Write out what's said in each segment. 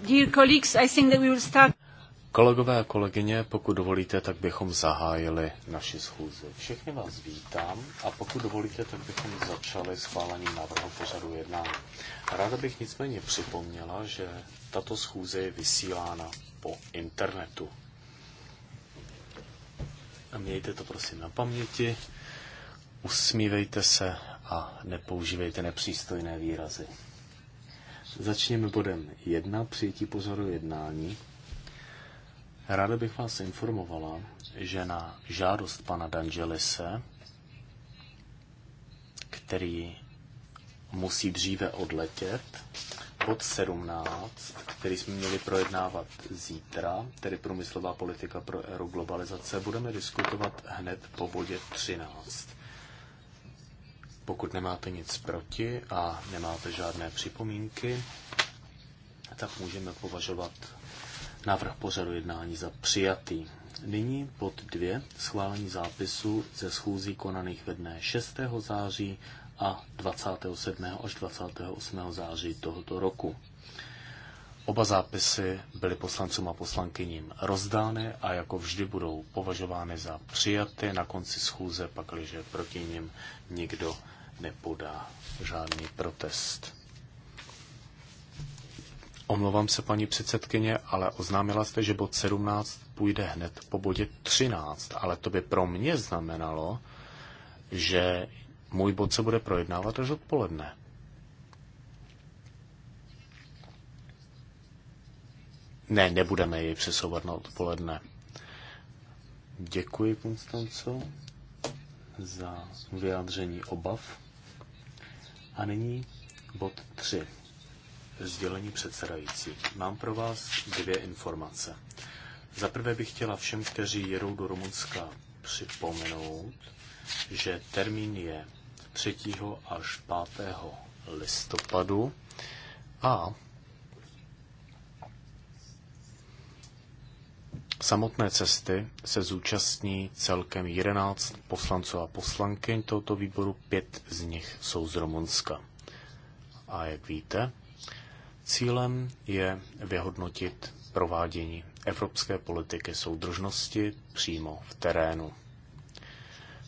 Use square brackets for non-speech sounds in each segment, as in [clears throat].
Dear colleagues, I think that we will start... Kolegové a kolegyně, pokud dovolíte, tak bychom zahájili naši schůzi. Všechny vás vítám a pokud dovolíte, tak bychom začali schválením návrhu pořadu jednání. Ráda bych nicméně připomněla, že tato schůze je vysílána po internetu. A mějte to prosím na paměti, usmívejte se a nepoužívejte nepřístojné výrazy. Začněme bodem 1, přijetí pozoru jednání. Ráda bych vás informovala, že na žádost pana Dangelise, který musí dříve odletět, bod 17, který jsme měli projednávat zítra, tedy průmyslová politika pro euroglobalizace, budeme diskutovat hned po bodě 13. Pokud nemáte nic proti a nemáte žádné připomínky, tak můžeme považovat návrh pořadu jednání za přijatý. Nyní pod dvě Schválení zápisu ze schůzí konaných ve dne 6. září a 27. až 28. září tohoto roku. Oba zápisy byly poslancům a poslankyním rozdány a jako vždy budou považovány za přijaty na konci schůze, pakliže proti nim nikdo nepodá žádný protest. Omlouvám se, paní předsedkyně, ale oznámila jste, že bod 17 půjde hned po bodě 13, ale to by pro mě znamenalo, že můj bod se bude projednávat až odpoledne. Ne, nebudeme jej přesouvat na odpoledne. Děkuji, Konstanco, za vyjádření obav. A nyní bod 3. Sdělení předsedající. Mám pro vás dvě informace. Za prvé bych chtěla všem, kteří jedou do Rumunska, připomenout, že termín je 3. až 5. listopadu a samotné cesty se zúčastní celkem 11 poslanců a poslankyň tohoto výboru, pět z nich jsou z Rumunska. A jak víte, cílem je vyhodnotit provádění evropské politiky soudržnosti přímo v terénu.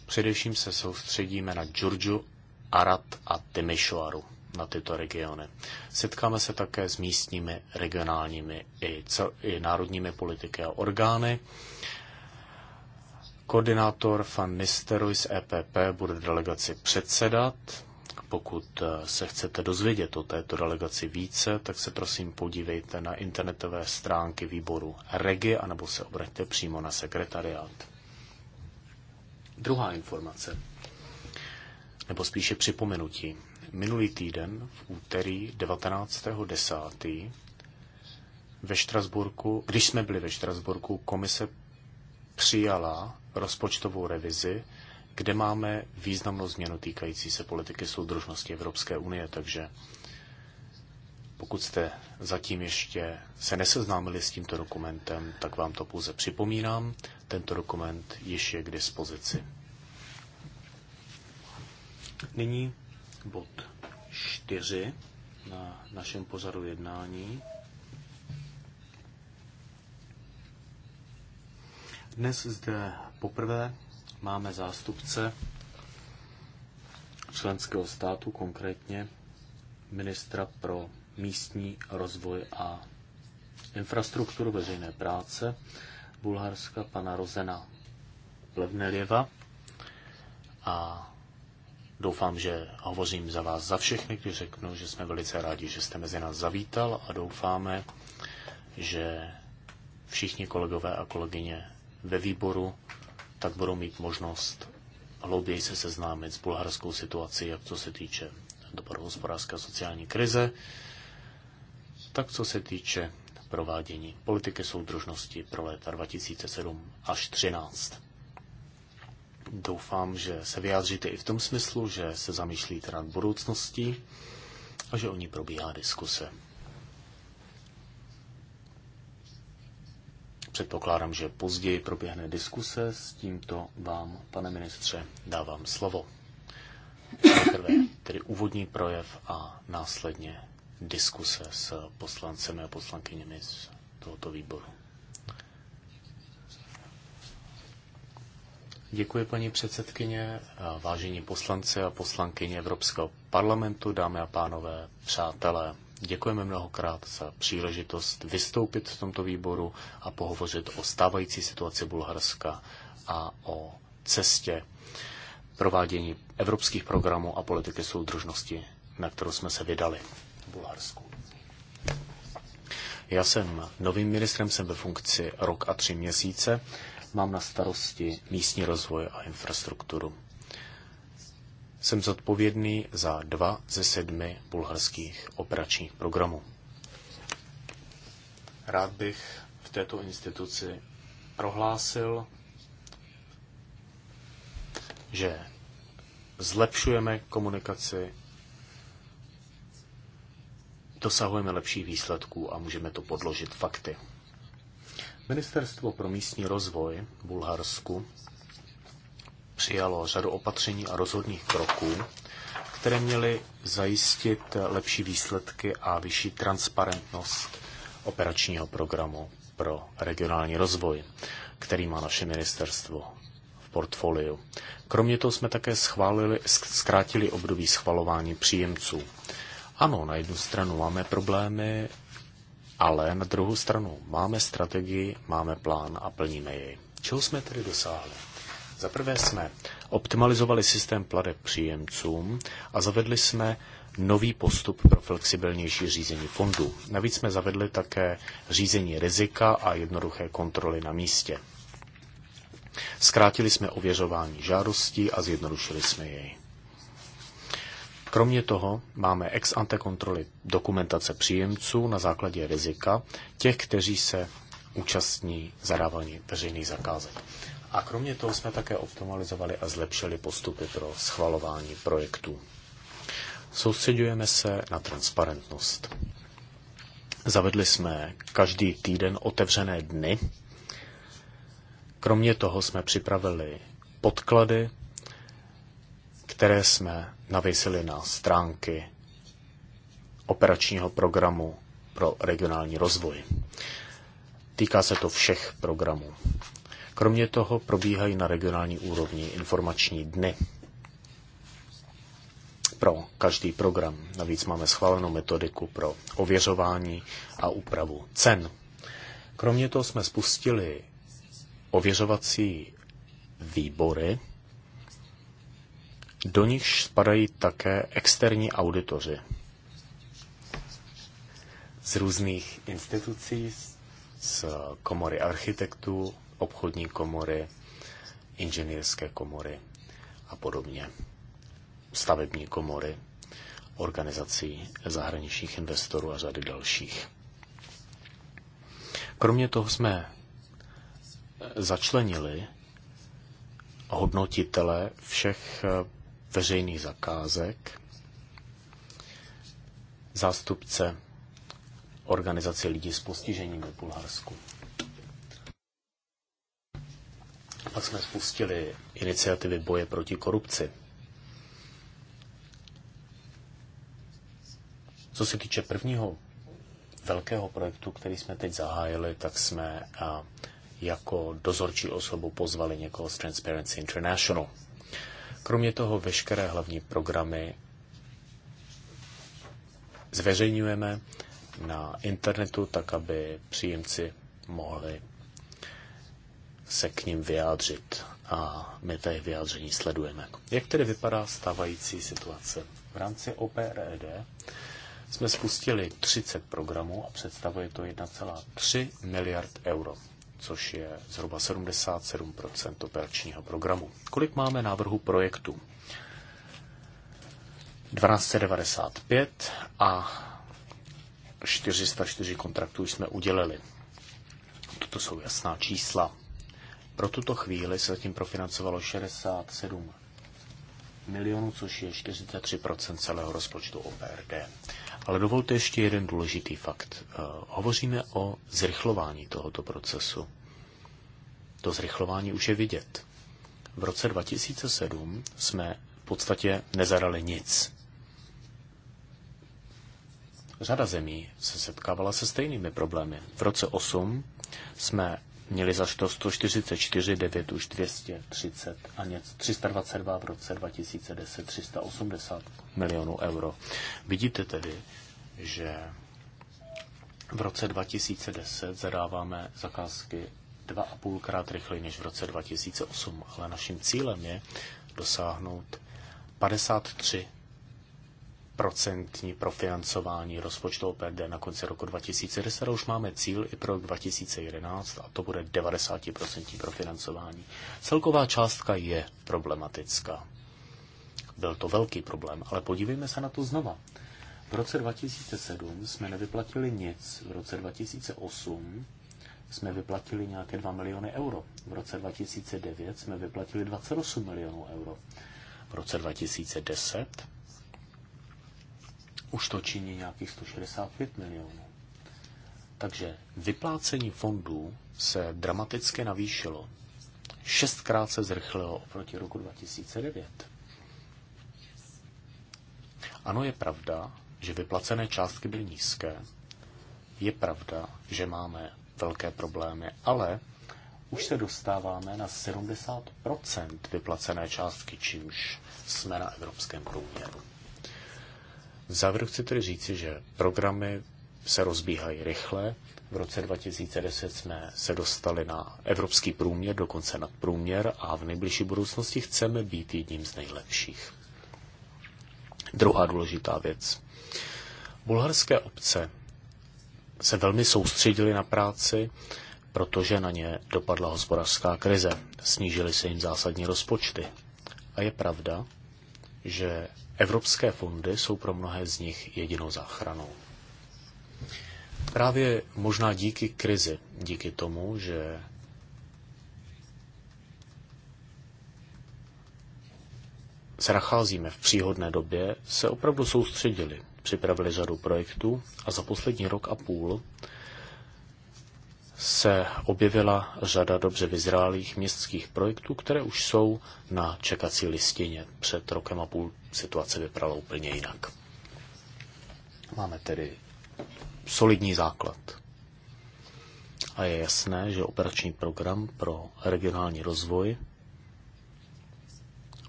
Především se soustředíme na Džurdžu, Arat a Timišoaru na tyto regiony. Setkáme se také s místními, regionálními i, cel, i národními politiky a orgány. Koordinátor van Nisteroj z EPP bude delegaci předsedat. Pokud eh, se chcete dozvědět o této delegaci více, tak se prosím podívejte na internetové stránky výboru Regi, anebo se obraťte přímo na sekretariát. Druhá informace, nebo spíše připomenutí. Minulý týden, v úterý 19.10. ve Štrasburku, když jsme byli ve Štrasburku, komise přijala rozpočtovou revizi, kde máme významnou změnu týkající se politiky soudržnosti Evropské unie, takže pokud jste zatím ještě se neseznámili s tímto dokumentem, tak vám to pouze připomínám. Tento dokument již je k dispozici. Nyní bod 4 na našem pozoru jednání. Dnes zde poprvé máme zástupce členského státu, konkrétně ministra pro místní rozvoj a infrastrukturu veřejné práce Bulharska, pana Rozena Plevnelieva. A Doufám, že hovořím za vás za všechny, když řeknu, že jsme velice rádi, že jste mezi nás zavítal a doufáme, že všichni kolegové a kolegyně ve výboru tak budou mít možnost hlouběji se seznámit s bulharskou situací, jak co se týče dopadu hospodářské a sociální krize, tak co se týče provádění politiky soudržnosti pro léta 2007 až 2013. Doufám, že se vyjádříte i v tom smyslu, že se zamýšlíte nad budoucností a že o ní probíhá diskuse. Předpokládám, že později proběhne diskuse, s tímto vám, pane ministře, dávám slovo. Prvé, tedy úvodní projev a následně diskuse s poslancemi a poslankyněmi z tohoto výboru. Děkuji, paní předsedkyně, vážení poslanci a poslankyně Evropského parlamentu, dámy a pánové, přátelé. Děkujeme mnohokrát za příležitost vystoupit v tomto výboru a pohovořit o stávající situaci Bulharska a o cestě provádění evropských programů a politiky soudržnosti, na kterou jsme se vydali v Bulharsku. Já jsem novým ministrem, jsem ve funkci rok a tři měsíce mám na starosti místní rozvoj a infrastrukturu. Jsem zodpovědný za dva ze sedmi bulharských operačních programů. Rád bych v této instituci prohlásil, že zlepšujeme komunikaci, dosahujeme lepších výsledků a můžeme to podložit fakty. Ministerstvo pro místní rozvoj v Bulharsku přijalo řadu opatření a rozhodných kroků, které měly zajistit lepší výsledky a vyšší transparentnost operačního programu pro regionální rozvoj, který má naše ministerstvo v portfoliu. Kromě toho jsme také schválili, zkrátili období schvalování příjemců. Ano, na jednu stranu máme problémy ale na druhou stranu máme strategii, máme plán a plníme jej. Čeho jsme tedy dosáhli? Za prvé jsme optimalizovali systém plateb příjemcům a zavedli jsme nový postup pro flexibilnější řízení fondů. Navíc jsme zavedli také řízení rizika a jednoduché kontroly na místě. Zkrátili jsme ověřování žádostí a zjednodušili jsme jej. Kromě toho máme ex ante kontroly dokumentace příjemců na základě rizika těch, kteří se účastní zadávání veřejných zakázek. A kromě toho jsme také optimalizovali a zlepšili postupy pro schvalování projektů. Soustředujeme se na transparentnost. Zavedli jsme každý týden otevřené dny. Kromě toho jsme připravili podklady, které jsme navěsili na stránky operačního programu pro regionální rozvoj. Týká se to všech programů. Kromě toho probíhají na regionální úrovni informační dny pro každý program. Navíc máme schválenou metodiku pro ověřování a úpravu cen. Kromě toho jsme spustili ověřovací výbory do nich spadají také externí auditoři z různých institucí, z komory architektů, obchodní komory, inženýrské komory a podobně, stavební komory, organizací zahraničních investorů a řady dalších. Kromě toho jsme začlenili hodnotitele všech veřejných zakázek, zástupce organizace lidí s postižením v Bulharsku. Pak jsme spustili iniciativy boje proti korupci. Co se týče prvního velkého projektu, který jsme teď zahájili, tak jsme jako dozorčí osobu pozvali někoho z Transparency International. Kromě toho veškeré hlavní programy zveřejňujeme na internetu, tak aby příjemci mohli se k ním vyjádřit a my ta vyjádření sledujeme. Jak tedy vypadá stávající situace? V rámci OPRED jsme spustili 30 programů a představuje to 1,3 miliard euro což je zhruba 77 operačního programu. Kolik máme návrhu projektů? 1295 a 404 kontraktů jsme udělili. Toto jsou jasná čísla. Pro tuto chvíli se zatím profinancovalo 67 milionů, což je 43 celého rozpočtu OPRD. Ale dovolte ještě jeden důležitý fakt. Eh, hovoříme o zrychlování tohoto procesu. To zrychlování už je vidět. V roce 2007 jsme v podstatě nezadali nic. Řada zemí se setkávala se stejnými problémy. V roce 8 jsme měli zašlo 144, 9 už 230 a něco 322 v roce 2010 380 milionů euro. Vidíte tedy, že v roce 2010 zadáváme zakázky 2,5 krát rychleji než v roce 2008, ale naším cílem je dosáhnout 53 procentní profinancování rozpočtu OPD na konci roku 2010. Už máme cíl i pro 2011 a to bude 90% profinancování. Celková částka je problematická. Byl to velký problém, ale podívejme se na to znova. V roce 2007 jsme nevyplatili nic, v roce 2008 jsme vyplatili nějaké 2 miliony euro, v roce 2009 jsme vyplatili 28 milionů euro, v roce 2010 už to činí nějakých 165 milionů. Takže vyplácení fondů se dramaticky navýšilo. Šestkrát se zrychlilo oproti roku 2009. Ano, je pravda, že vyplacené částky byly nízké. Je pravda, že máme velké problémy, ale už se dostáváme na 70 vyplacené částky, čímž jsme na evropském průměru. V závěru chci tedy říci, že programy se rozbíhají rychle. V roce 2010 jsme se dostali na evropský průměr, dokonce nad průměr a v nejbližší budoucnosti chceme být jedním z nejlepších. Druhá důležitá věc. Bulharské obce se velmi soustředily na práci, protože na ně dopadla hospodářská krize. Snížily se jim zásadní rozpočty. A je pravda, že Evropské fondy jsou pro mnohé z nich jedinou záchranou. Právě možná díky krizi, díky tomu, že se nacházíme v příhodné době, se opravdu soustředili, připravili řadu projektů a za poslední rok a půl se objevila řada dobře vyzrálých městských projektů, které už jsou na čekací listině. Před rokem a půl situace vypadala úplně jinak. Máme tedy solidní základ. A je jasné, že operační program pro regionální rozvoj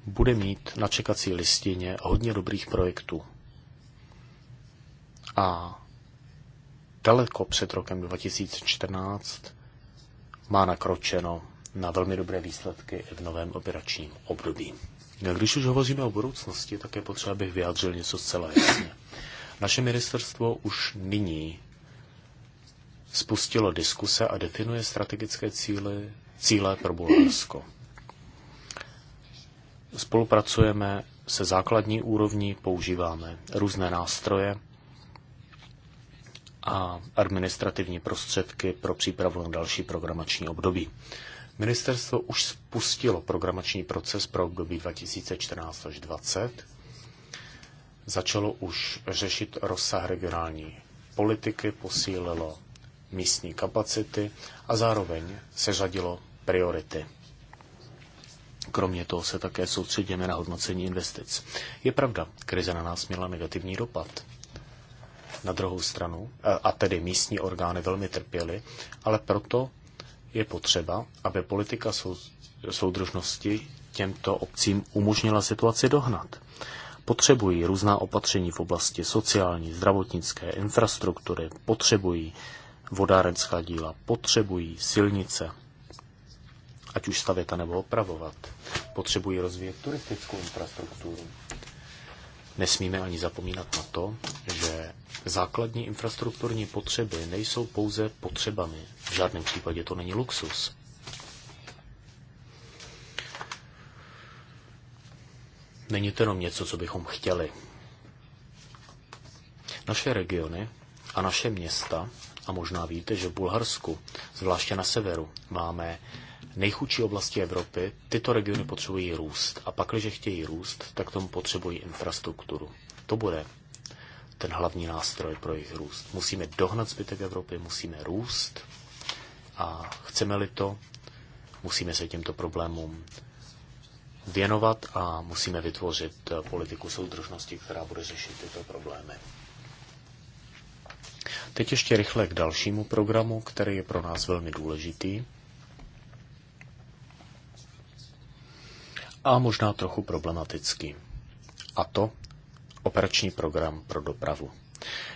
bude mít na čekací listině hodně dobrých projektů. A daleko před rokem 2014 má nakročeno na velmi dobré výsledky v novém operačním období. No, když už hovoříme o budoucnosti, tak je potřeba, abych vyjádřil něco zcela jasně. Naše ministerstvo už nyní spustilo diskuse a definuje strategické cíle, cíle pro Bulharsko. Spolupracujeme se základní úrovní, používáme různé nástroje, a administrativní prostředky pro přípravu na další programační období. Ministerstvo už spustilo programační proces pro období 2014 až 2020. Začalo už řešit rozsah regionální politiky, posílilo místní kapacity a zároveň seřadilo priority. Kromě toho se také soustředíme na hodnocení investic. Je pravda, krize na nás měla negativní dopad na druhou stranu, eh, a tedy místní orgány velmi trpěly, ale proto je potřeba, aby politika sou, soudržnosti těmto obcím umožnila situaci dohnat. Potřebují různá opatření v oblasti sociální, zdravotnické infrastruktury, potřebují vodárenská díla, potřebují silnice, ať už stavět nebo opravovat. Potřebují rozvíjet turistickou infrastrukturu, Nesmíme ani zapomínat na to, že základní infrastrukturní potřeby nejsou pouze potřebami. V žádném případě to není luxus. Není to jenom něco, co bychom chtěli. Naše regiony a naše města, a možná víte, že v Bulharsku, zvláště na severu, máme nejchudší oblasti Evropy, tyto regiony potřebují růst. A pak, když chtějí růst, tak tomu potřebují infrastrukturu. To bude ten hlavní nástroj pro jejich růst. Musíme dohnat zbytek Evropy, musíme růst a chceme-li to, musíme se těmto problémům věnovat a musíme vytvořit eh, politiku soudržnosti, která bude řešit tyto problémy. Teď ještě rychle k dalšímu programu, který je pro nás velmi důležitý. a možná trochu problematický. A to operační program pro dopravu.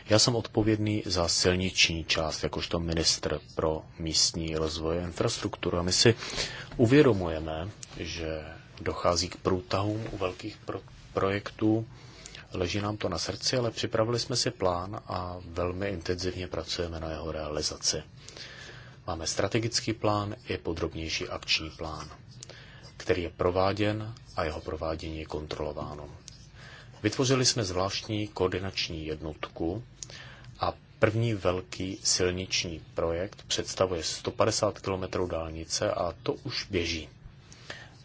Já jsem odpovědný za silniční část, jakožto ministr pro místní rozvoj a infrastrukturu. A my si uvědomujeme, že dochází k průtahům u velkých pro- projektů. Leží nám to na srdci, ale připravili jsme si plán a velmi intenzivně pracujeme na jeho realizaci. Máme strategický plán i podrobnější akční plán který je prováděn a jeho provádění je kontrolováno. Vytvořili jsme zvláštní koordinační jednotku a první velký silniční projekt představuje 150 km dálnice a to už běží.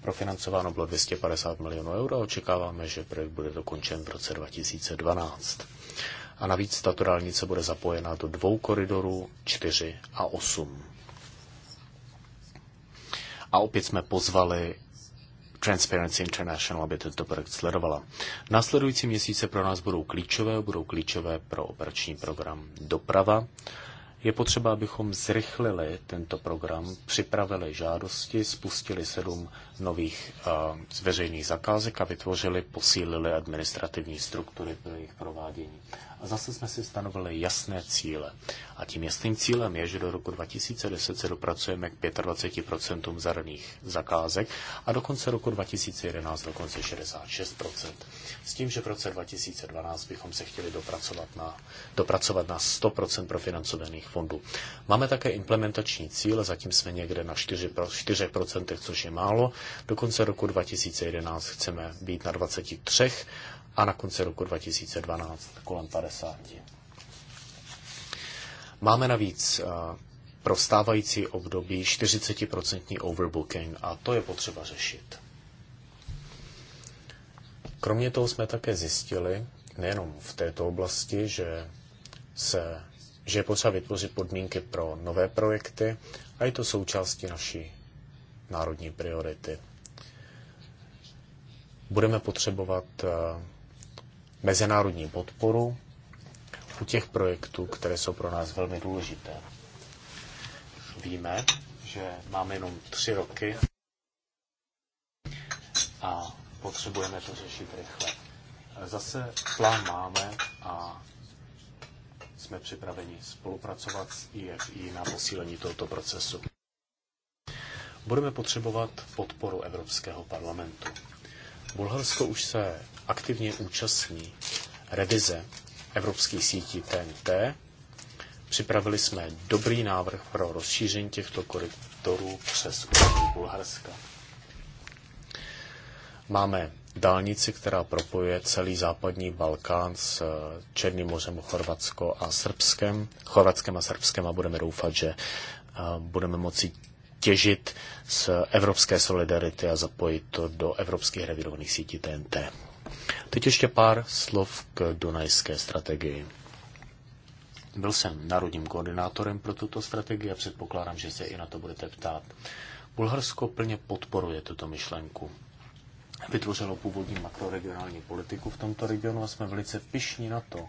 Profinancováno bylo 250 milionů euro a očekáváme, že projekt bude dokončen v roce 2012. A navíc tato dálnice bude zapojena do dvou koridorů 4 a 8. A opět jsme pozvali Transparency International, aby tento projekt sledovala. Následující měsíce pro nás budou klíčové, budou klíčové pro operační program Doprava. Je potřeba, abychom zrychlili tento program, připravili žádosti, spustili sedm nových eh, veřejných zakázek a vytvořili, posílili administrativní struktury pro jejich provádění. A zase jsme si stanovili jasné cíle. A tím jasným cílem je, že do roku 2010 se dopracujeme k 25% zadaných zakázek a do konce roku 2011 dokonce 66%. S tím, že v roce 2012 bychom se chtěli dopracovat na, dopracovat na 100% profinancovaných fondů. Máme také implementační cíle, zatím jsme někde na 4%, 4% což je málo. Do konce roku 2011 chceme být na 23 a na konci roku 2012 kolem 50. Máme navíc eh, pro stávající období 40% overbooking a to je potřeba řešit. Kromě toho jsme také zjistili, nejenom v této oblasti, že, se, že je potřeba vytvořit podmínky pro nové projekty a je to součástí naší národní priority. Budeme potřebovat eh, mezinárodní podporu u těch projektů, které jsou pro nás velmi důležité. Víme, že máme jenom tři roky a potřebujeme to řešit rychle. Zase plán máme a jsme připraveni spolupracovat s IFI na posílení tohoto procesu budeme potřebovat podporu Evropského parlamentu. Bulharsko už se aktivně účastní revize evropských sítí TNT. Připravili jsme dobrý návrh pro rozšíření těchto koridorů přes území Bulharska. Máme dálnici, která propojuje celý západní Balkán s eh, Černým mořem, Chorvatsko a Srbskem, Chorvatskem a Srbskem a budeme doufat, že eh, budeme moci těžit z evropské solidarity a zapojit to do evropských revidovaných sítí TNT. Teď ještě pár slov k dunajské strategii. Byl jsem národním koordinátorem pro tuto strategii a předpokládám, že se i na to budete ptát. Bulharsko plně podporuje tuto myšlenku. Vytvořilo původní makroregionální politiku v tomto regionu a jsme velice pišní na to,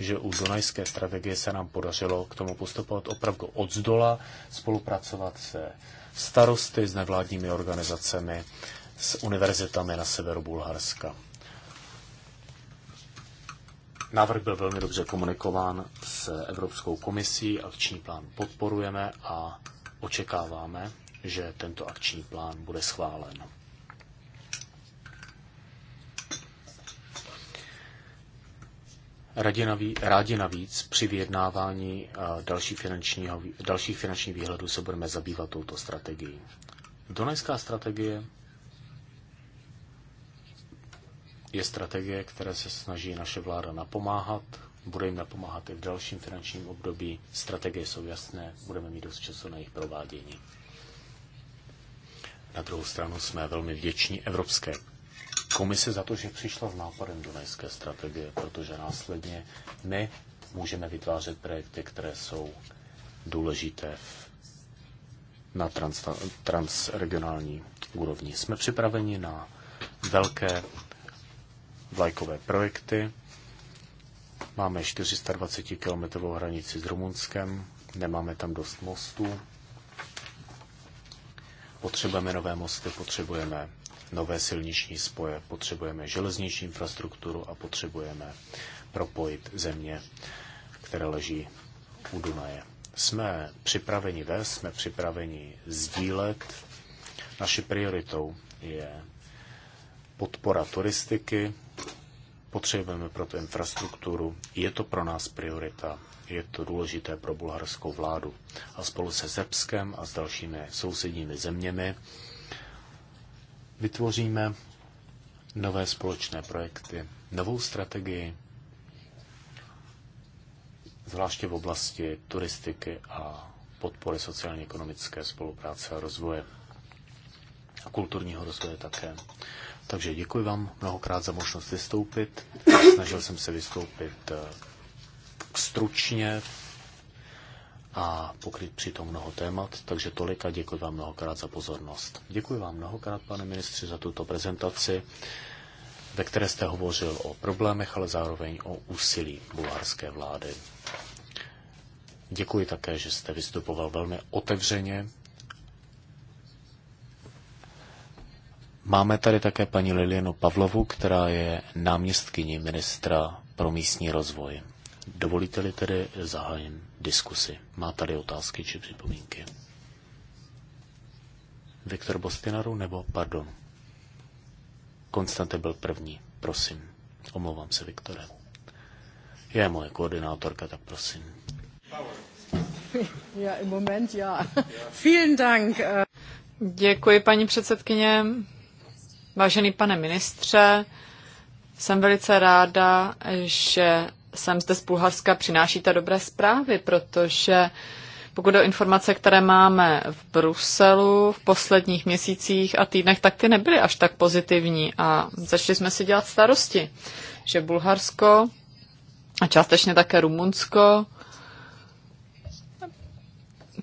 že u Dunajské strategie se nám podařilo k tomu postupovat opravdu od zdola, spolupracovat se starosty, s nevládními organizacemi, s univerzitami na severu Bulharska. Návrh byl velmi dobře komunikován s Evropskou komisí, akční plán podporujeme a očekáváme, že tento akční plán bude schválen. rádi navíc, při vyjednávání eh, další finančního, dalších finančních výhledů se budeme zabývat touto strategií. Donajská strategie je strategie, které se snaží naše vláda napomáhat, bude jim napomáhat i v dalším finančním období. Strategie jsou jasné, budeme mít dost času na jejich provádění. Na druhou stranu jsme velmi vděční Evropské komise za to, že přišla s nápadem Dunajské strategie, protože následně my můžeme vytvářet projekty, které jsou důležité v, na trans, transregionální úrovni. Jsme připraveni na velké vlajkové projekty. Máme 420-kilometrovou hranici s Rumunskem, nemáme tam dost mostů. Potřebujeme nové mosty, potřebujeme nové silniční spoje, potřebujeme železniční infrastrukturu a potřebujeme propojit země, které leží u Dunaje. Jsme připraveni vést, jsme připraveni sdílet. Naší prioritou je podpora turistiky, potřebujeme pro tu infrastrukturu, je to pro nás priorita, je to důležité pro bulharskou vládu. A spolu se Srbskem a s dalšími sousedními zeměmi Vytvoříme nové společné projekty, novou strategii, zvláště v oblasti turistiky a podpory sociálně-ekonomické spolupráce a rozvoje a kulturního rozvoje také. Takže děkuji vám mnohokrát za možnost vystoupit. Snažil jsem se vystoupit eh, stručně, a pokryt přitom mnoho témat, takže tolik a děkuji vám mnohokrát za pozornost. Děkuji vám mnohokrát, pane ministři, za tuto prezentaci, ve které jste hovořil o problémech, ale zároveň o úsilí bulharské vlády. Děkuji také, že jste vystupoval velmi otevřeně. Máme tady také paní Lilienu Pavlovu, která je náměstkyní ministra pro místní rozvoj. Dovolíte-li tedy zahájím diskusi. Má tady otázky či připomínky? Viktor Bostinaru nebo, pardon, Konstante byl první, prosím. Omlouvám se, Viktore. Je moje koordinátorka, tak prosím. [laughs] Ja, im Moment ja. [laughs] Vielen Dank. Äh. Děkuji, paní předsedkyně. Vážený pane ministře, jsem velice ráda, že sem zde z Bulharska přinášíte dobré zprávy, protože pokud o informace, které máme v Bruselu v posledních měsících a týdnech, tak ty nebyly až tak pozitivní a začali jsme si dělat starosti, že Bulharsko a částečně také Rumunsko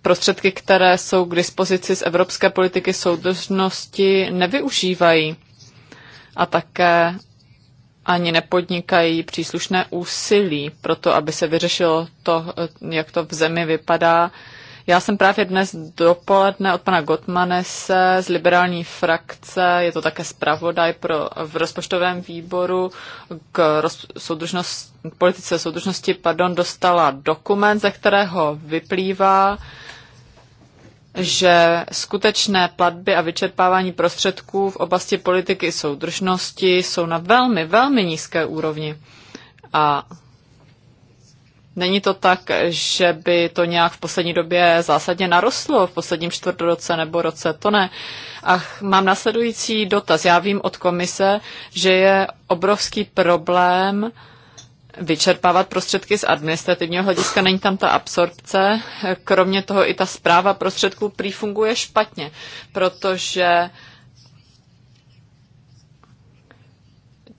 prostředky, které jsou k dispozici z evropské politiky soudržnosti, nevyužívají. A také ani nepodnikají příslušné úsilí pro to, aby se vyřešilo to, jak to v zemi vypadá. Já jsem právě dnes dopoledne od pana Gottmanese z liberální frakce, je to také zpravodaj pro, v rozpočtovém výboru k roz, soudržnost, politice soudržnosti, pardon, dostala dokument, ze kterého vyplývá, že skutečné platby a vyčerpávání prostředků v oblasti politiky soudržnosti jsou na velmi, velmi nízké úrovni. A není to tak, že by to nějak v poslední době zásadně narostlo, v posledním čtvrtroce nebo roce, to ne. A mám následující dotaz. Já vím od komise, že je obrovský problém uh, vyčerpávat prostředky z administrativního hlediska, není tam ta absorpce. Kromě toho i ta zpráva prostředků prý funguje špatně, protože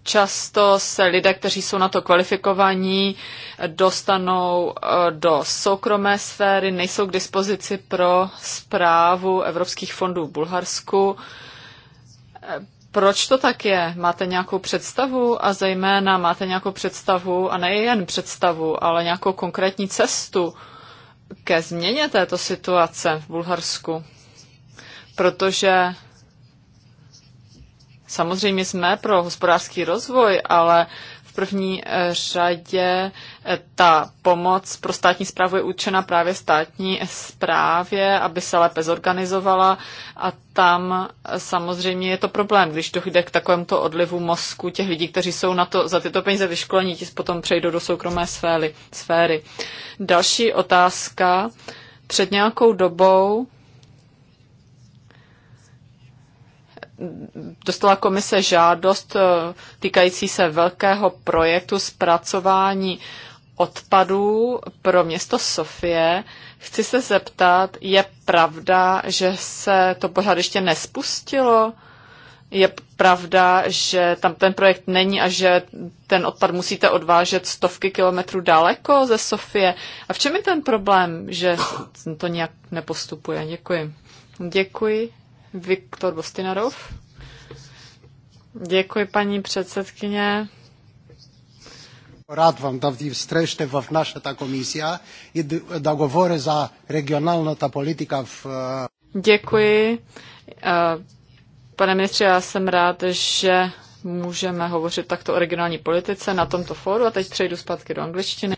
často se lidé, kteří jsou na to kvalifikovaní, dostanou eh, do soukromé sféry, nejsou k dispozici pro zprávu evropských fondů v Bulharsku proč to tak je? Máte nějakou představu a zejména máte nějakou představu a nejen představu, ale nějakou konkrétní cestu ke změně této situace v Bulharsku? Protože samozřejmě jsme pro hospodářský rozvoj, ale první eh, řadě eh, ta pomoc pro státní zprávu je určena právě státní správě, aby se lépe zorganizovala a tam eh, samozřejmě je to problém, když dojde k takovémto odlivu mozku těch lidí, kteří jsou na to, za tyto peníze vyškolení, ti potom přejdou do soukromé sféry. sféry. Další otázka. Před nějakou dobou dostala komise žádost eh, týkající se velkého projektu zpracování odpadů pro město Sofie. Chci se zeptat, je pravda, že se to pořád ještě nespustilo? Je pravda, že tam ten projekt není a že ten odpad musíte odvážet stovky kilometrů daleko ze Sofie? A v čem je ten problém, že to nějak nepostupuje? Děkuji. Děkuji. Viktor Bostinarov. Děkuji, paní předsedkyně. Радвам да ви срещне в нашата комисия и да za regionální ta politika v. E, Děkuji. E, pane ministře, já jsem rád, že můžeme hovořit takto o regionální politice na tomto fóru a teď přejdu zpátky do angličtiny.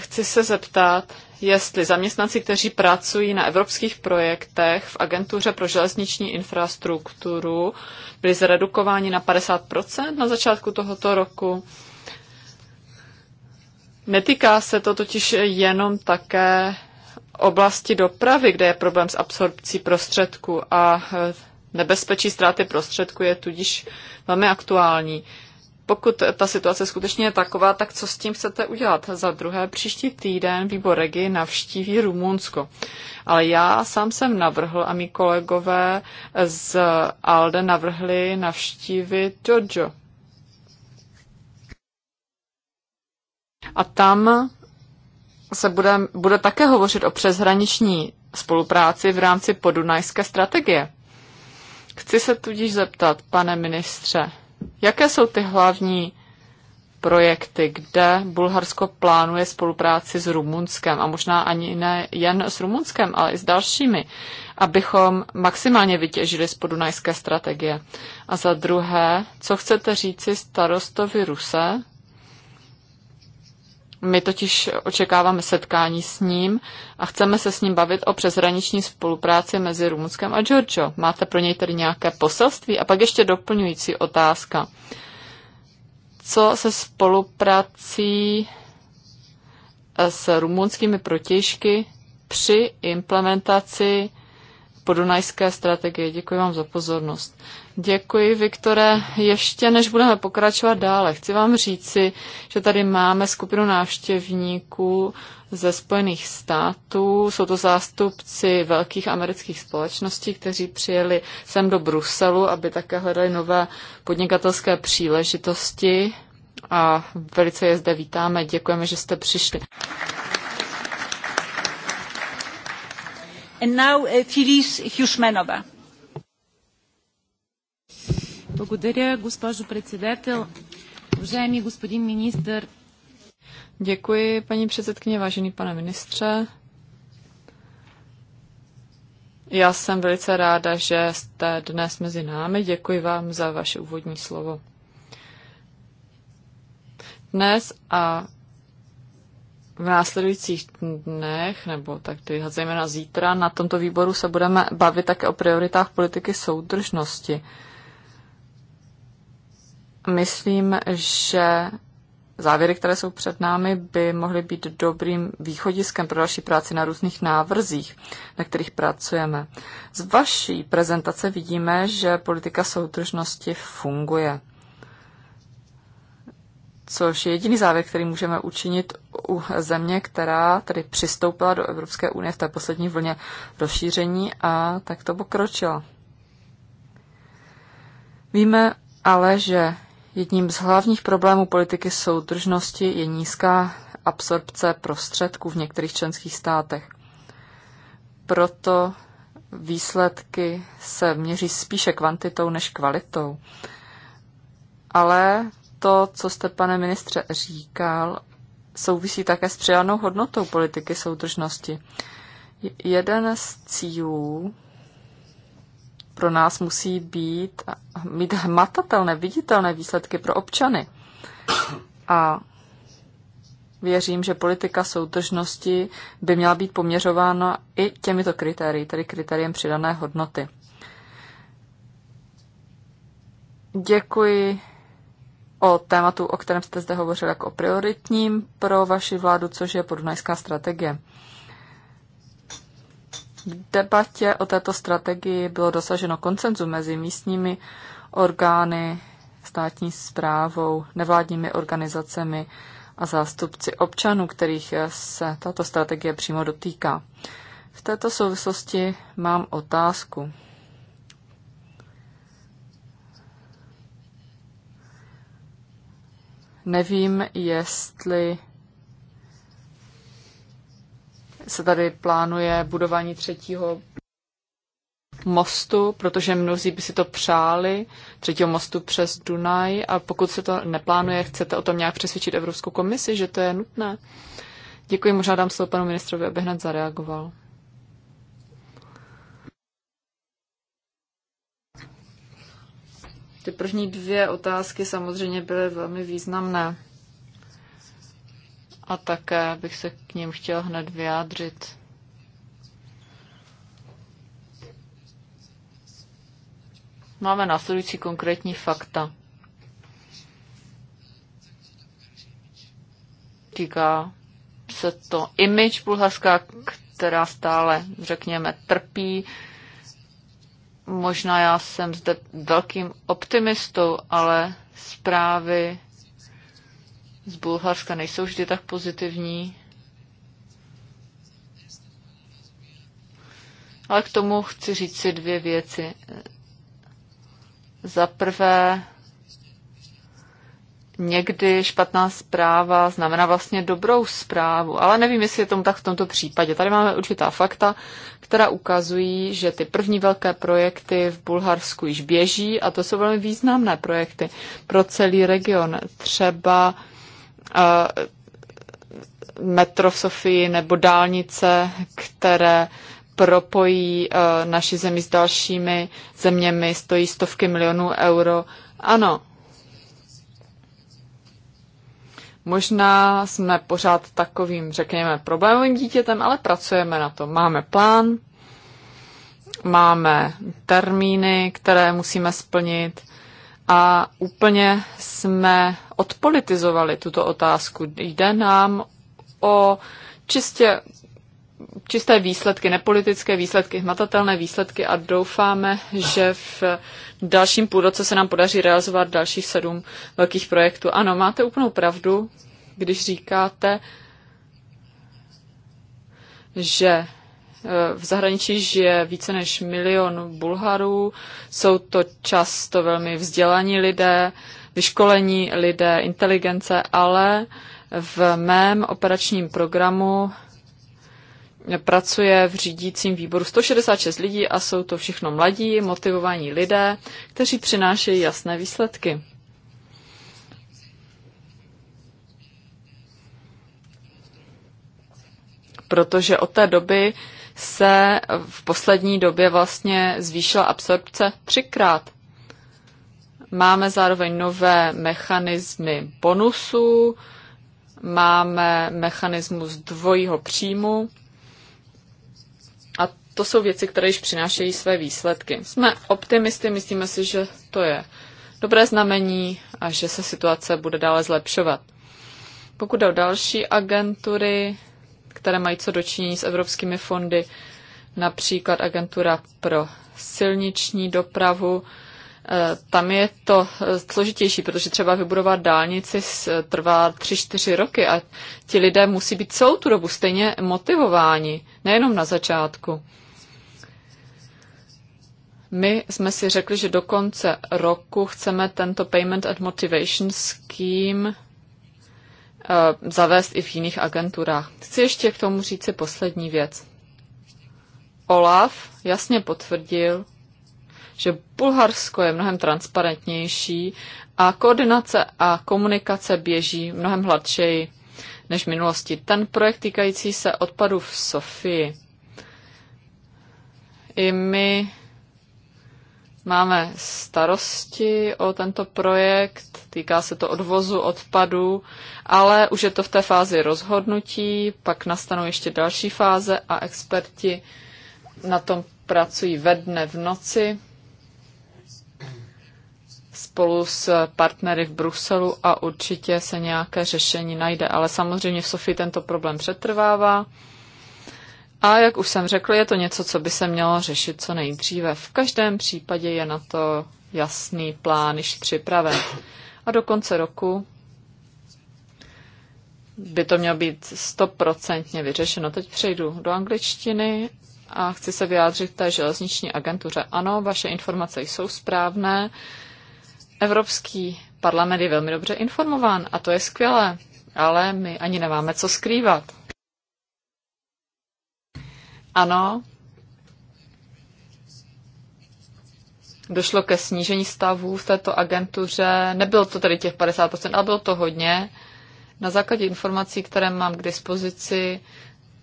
Chci se zeptat, jestli zaměstnanci, kteří pracují na evropských projektech v agentuře pro železniční infrastrukturu, byli zredukováni na 50% na začátku tohoto roku. Netýká se to totiž jenom také oblasti dopravy, kde je problém s absorpcí prostředků a nebezpečí ztráty prostředků je tudíž velmi aktuální. Pokud ta situace skutečně je taková, tak co s tím chcete udělat? Za druhé, příští týden výbor Regi navštíví Rumunsko. Ale já sám jsem navrhl a mý kolegové z ALDE navrhli navštívit Jojo. A tam se bude, bude také hovořit o přeshraniční spolupráci v rámci podunajské strategie. Chci se tudíž zeptat, pane ministře, Jaké jsou ty hlavní projekty, kde Bulharsko plánuje spolupráci s Rumunskem a možná ani ne jen s Rumunskem, ale i s dalšími, abychom maximálně vytěžili z podunajské strategie. A za druhé, co chcete říci starostovi Ruse, my totiž očekáváme setkání s ním a chceme se s ním bavit o přeshraniční spolupráci mezi Rumunskem a Giorgio. Máte pro něj tedy nějaké poselství? A pak ještě doplňující otázka. Co se spoluprací eh, s rumunskými protěžky při implementaci podunajské strategie. Děkuji vám za pozornost. Děkuji, Viktore. Ještě než budeme pokračovat dále, chci vám říci, že tady máme skupinu návštěvníků ze Spojených států. Jsou to zástupci velkých amerických společností, kteří přijeli sem do Bruselu, aby také hledali nové podnikatelské příležitosti. A velice je zde vítáme. Děkujeme, že jste přišli. Uh, Благодаря, госпожо председател. Уважаеми господин министр. Děkuji, paní předsedkyně, vážený pane ministře. Já jsem velice ráda, že jste dnes mezi námi. Děkuji vám za vaše úvodní slovo. Dnes a v následujících dnech, nebo tak zejména zítra, na tomto výboru se budeme bavit také o prioritách politiky soudržnosti. Myslím, že závěry, které jsou před námi, by mohly být dobrým východiskem pro další práci na různých návrzích, na kterých pracujeme. Z vaší prezentace vidíme, že politika soudržnosti funguje což je jediný závěr, který můžeme učinit u země, která tedy přistoupila do Evropské unie v té poslední vlně rozšíření a tak to pokročila. Víme ale, že jedním z hlavních problémů politiky soudržnosti je nízká absorpce prostředků v některých členských státech. Proto výsledky se měří spíše kvantitou než kvalitou. Ale to, co jste, pane ministře, říkal, souvisí také s přidanou hodnotou politiky soudržnosti. Jeden z cílů pro nás musí být mít hmatatelné, viditelné výsledky pro občany. A věřím, že politika soudržnosti by měla být poměřována i těmito kritérii, tedy kritériem přidané hodnoty. Děkuji o tématu, o kterém jste zde hovořil jako o prioritním pro vaši vládu, což je podunajská strategie. V debatě o této strategii bylo dosaženo koncenzu mezi místními orgány, státní zprávou, nevládními organizacemi a zástupci občanů, kterých se tato strategie přímo dotýká. V této souvislosti mám otázku. Nevím, jestli se tady plánuje budování třetího mostu, protože mnozí by si to přáli, třetího mostu přes Dunaj a pokud se to neplánuje, chcete o tom nějak přesvědčit Evropskou komisi, že to je nutné. Děkuji, možná dám slovo panu ministrovi, aby hned zareagoval. Ty první dvě otázky samozřejmě byly velmi významné. A také bych se k ním chtěl hned vyjádřit. Máme následující konkrétní fakta. Týká se to image Bulharska, která stále, řekněme, trpí Možná já jsem zde velkým optimistou, ale zprávy z Bulharska nejsou vždy tak pozitivní. Ale k tomu chci říct si dvě věci. Za prvé, někdy špatná zpráva znamená vlastně dobrou zprávu, ale nevím, jestli je tomu tak v tomto případě. Tady máme určitá fakta, která ukazují, že ty první velké projekty v Bulharsku již běží a to jsou velmi významné projekty pro celý region. Třeba uh, metro v Sofii nebo dálnice, které propojí uh, naši zemi s dalšími zeměmi, stojí stovky milionů euro. Ano, Možná jsme pořád takovým, řekněme, problémovým dítětem, ale pracujeme na to. Máme plán, máme termíny, které musíme splnit a úplně jsme odpolitizovali tuto otázku. Jde nám o čistě čisté výsledky, nepolitické výsledky, hmatatelné výsledky a doufáme, že v dalším půlroce se nám podaří realizovat dalších sedm velkých projektů. Ano, máte úplnou pravdu, když říkáte, že eh, v zahraničí žije více než milion Bulharů, jsou to často velmi vzdělaní lidé, vyškolení lidé, inteligence, ale v mém operačním programu pracuje v řídícím výboru 166 lidí a jsou to všechno mladí, motivovaní lidé, kteří přinášejí jasné výsledky. Protože od té doby se v poslední době vlastně zvýšila absorpce třikrát. Máme zároveň nové mechanismy bonusů, máme mechanismus dvojího příjmu, to jsou věci, které již přinášejí své výsledky. Jsme optimisty, myslíme si, že to je dobré znamení a že se situace bude dále zlepšovat. Pokud jde o další agentury, které mají co dočinění s evropskými fondy, například agentura pro silniční dopravu, Eh, tam je to eh, složitější, protože třeba vybudovat dálnici eh, trvá 3-4 roky a ti lidé musí být celou tu dobu stejně motivováni, nejenom na začátku. My jsme si řekli, že do konce roku chceme tento Payment and Motivation Scheme zavést i v jiných agenturách. Chci ještě k tomu říci poslední věc. Olaf jasně potvrdil, že Bulharsko je mnohem transparentnější a koordinace a komunikace běží mnohem hladčeji než v minulosti. Ten projekt týkající se odpadu v Sofii. I my máme starosti o tento projekt, týká se to odvozu odpadu, ale už je to v té fázi rozhodnutí, pak nastanou ještě další fáze a experti na tom pracují ve dne v noci spolu s partnery v Bruselu a určitě se nějaké řešení najde. Ale samozřejmě v Sofii tento problém přetrvává. A jak už jsem řekl, je to něco, co by se mělo řešit co nejdříve. V každém případě je na to jasný plán již připraven. A do konce roku by to mělo být stoprocentně vyřešeno. Teď přejdu do angličtiny a chci se vyjádřit té železniční agentuře. Ano, vaše informace jsou správné. Uh, Evropský parlament je velmi dobře informován a to je skvělé, ale my ani nemáme co skrývat. Ano, došlo ke snížení stavů v této agentuře. Nebylo to tedy těch 50%, ale bylo to hodně. Na základě informací, které mám k dispozici,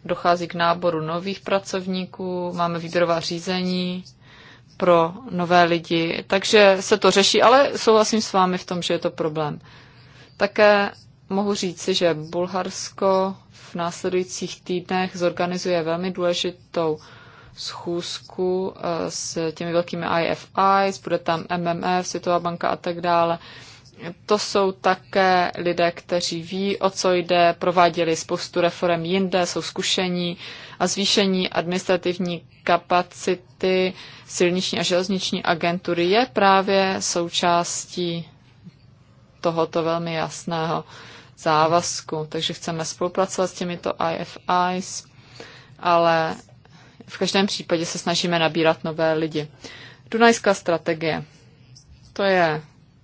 dochází k náboru nových pracovníků, máme výběrová řízení pro nové lidi. Takže se to řeší, ale souhlasím s vámi v tom, že je to problém. Také mohu říci, že Bulharsko v následujících týdnech zorganizuje velmi důležitou schůzku eh, s těmi velkými IFIs, bude tam MMF, Světová banka a tak dále to jsou také lidé, kteří ví, o co jde, prováděli spoustu reform jinde, jsou zkušení a zvýšení administrativní kapacity silniční a železniční agentury je právě součástí tohoto velmi jasného závazku. Takže chceme spolupracovat s těmito IFIs, ale v každém případě se snažíme nabírat nové lidi. Dunajská strategie. To je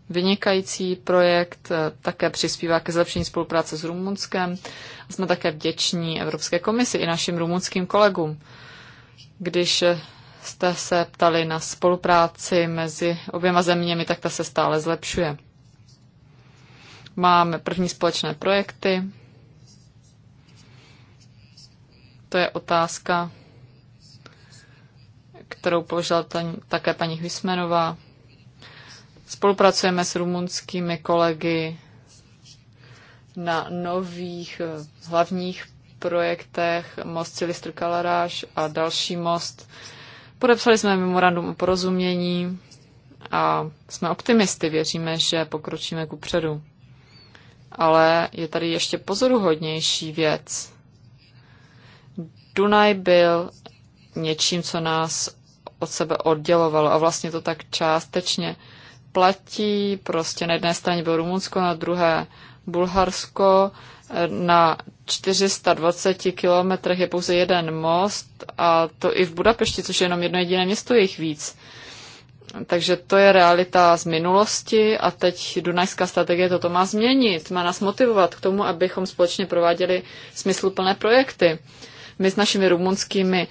vynikající projekt, eh, také přispívá ke zlepšení spolupráce s Rumunskem. Jsme také vděční Evropské komisi i našim rumunským kolegům. Když eh, jste se ptali na spolupráci mezi oběma zeměmi, tak ta se stále zlepšuje. Máme první společné projekty. To je otázka, kterou položila také paní Hysmenová. Spolupracujeme s rumunskými kolegy na nových eh, hlavních projektech most Silistr Kalaráš a další most. Podepsali jsme memorandum o porozumění a jsme optimisty, věříme, že pokročíme ku předu. Ale je tady ještě pozoruhodnější věc. Dunaj byl něčím, co nás od sebe oddělovalo a vlastně to tak částečně platí. Prostě na jedné straně bylo Rumunsko, na druhé Bulharsko. Na 420 kilometrech je pouze jeden most a to i v Budapešti, což je jenom jedno jediné město, je jich víc. Takže to je realita z minulosti a teď Dunajská strategie toto má změnit, má nás motivovat k tomu, abychom společně prováděli smysluplné projekty. My s našimi rumunskými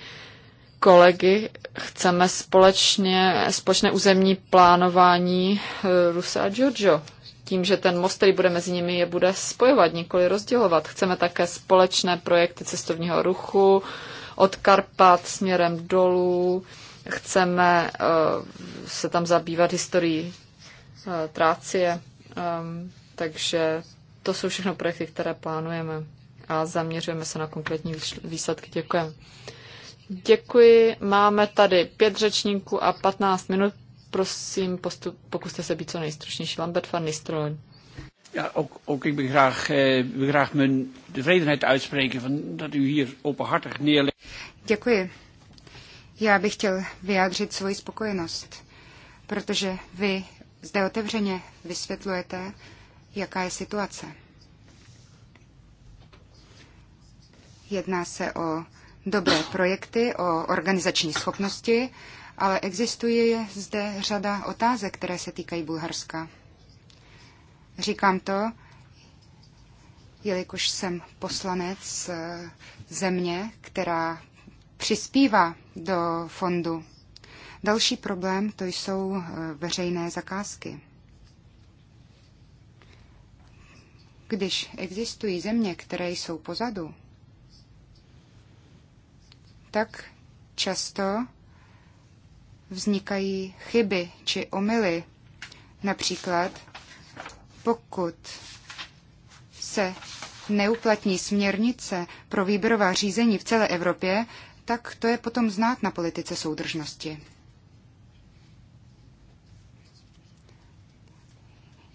kolegy chceme společně, společné územní plánování eh, Rusa a Giorgio. Tím, že ten most, který bude mezi nimi, je bude spojovat, nikoli rozdělovat. Chceme také společné projekty cestovního ruchu od Karpat směrem dolů. Chceme uh, se tam zabývat historií uh, eh, Trácie. Um, ehm, takže to jsou všechno projekty, které plánujeme a zaměřujeme se na konkrétní výsledky. Děkujeme. Děkuji. Máme tady pět řečníků a 15 minut. Prosím, postup, pokuste se být co nejstručnější. Lambert van Nistelrooy. Ja, ook, ook ik wil graag, eh, wil graag mijn tevredenheid uitspreken van dat u hier openhartig neerlegt. Děkuji. Já bych chtěl vyjádřit svoji spokojenost, protože vy zde otevřeně vysvětlujete, jaká je situace. Jedná se o dobré projekty o organizační schopnosti, ale existuje zde řada otázek, které se týkají Bulharska. Říkám to, jelikož jsem poslanec eh, země, která přispívá do fondu. Další problém to jsou eh, veřejné zakázky. Když existují země, které jsou pozadu, tak často vznikají chyby či omily. Například, pokud se neuplatní směrnice pro výběrová řízení v celé Evropě, tak to je potom znát na politice soudržnosti.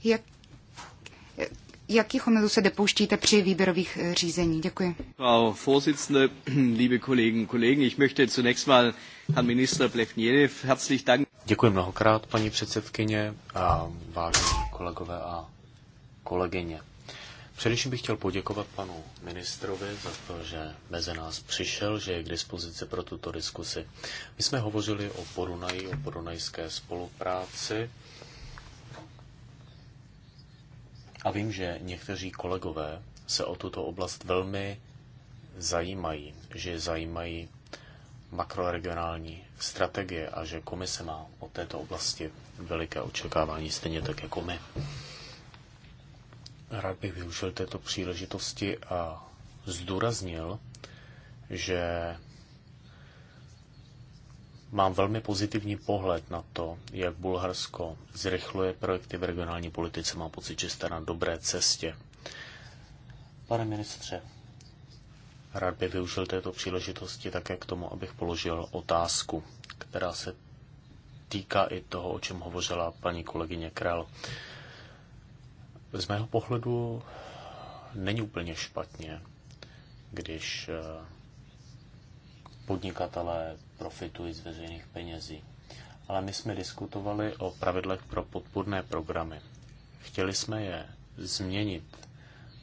Jak Jakých omylů se dopouštíte při výběrových eh, řízení? Děkuji. Frau Vorsitzende, [clears throat] liebe Kollegen, Kollegen, ich möchte zunächst mal Herrn Minister herzlich danken. Děkuji mnohokrát, paní předsedkyně a vážení kolegové a kolegyně. Především bych chtěl poděkovat panu ministrovi za to, že mezi nás přišel, že je k dispozici pro tuto diskusi. My jsme hovořili o Porunaji, o porunajské spolupráci A vím, že někteří kolegové se o tuto oblast velmi zajímají, že zajímají makroregionální strategie a že komise má o této oblasti veliké očekávání, stejně tak jako my. Rád bych využil této příležitosti a zdůraznil, že mám velmi pozitivní pohled na to, jak Bulharsko zrychluje projekty v regionální politice. Mám pocit, že jste na dobré cestě. Pane ministře, rád bych využil této příležitosti také k tomu, abych položil otázku, která se týká i toho, o čem hovořila paní kolegyně Král. Z mého pohledu není úplně špatně, když eh, podnikatelé profitují z veřejných penězí. Ale my jsme diskutovali o pravidlech pro podpůrné programy. Chtěli jsme je změnit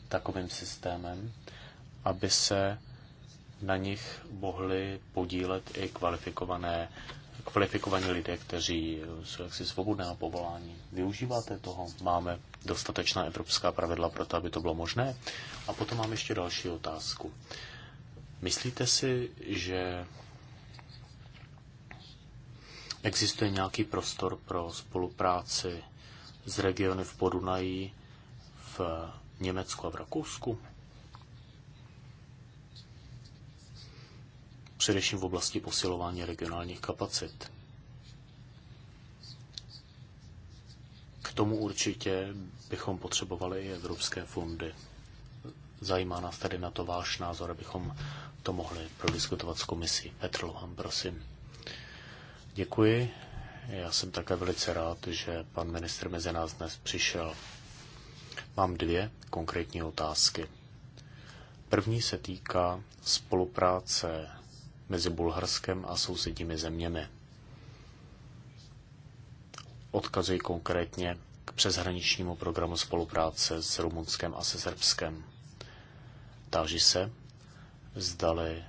takovým systémem, aby se na nich mohli podílet i kvalifikované, kvalifikovaní lidé, kteří jsou jaksi svobodného povolání. Využíváte toho? Máme dostatečná evropská pravidla pro to, aby to bylo možné? A potom mám ještě další otázku. Myslíte si, že Existuje nějaký prostor pro spolupráci z regiony v Podunají, v Německu a v Rakousku? Především v oblasti posilování regionálních kapacit. K tomu určitě bychom potřebovali i evropské fondy. Zajímá nás tady na to váš názor, abychom to mohli prodiskutovat s komisí. Petr Lohan, prosím. Děkuji. Já jsem také velice rád, že pan ministr mezi nás dnes přišel. Mám dvě konkrétní otázky. První se týká spolupráce mezi Bulharskem a sousedními zeměmi. Odkazuji konkrétně k přeshraničnímu programu spolupráce s Rumunskem a se Srbskem. Táži se, zdali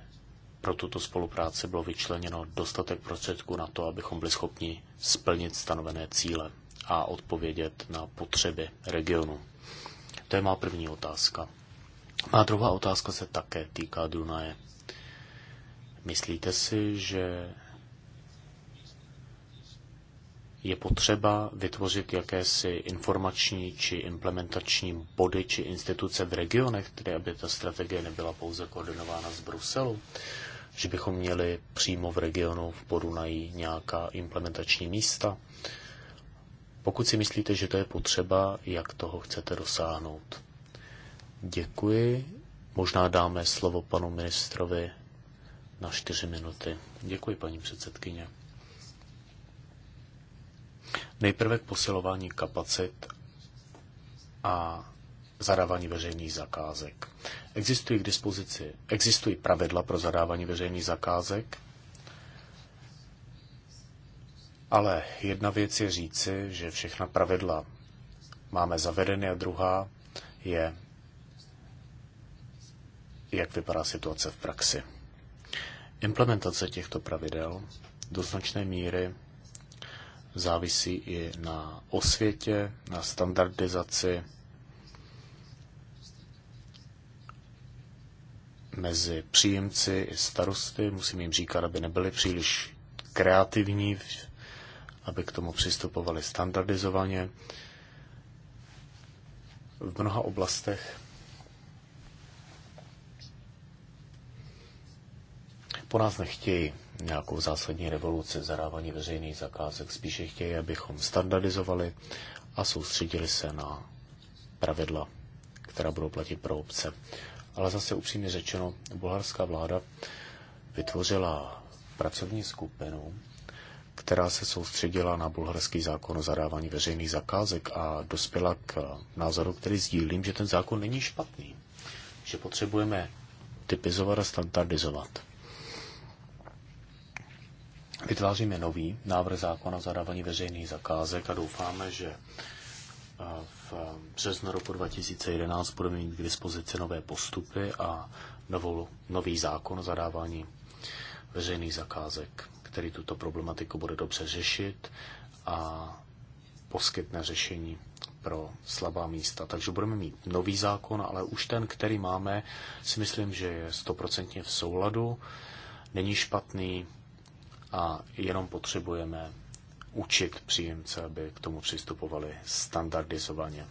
pro tuto spolupráci bylo vyčleněno dostatek prostředků na to, abychom byli schopni splnit stanovené cíle a odpovědět na potřeby regionu. To je má první otázka. Má druhá otázka se také týká Dunaje. Myslíte si, že je potřeba vytvořit jakési informační či implementační body či instituce v regionech, které aby ta strategie nebyla pouze koordinována z Bruselu? že bychom měli přímo v regionu v Porunají nějaká implementační místa? Pokud si myslíte, že to je potřeba, jak toho chcete dosáhnout? Děkuji. Možná dáme slovo panu ministrovi na čtyři minuty. Děkuji, paní předsedkyně. Nejprve k posilování kapacit a zadávání veřejných zakázek. Existují k dispozici, existují pravidla pro zadávání veřejných zakázek, ale jedna věc je říci, že všechna pravidla máme zavedeny a druhá je, jak vypadá situace v praxi. Implementace těchto pravidel do značné míry závisí i na osvětě, na standardizaci mezi příjemci i starosty. Musím jim říkat, aby nebyli příliš kreativní, aby k tomu přistupovali standardizovaně. V mnoha oblastech po nás nechtějí nějakou zásadní revoluci zadávání veřejných zakázek, spíše chtějí, abychom standardizovali a soustředili se na pravidla, která budou platit pro obce ale zase upřímně řečeno, bulharská vláda vytvořila pracovní skupinu, která se soustředila na bulharský zákon o zadávání veřejných zakázek a dospěla k názoru, který sdílím, že ten zákon není špatný, že potřebujeme typizovat a standardizovat. Vytváříme nový návrh zákona o zadávání veřejných zakázek a doufáme, že v eh, březnu roku 2011 budeme mít k dispozici nové postupy a novou, nový zákon o zadávání veřejných zakázek, který tuto problematiku bude dobře řešit a poskytne řešení pro slabá místa. Takže budeme mít nový zákon, ale už ten, který máme, si myslím, že je stoprocentně v souladu, není špatný a jenom potřebujeme učit příjemce, aby k tomu přistupovali standardizovaně.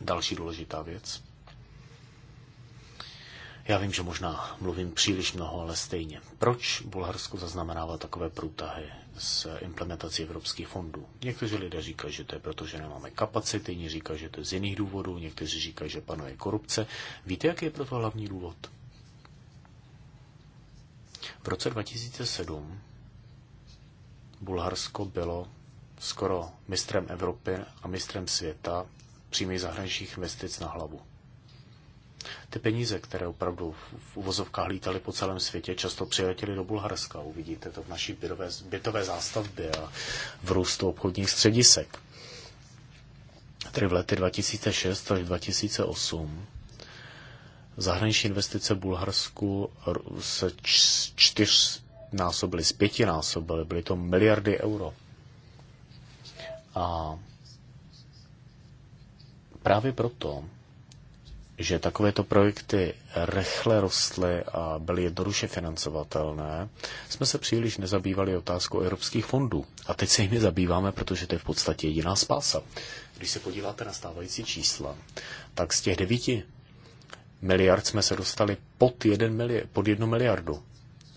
Další důležitá věc. Já vím, že možná mluvím příliš mnoho, ale stejně. Proč Bulharsko zaznamenává takové průtahy s implementací evropských fondů? Někteří lidé říkají, že to je proto, že nemáme kapacity, jiní říkají, že to je z jiných důvodů, někteří říkají, že panuje korupce. Víte, jaký je proto hlavní důvod? V roce 2007 Bulharsko bylo skoro mistrem Evropy a mistrem světa přímých zahraničních investic na hlavu. Ty peníze, které opravdu v uvozovkách lítaly po celém světě, často přiletěly do Bulharska. Uvidíte to v naší bytové, bytové zástavbě a v růstu obchodních středisek. Tedy v letech 2006 až 2008 zahraniční investice v Bulharsku se čtyř, násobili, z pěti násobily, byly to miliardy euro. A právě proto, že takovéto projekty rychle rostly a byly jednoduše financovatelné, jsme se příliš nezabývali otázkou evropských fondů. A teď se jimi zabýváme, protože to je v podstatě jediná spása. Když se podíváte na stávající čísla, tak z těch devíti miliard jsme se dostali pod, jeden miliard, pod jednu miliardu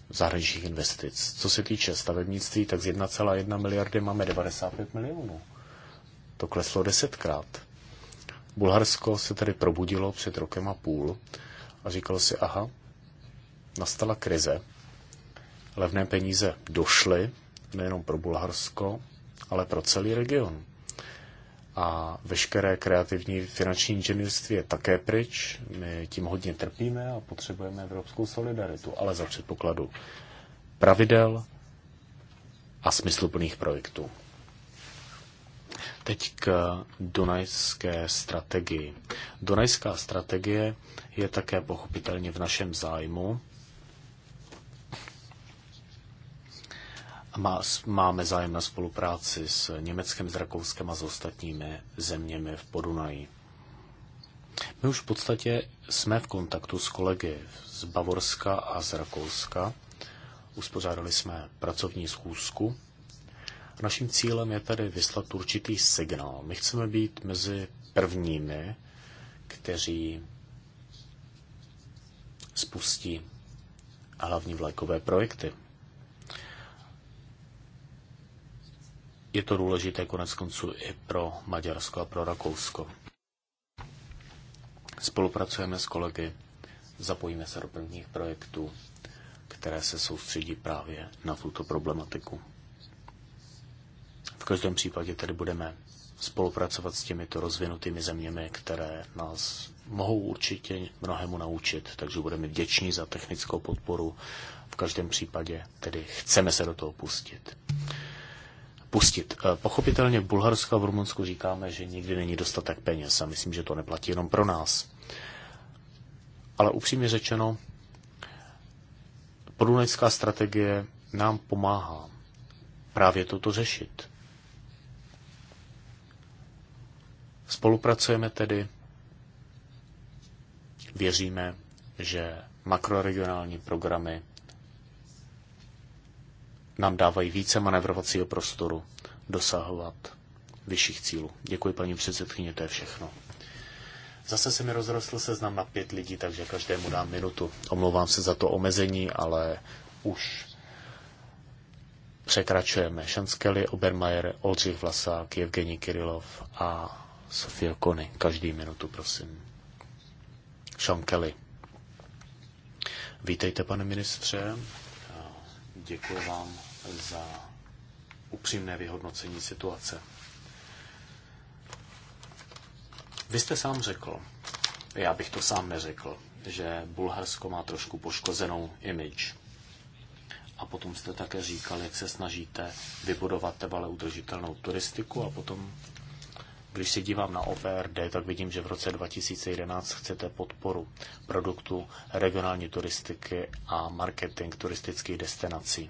zahraničních investic. Co se týče stavebnictví, tak z 1,1 miliardy máme 95 milionů. To kleslo desetkrát. Bulharsko se tedy probudilo před rokem a půl a říkalo si, aha, nastala krize, levné peníze došly nejenom pro Bulharsko, ale pro celý region a veškeré kreativní finanční inženýrství je také pryč. My tím hodně trpíme a potřebujeme evropskou solidaritu, ale za předpokladu pravidel a smysluplných projektů. Teď k dunajské strategii. Dunajská strategie je také pochopitelně v našem zájmu, Má, máme zájem na spolupráci s Německem, s Rakouskem a s ostatními zeměmi v Podunají. My už v podstatě jsme v kontaktu s kolegy z Bavorska a z Rakouska. Uspořádali jsme pracovní schůzku. Naším cílem je tady vyslat určitý signál. My chceme být mezi prvními, kteří spustí hlavní vlajkové projekty. je to důležité konec konců i pro Maďarsko a pro Rakousko. Spolupracujeme s kolegy, zapojíme se do prvních projektů, které se soustředí právě na tuto problematiku. V každém případě tedy budeme spolupracovat s těmito rozvinutými zeměmi, které nás mohou určitě mnohému naučit, takže budeme vděční za technickou podporu. V každém případě tedy chceme se do toho pustit pustit. Eh, pochopitelně v Bulharsku a v Rumunsku říkáme, že nikdy není dostatek peněz a myslím, že to neplatí jenom pro nás. Ale upřímně řečeno, podunajská strategie nám pomáhá právě toto řešit. Spolupracujeme tedy, věříme, že makroregionální programy nám dávají více manevrovacího prostoru dosahovat vyšších cílů. Děkuji, paní předsedkyně, to je všechno. Zase se mi rozrostl seznam na pět lidí, takže každému dám minutu. Omlouvám se za to omezení, ale už překračujeme. Šanskeli, Obermajer, Oldřich Vlasák, Evgeni Kirilov a Sofia Kony. Každý minutu, prosím. Kelly. Vítejte, pane ministře. Děkuji vám za upřímné vyhodnocení situace. Vy jste sám řekl, já bych to sám neřekl, že Bulharsko má trošku poškozenou image. A potom jste také říkal, jak se snažíte vybudovat trvale udržitelnou turistiku a potom, když se dívám na OPRD, tak vidím, že v roce 2011 chcete podporu produktu regionální turistiky a marketing turistických destinací.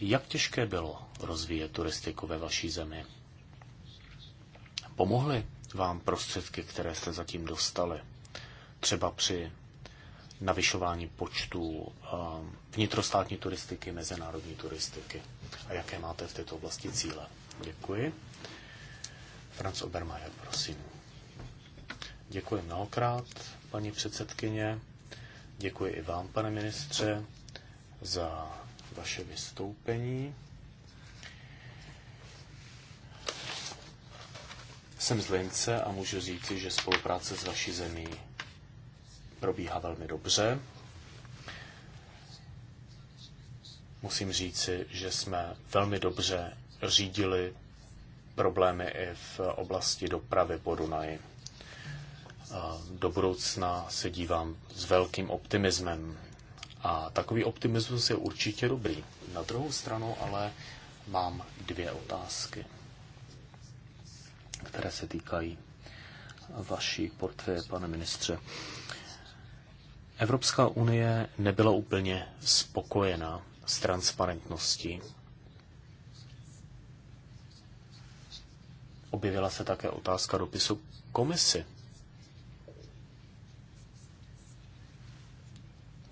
Jak těžké bylo rozvíjet turistiku ve vaší zemi? Pomohly vám prostředky, které jste zatím dostali? Třeba při navyšování počtu ehm, vnitrostátní turistiky, mezinárodní turistiky. A jaké máte v této oblasti cíle? Děkuji. Franz Obermajer, prosím. Děkuji mnohokrát, paní předsedkyně. Děkuji i vám, pane ministře, za vaše vystoupení. Jsem z Lince a můžu říci, že spolupráce s vaší zemí probíhá velmi dobře. Musím říci, že jsme velmi dobře řídili problémy i v oblasti dopravy po Dunaji. Do budoucna se dívám s velkým optimismem. A takový optimismus je určitě dobrý. Na druhou stranu ale mám dvě otázky, které se týkají vaší portfeje, pane ministře. Evropská unie nebyla úplně spokojená s transparentností. Objevila se také otázka dopisu komisi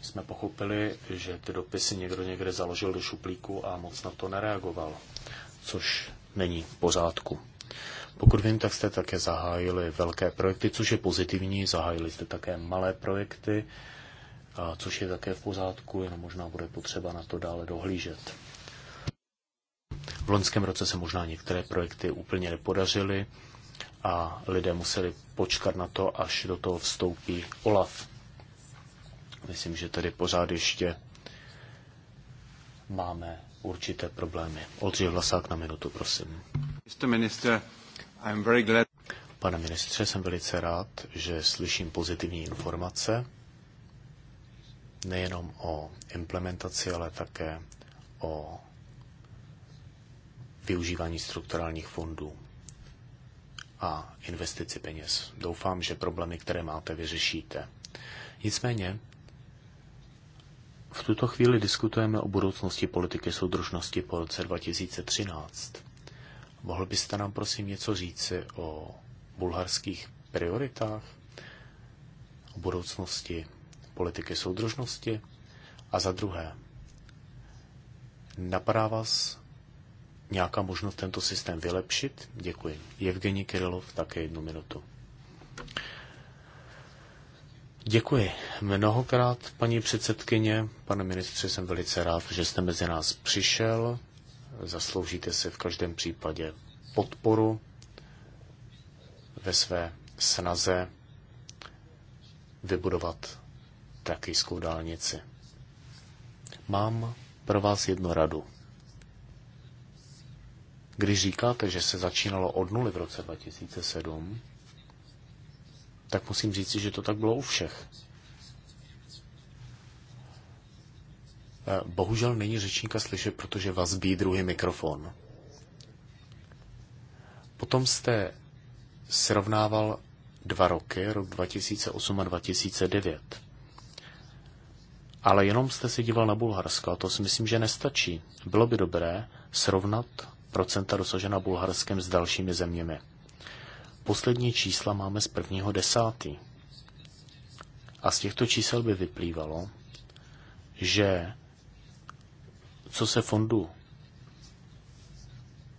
jsme pochopili, že ty dopisy někdo někde založil do šuplíku a moc na to nereagoval, což není v pořádku. Pokud vím, tak jste také zahájili velké projekty, což je pozitivní, zahájili jste také malé projekty, a což je také v pořádku, jenom možná bude potřeba na to dále dohlížet. V loňském roce se možná některé projekty úplně nepodařily a lidé museli počkat na to, až do toho vstoupí OLAF. Myslím, že tady pořád ještě máme určité problémy. Oldřich Vlasák na minutu, prosím. Minister, I'm very glad... Pane ministře, jsem velice rád, že slyším pozitivní informace nejenom o implementaci, ale také o využívání strukturálních fondů a investici peněz. Doufám, že problémy, které máte, vyřešíte. Nicméně v tuto chvíli diskutujeme o budoucnosti politiky soudržnosti po roce 2013. Mohl byste nám prosím něco říci o bulharských prioritách, o budoucnosti politiky soudržnosti? A za druhé, napadá vás nějaká možnost tento systém vylepšit? Děkuji. Evgeni Kirilov, také jednu minutu. Děkuji mnohokrát, paní předsedkyně. Pane ministře, jsem velice rád, že jste mezi nás přišel. Zasloužíte si v každém případě podporu ve své snaze vybudovat trakijskou dálnici. Mám pro vás jednu radu. Když říkáte, že se začínalo od nuly v roce 2007, tak musím říct, že to tak bylo u všech. Eh, bohužel není řečníka slyšet, protože vás bí druhý mikrofon. Potom jste srovnával dva roky, rok 2008 a 2009. Ale jenom jste si díval na Bulharsko a to si myslím, že nestačí. Bylo by dobré srovnat procenta dosažena Bulharskem s dalšími zeměmi. Poslední čísla máme z prvního desátý. A z těchto čísel by vyplývalo, že co se fondu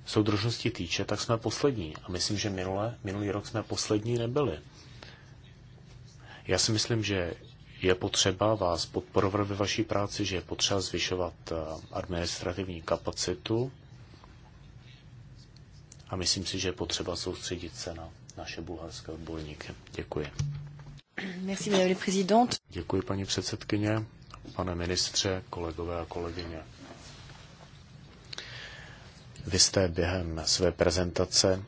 soudržnosti týče, tak jsme poslední. A myslím, že minule, minulý rok jsme poslední nebyli. Já si myslím, že je potřeba vás podporovat ve vaší práci, že je potřeba zvyšovat eh, administrativní kapacitu a myslím si, že je potřeba soustředit se na naše bulharské odborníky. Děkuji. Merci, Děkuji, paní předsedkyně, pane ministře, kolegové a kolegyně. Vy jste během své prezentace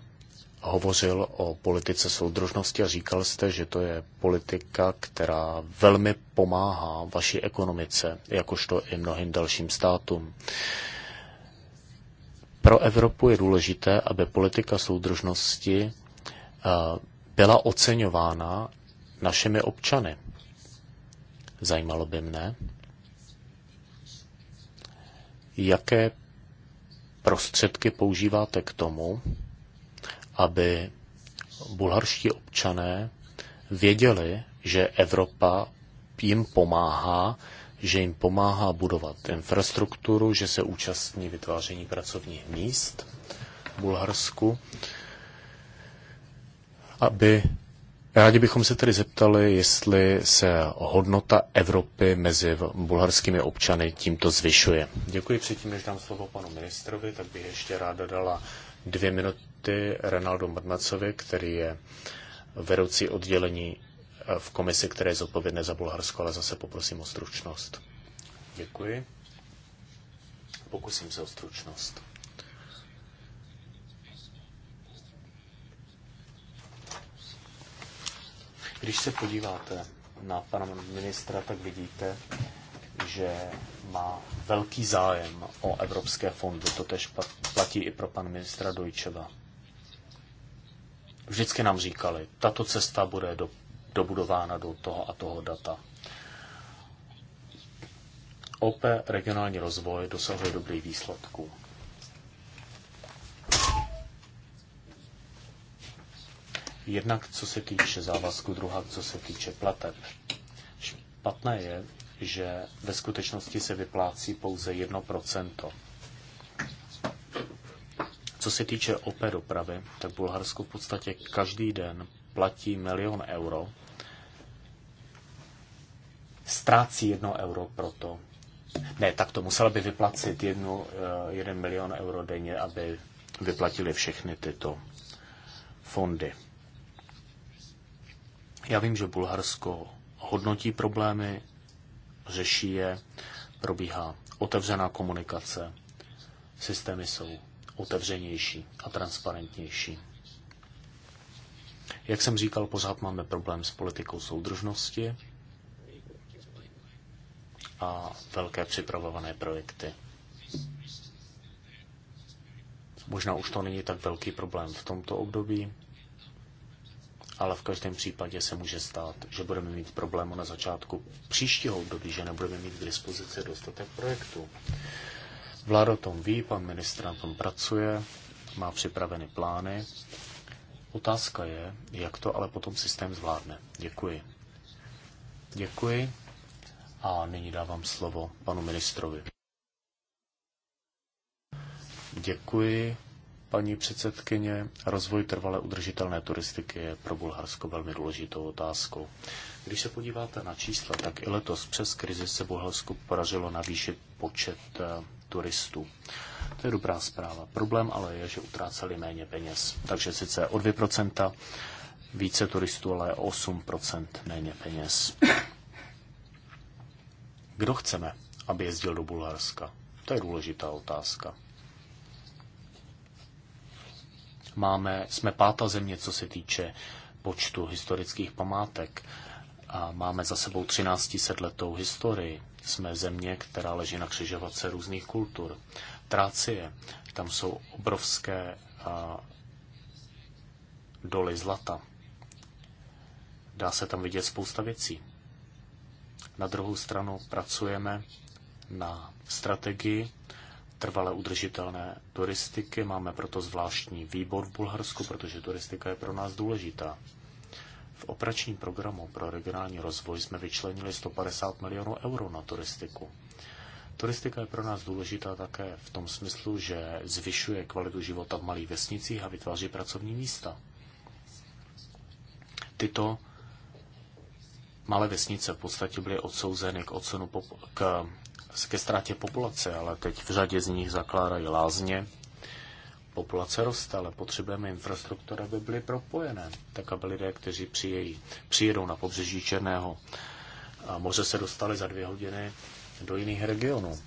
hovořil o politice soudržnosti a říkal jste, že to je politika, která velmi pomáhá vaší ekonomice, jakožto i mnohým dalším státům. Uh, pro Evropu je důležité, aby politika soudržnosti eh, byla oceňována našimi občany. Zajímalo by mne, jaké prostředky používáte k tomu, aby bulharští občané věděli, že Evropa jim pomáhá že jim pomáhá budovat infrastrukturu, že se účastní vytváření pracovních míst v Bulharsku. Aby, rádi bychom se tedy zeptali, jestli se hodnota Evropy mezi bulharskými občany tímto zvyšuje. Děkuji předtím, než dám slovo panu ministrovi, tak bych ještě ráda dala dvě minuty Renaldu Mrnacovi, který je vedoucí oddělení v komisi, které je zodpovědné za Bulharsko, ale zase poprosím o stručnost. Děkuji. Pokusím se o stručnost. Když se podíváte na pana ministra, tak vidíte, že má velký zájem o evropské fondy. To tež platí i pro pana ministra Dojčeva. Vždycky nám říkali, tato cesta bude do dobudována do toho a toho data. OP regionální rozvoj dosahuje dobrých výsledků. Jednak co se týče závazku, druhá co se týče plateb. Špatné je, že ve skutečnosti se vyplácí pouze 1%. Co se týče OP dopravy, tak Bulharsko v podstatě každý den platí milion euro ztrácí jedno euro pro to. Ne, tak to musela by vyplacit jednu, eh, jeden milion euro denně, aby vyplatili všechny tyto fondy. Já vím, že Bulharsko hodnotí problémy, řeší je, probíhá otevřená komunikace, systémy jsou otevřenější a transparentnější. Jak jsem říkal, pořád máme problém s politikou soudržnosti, a velké připravované projekty. Možná už to není tak velký problém v tomto období, ale v každém případě se může stát, že budeme mít problémy na začátku příštího období, že nebudeme mít k dispozici dostatek projektů. Vláda o tom ví, pan ministr na tom pracuje, má připraveny plány. Otázka je, jak to ale potom systém zvládne. Děkuji. Děkuji. A nyní dávám slovo panu ministrovi. Děkuji, paní předsedkyně. Rozvoj trvale udržitelné turistiky je pro Bulharsko velmi důležitou otázkou. Když se podíváte na čísla, tak i letos přes krizi se Bulharsku podařilo navýšit počet eh, turistů. To je dobrá zpráva. Problém ale je, že utráceli méně peněz. Takže sice o 2% více turistů, ale o 8% méně peněz. Kdo chceme, aby jezdil do Bulharska? To je důležitá otázka. Máme, jsme pátá země, co se týče počtu historických památek. A máme za sebou 13 letou historii. Jsme země, která leží na křižovatce různých kultur. Trácie, tam jsou obrovské a, doly zlata. Dá se tam vidět spousta věcí. Na druhou stranu pracujeme na strategii trvale udržitelné turistiky. Máme proto zvláštní výbor v Bulharsku, protože turistika je pro nás důležitá. V operačním programu pro regionální rozvoj jsme vyčlenili 150 milionů euro na turistiku. Turistika je pro nás důležitá také v tom smyslu, že zvyšuje kvalitu života v malých vesnicích a vytváří pracovní místa. Tyto malé vesnice v podstatě byly odsouzeny k odsunu k, ke ztrátě populace, ale teď v řadě z nich zakládají lázně. Populace roste, ale potřebujeme infrastruktura, aby byly propojené, tak aby lidé, kteří přijejí, přijedou na pobřeží Černého a moře, se dostali za dvě hodiny do jiných regionů.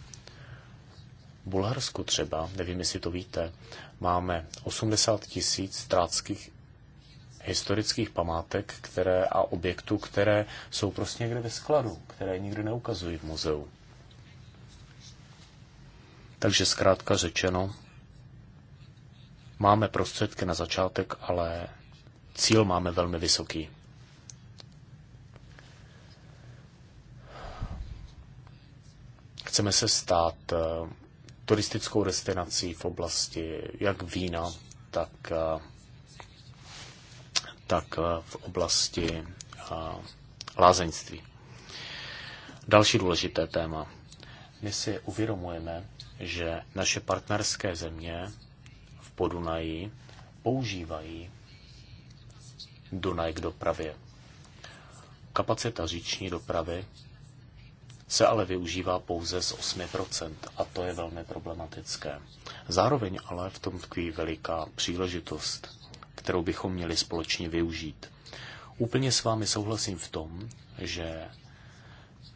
V Bulharsku třeba, nevím, jestli to víte, máme 80 tisíc historických památek které, a objektů, které jsou prostě někde ve skladu, které nikdy neukazují v muzeu. Takže zkrátka řečeno, máme prostředky na začátek, ale cíl máme velmi vysoký. Chceme se stát eh, turistickou destinací v oblasti jak vína, tak eh, tak eh, v oblasti eh, lázeňství. Další důležité téma. My si uvědomujeme, že naše partnerské země v Podunají používají Dunaj k dopravě. Kapacita říční dopravy se ale využívá pouze z 8% a to je velmi problematické. Zároveň ale v tom tkví veliká příležitost kterou bychom měli společně využít. Úplně s vámi souhlasím v tom, že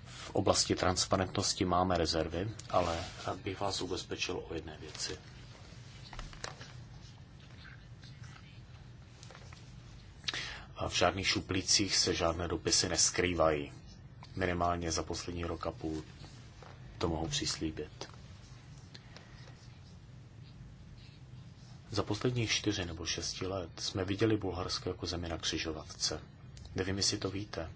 v oblasti transparentnosti máme rezervy, ale rád bych vás ubezpečil o jedné věci. A v žádných šuplících se žádné dopisy neskrývají. Minimálně za poslední rok a půl to mohu přislíbit. Za posledních čtyři nebo šesti let jsme viděli Bulharsko jako zemi na křižovatce. Nevím, jestli to víte,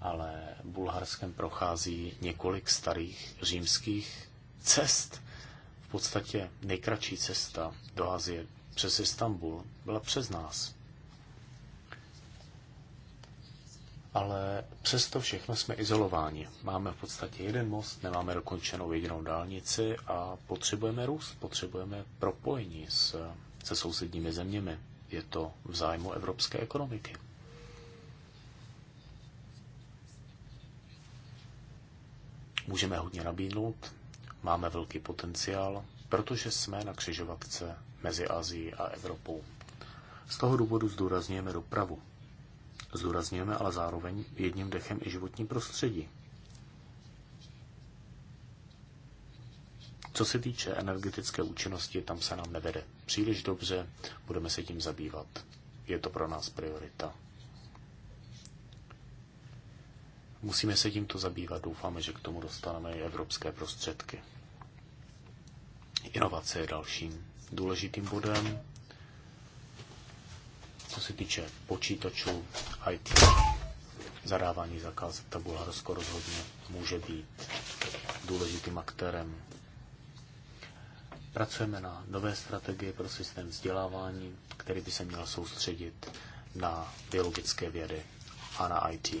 ale Bulharskem prochází několik starých římských cest. V podstatě nejkratší cesta do Azie přes Istanbul byla přes nás. ale přesto všechno jsme izolováni. Máme v podstatě jeden most, nemáme dokončenou jedinou dálnici a potřebujeme růst, potřebujeme propojení s, se sousedními zeměmi. Je to v zájmu evropské ekonomiky. Můžeme hodně nabídnout, máme velký potenciál, protože jsme na křižovatce mezi Azií a Evropou. Z toho důvodu zdůrazňujeme dopravu Zdůrazňujeme ale zároveň jedním dechem i životní prostředí. Co se týče energetické účinnosti, tam se nám nevede příliš dobře, budeme se tím zabývat. Je to pro nás priorita. Musíme se tímto zabývat, doufáme, že k tomu dostaneme i evropské prostředky. Inovace je dalším důležitým bodem co se týče počítačů, IT, zadávání zakázek, ta Bulharsko rozhodně může být důležitým aktérem. Pracujeme na nové strategii pro systém vzdělávání, který by se měl soustředit na biologické vědy a na IT.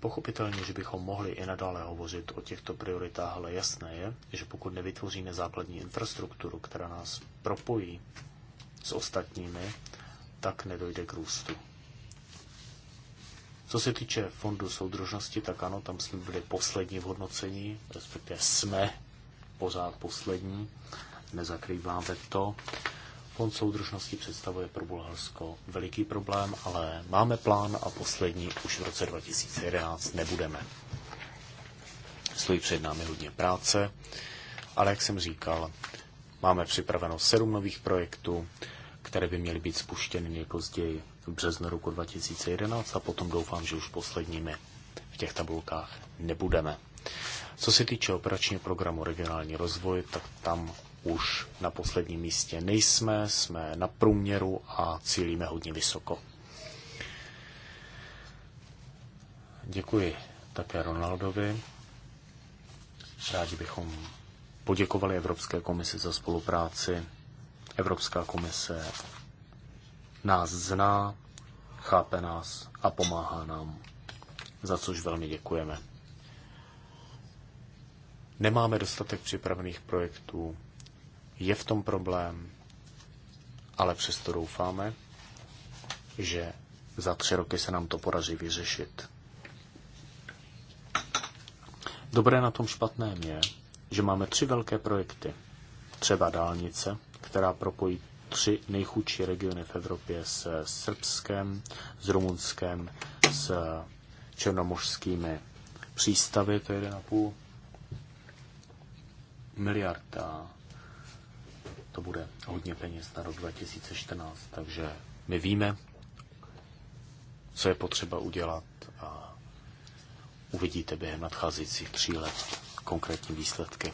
Pochopitelně, že bychom mohli i nadále hovořit o těchto prioritách, ale jasné je, že pokud nevytvoříme základní infrastrukturu, která nás propojí s ostatními, tak nedojde k růstu. Co se týče fondu soudržnosti, tak ano, tam jsme byli poslední v hodnocení, respektive jsme pořád poslední, nezakrýváme to. Fond soudržnosti představuje pro Bulharsko veliký problém, ale máme plán a poslední už v roce 2011 nebudeme. Stojí před námi hodně práce, ale jak jsem říkal, Máme připraveno sedm nových projektů, které by měly být spuštěny nejpozději v březnu roku 2011 a potom doufám, že už posledními v těch tabulkách nebudeme. Co se týče operačního programu regionální rozvoj, tak tam už na posledním místě nejsme, jsme na průměru a cílíme hodně vysoko. Děkuji také Ronaldovi. Rádi bychom poděkovali Evropské komisi za spolupráci. Evropská komise nás zná, chápe nás a pomáhá nám, za což velmi děkujeme. Nemáme dostatek připravených projektů, je v tom problém, ale přesto doufáme, že za tři roky se nám to podaří vyřešit. Dobré na tom špatném je, že máme tři velké projekty. Třeba dálnice, která propojí tři nejchudší regiony v Evropě s Srbskem, s Rumunskem, s černomořskými přístavy, to je 1,5 miliarda. To bude hodně peněz na rok 2014, takže my víme, co je potřeba udělat a uvidíte během nadcházejících tří let konkrétní výsledky.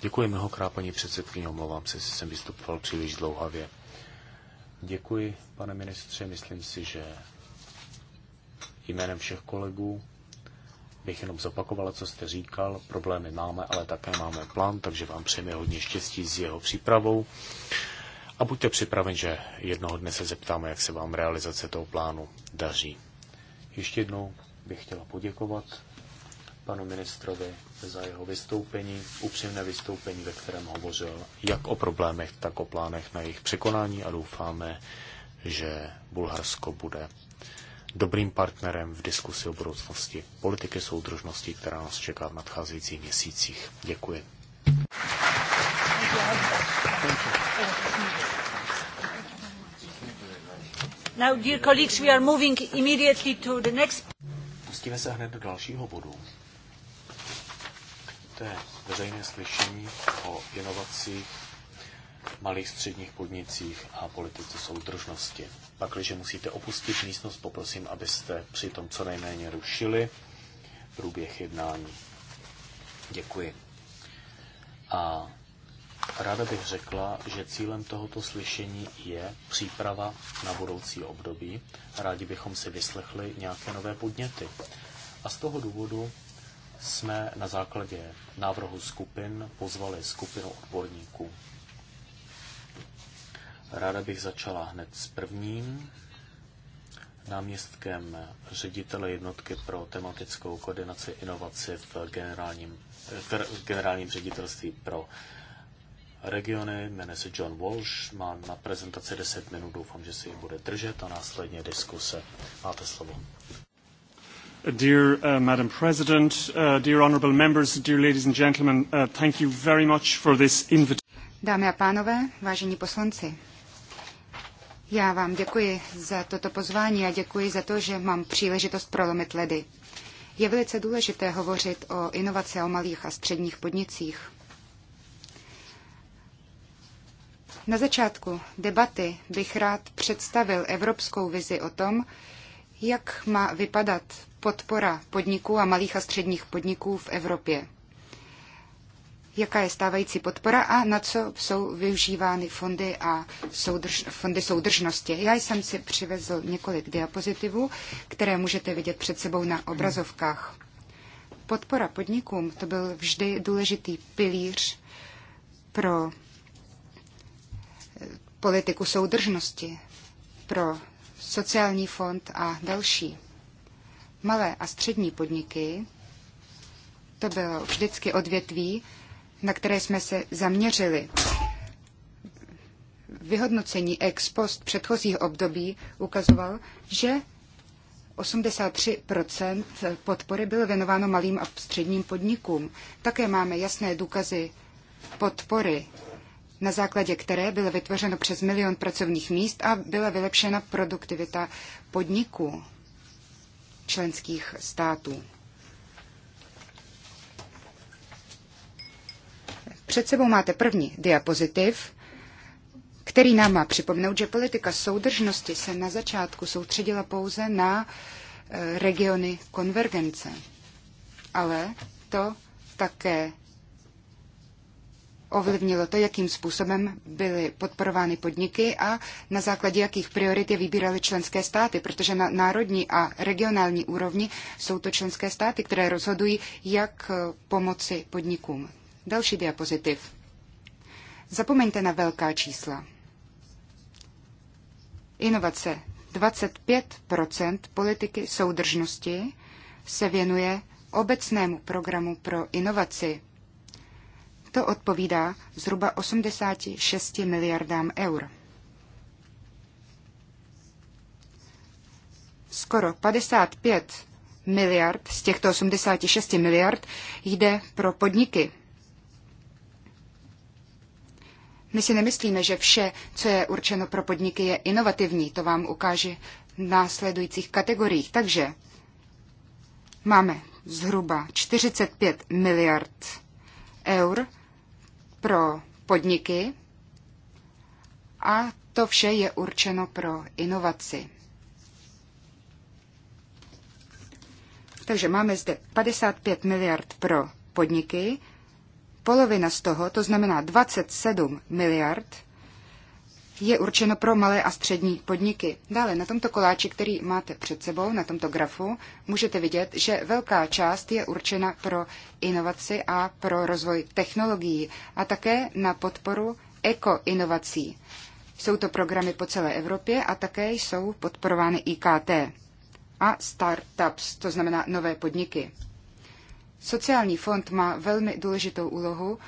Děkuji mnohokrát, paní předsedkyně, omlouvám se, jestli jsem vystupoval příliš dlouhavě. Děkuji, pane ministře, myslím si, že jménem všech kolegů bych jenom zopakovala, co jste říkal. Problémy máme, ale také máme plán, takže vám přejeme hodně štěstí s jeho přípravou. A buďte připraven, že jednoho dne se zeptáme, jak se vám realizace toho plánu daří. Ještě jednou bych chtěla poděkovat panu ministrovi za jeho vystoupení, upřímné vystoupení, ve kterém hovořil jak o problémech, tak o plánech na jejich překonání a doufáme, že Bulharsko bude dobrým partnerem v diskusi o budoucnosti politiky soudržnosti, která nás čeká v nadcházejících měsících. Děkuji. Now, dear colleagues, we are moving immediately to the next... Pustíme se hned do dalšího bodu té veřejné slyšení o inovacích malých středních podnicích a politice soudržnosti. Pak, když musíte opustit místnost, poprosím, abyste při tom co nejméně rušili průběh jednání. Děkuji. A ráda bych řekla, že cílem tohoto slyšení je příprava na budoucí období. Rádi bychom si vyslechli nějaké nové podněty. A z toho důvodu jsme na základě návrhu skupin pozvali skupinu odborníků. Ráda bych začala hned s prvním náměstkem ředitele jednotky pro tematickou koordinaci inovaci v generálním, v generálním ředitelství pro regiony. Jmenuje se John Walsh, má na prezentaci 10 minut, doufám, že si ji bude držet a následně diskuse. Máte slovo. Dear uh, Madam President, uh, dear honourable members, dear ladies and gentlemen, uh, thank you very much for this invitation. Dámy a pánové, vážení poslanci, já vám děkuji za toto pozvání a děkuji za to, že mám příležitost prolomit ledy. Je velice důležité hovořit o inovaci a o malých a středních podnicích. Na začátku debaty bych rád představil evropskou vizi o tom, jak má vypadat podpora podniků a malých a středních podniků v Evropě? Jaká je stávající podpora a na co jsou využívány fondy a soudrž, fondy soudržnosti? Já jsem si přivezl několik diapozitivů, které můžete vidět před sebou na obrazovkách. Podpora podnikům to byl vždy důležitý pilíř pro eh, politiku soudržnosti, pro sociální fond a další. Malé a střední podniky, to bylo vždycky odvětví, na které jsme se zaměřili. Vyhodnocení ex post předchozího období ukazoval, že 83 podpory bylo věnováno malým a středním podnikům. Také máme jasné důkazy podpory na základě které bylo vytvořeno přes milion pracovních míst a byla vylepšena produktivita podniků členských států. Před sebou máte první diapozitiv, který nám má připomenout, že politika soudržnosti se na začátku soustředila pouze na eh, regiony konvergence. Ale to také ovlivnilo to, jakým způsobem byly podporovány podniky a na základě jakých priorit je vybíraly členské státy, protože na národní a regionální úrovni jsou to členské státy, které rozhodují, jak eh, pomoci podnikům. Další diapozitiv. Zapomeňte na velká čísla. Inovace. 25 politiky soudržnosti se věnuje obecnému programu pro inovaci to odpovídá zhruba 86 miliardám eur. Skoro 55 miliard z těchto 86 miliard jde pro podniky. My si nemyslíme, že vše, co je určeno pro podniky, je inovativní. To vám ukáže v následujících kategoriích. Takže máme zhruba 45 miliard eur pro podniky a to vše je určeno pro inovaci. Takže máme zde 55 miliard pro podniky, polovina z toho, to znamená 27 miliard, je určeno pro malé a střední podniky. Dále na tomto koláči, který máte před sebou, na tomto grafu, můžete vidět, že velká část je určena pro inovaci a pro rozvoj technologií a také na podporu ekoinovací. Jsou to programy po celé Evropě a také jsou podporovány IKT a startups, to znamená nové podniky. Sociální fond má velmi důležitou úlohu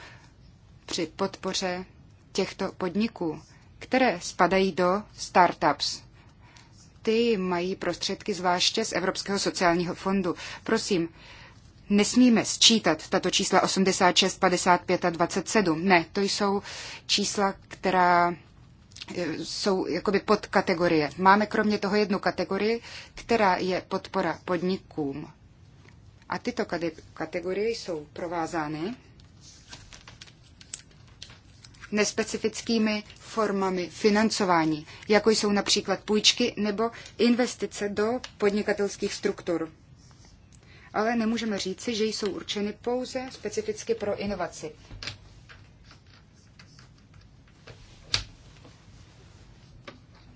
při podpoře těchto podniků které spadají do startups. Ty mají prostředky zvláště z Evropského sociálního fondu. Prosím, nesmíme sčítat tato čísla 86, 55 a 27. Ne, to jsou čísla, která e, jsou jakoby kategorie. Máme kromě toho jednu kategorii, která je podpora podnikům. A tyto kategorie jsou provázány nespecifickými formami financování, jako jsou například půjčky nebo investice do podnikatelských struktur. Ale nemůžeme říci, že jsou určeny pouze specificky pro inovaci.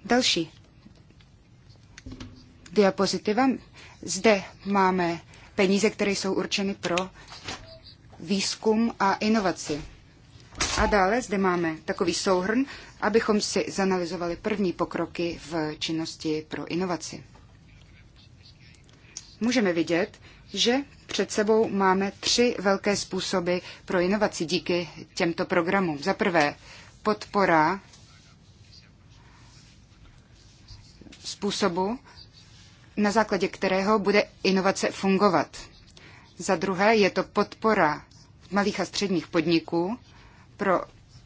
Další diapozitiva. Zde máme peníze, které jsou určeny pro výzkum a inovaci. A dále zde máme takový souhrn, abychom si zanalizovali první pokroky v činnosti pro inovaci. Můžeme vidět, že před sebou máme tři velké způsoby pro inovaci díky těmto programům. Za prvé, podpora způsobu, na základě kterého bude inovace fungovat. Za druhé je to podpora malých a středních podniků pro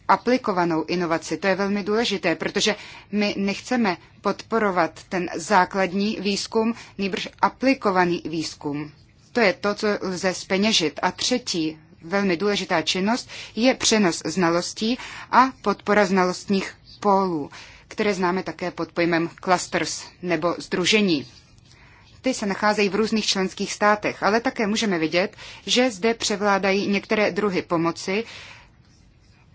aplikovanou inovaci. To je velmi důležité, protože my nechceme podporovat ten základní výzkum, nýbrž aplikovaný výzkum. To je to, co lze speněžit. A třetí velmi důležitá činnost je přenos znalostí a podpora znalostních pólů, které známe také pod pojmem clusters nebo združení. Ty se nacházejí v různých členských státech, ale také můžeme vidět, že zde převládají některé druhy pomoci,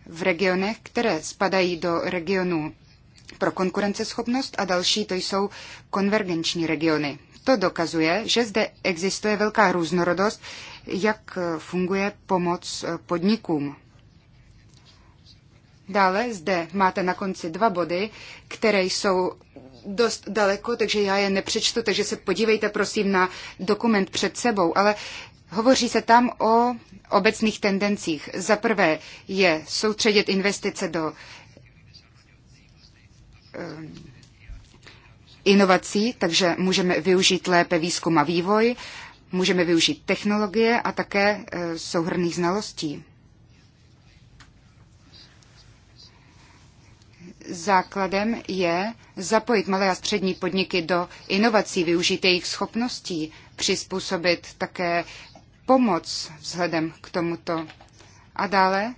v regionech, které spadají do regionu pro konkurenceschopnost a další to jsou konvergenční regiony. To dokazuje, že zde existuje velká různorodost, jak funguje pomoc podnikům. Dále zde máte na konci dva body, které jsou dost daleko, takže já je nepřečtu, takže se podívejte prosím na dokument před sebou, ale Hovoří se tam o obecných tendencích. Za prvé je soustředit investice do eh, inovací, takže můžeme využít lépe výzkum a vývoj, můžeme využít technologie a také eh, souhrných znalostí. Základem je zapojit malé a střední podniky do inovací, využít jejich schopností, přizpůsobit také pomoc vzhledem k tomuto. A dále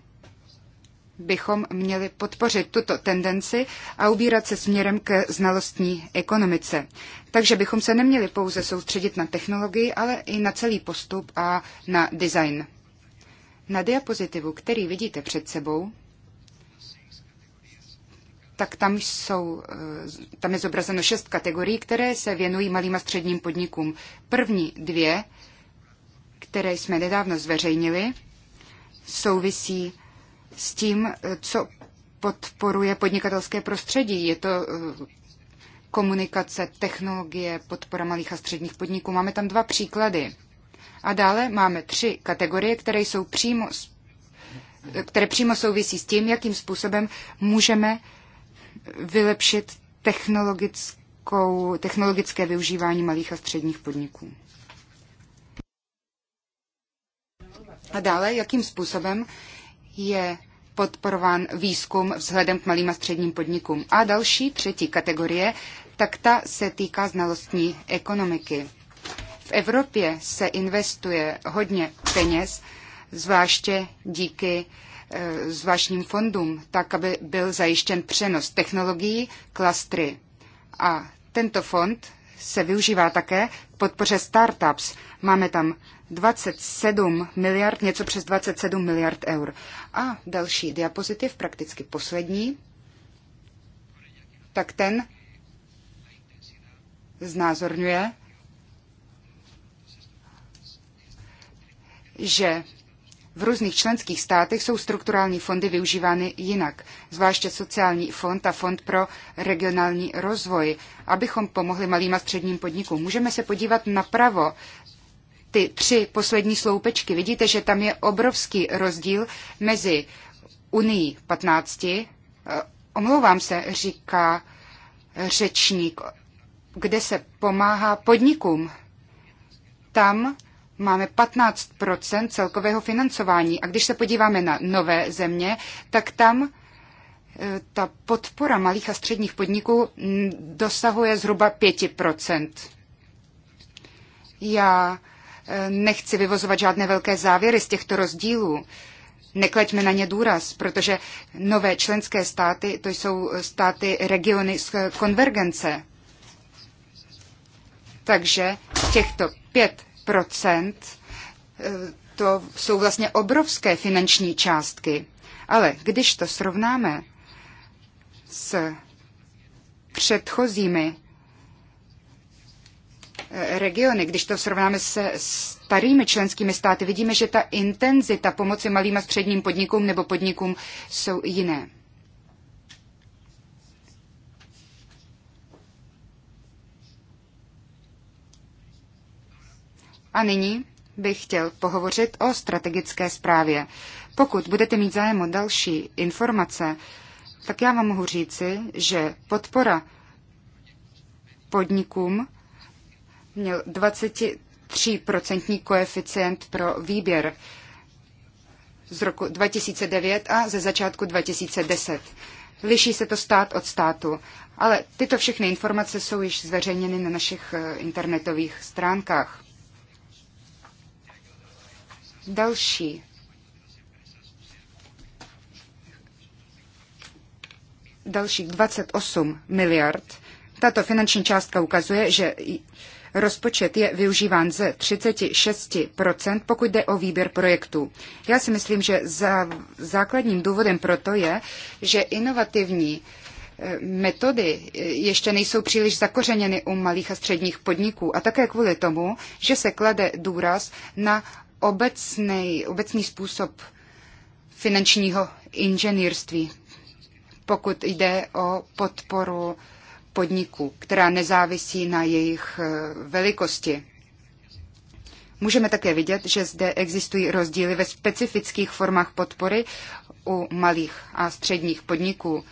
bychom měli podpořit tuto tendenci a ubírat se směrem ke znalostní ekonomice. Takže bychom se neměli pouze soustředit na technologii, ale i na celý postup a na design. Na diapozitivu, který vidíte před sebou, tak tam, jsou, eh, tam je zobrazeno šest kategorií, které se věnují malým a středním podnikům. První dvě které jsme nedávno zveřejnili, souvisí s tím, co podporuje podnikatelské prostředí. Je to eh, komunikace, technologie, podpora malých a středních podniků. Máme tam dva příklady. A dále máme tři kategorie, které jsou přímo, které přímo souvisí s tím, jakým způsobem můžeme vylepšit technologickou, technologické využívání malých a středních podniků. A dále, jakým způsobem je podporován výzkum vzhledem k malým a středním podnikům. A další, třetí kategorie, tak ta se týká znalostní ekonomiky. V Evropě se investuje hodně peněz, zvláště díky eh, zvláštním fondům, tak, aby byl zajištěn přenos technologií, klastry. A tento fond se využívá také k podpoře startups. Máme tam 27 miliard, něco přes 27 miliard eur. A další diapozitiv, prakticky poslední, tak ten znázorňuje, že v různých členských státech jsou strukturální fondy využívány jinak, zvláště sociální fond a fond pro regionální rozvoj, abychom pomohli malým a středním podnikům. Můžeme se podívat napravo ty tři poslední sloupečky, vidíte, že tam je obrovský rozdíl mezi Unii 15, eh, omlouvám se, říká řečník, kde se pomáhá podnikům. Tam máme 15 celkového financování. A když se podíváme na nové země, tak tam eh, ta podpora malých a středních podniků mm, dosahuje zhruba 5 Já nechci vyvozovat žádné velké závěry z těchto rozdílů. Nekleďme na ně důraz, protože nové členské státy, to jsou státy regiony z konvergence. Takže těchto 5% eh, to jsou vlastně obrovské finanční částky. Ale když to srovnáme s předchozími regiony. Když to srovnáme se starými členskými státy, vidíme, že ta intenzita pomoci malým a středním podnikům nebo podnikům jsou jiné. A nyní bych chtěl pohovořit o strategické zprávě. Pokud budete mít zájem o další informace, tak já vám mohu říci, že podpora podnikům měl 23% koeficient pro výběr z roku 2009 a ze začátku 2010. Liší se to stát od státu, ale tyto všechny informace jsou již zveřejněny na našich eh, internetových stránkách. Další dalších 28 miliard. Tato finanční částka ukazuje, že rozpočet je využíván ze 36%, pokud jde o výběr projektů. Já si myslím, že za základním důvodem proto je, že inovativní eh, metody eh, ještě nejsou příliš zakořeněny u malých a středních podniků a také kvůli tomu, že se klade důraz na obecný, obecný způsob finančního inženýrství, pokud jde o podporu podniků, která nezávisí na jejich eh, velikosti. Můžeme také vidět, že zde existují rozdíly ve specifických formách podpory u malých a středních podniků.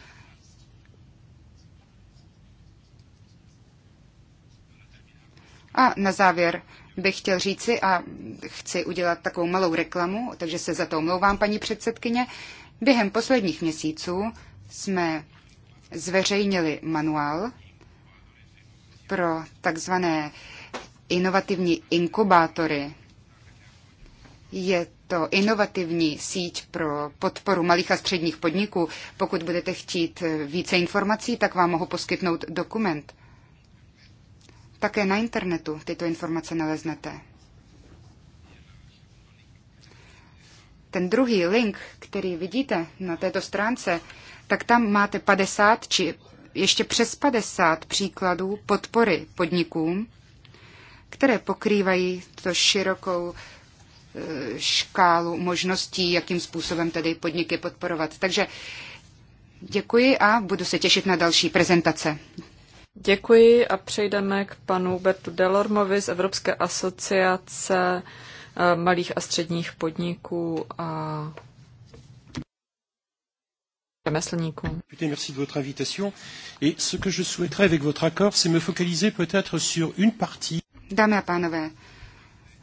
A na závěr bych chtěl říci, a chci udělat takovou malou reklamu, takže se za to omlouvám, paní předsedkyně. Během posledních měsíců jsme zveřejnili manuál pro takzvané inovativní inkubátory. Je to inovativní síť pro podporu malých a středních podniků. Pokud budete chtít více informací, tak vám mohu poskytnout dokument. Také na internetu tyto informace naleznete. Ten druhý link, který vidíte na této stránce, tak tam máte 50 či ještě přes 50 příkladů podpory podnikům, které pokrývají to širokou e, škálu možností, jakým způsobem tedy podniky podporovat. Takže děkuji a budu se těšit na další prezentace. Děkuji a přejdeme k panu Bertu Delormovi z Evropské asociace e, malých a středních podniků a řemeslníků. Merci de votre invitation. Et ce que je souhaiterais avec votre accord, c'est me focaliser peut-être sur une partie. Dámy a pánové,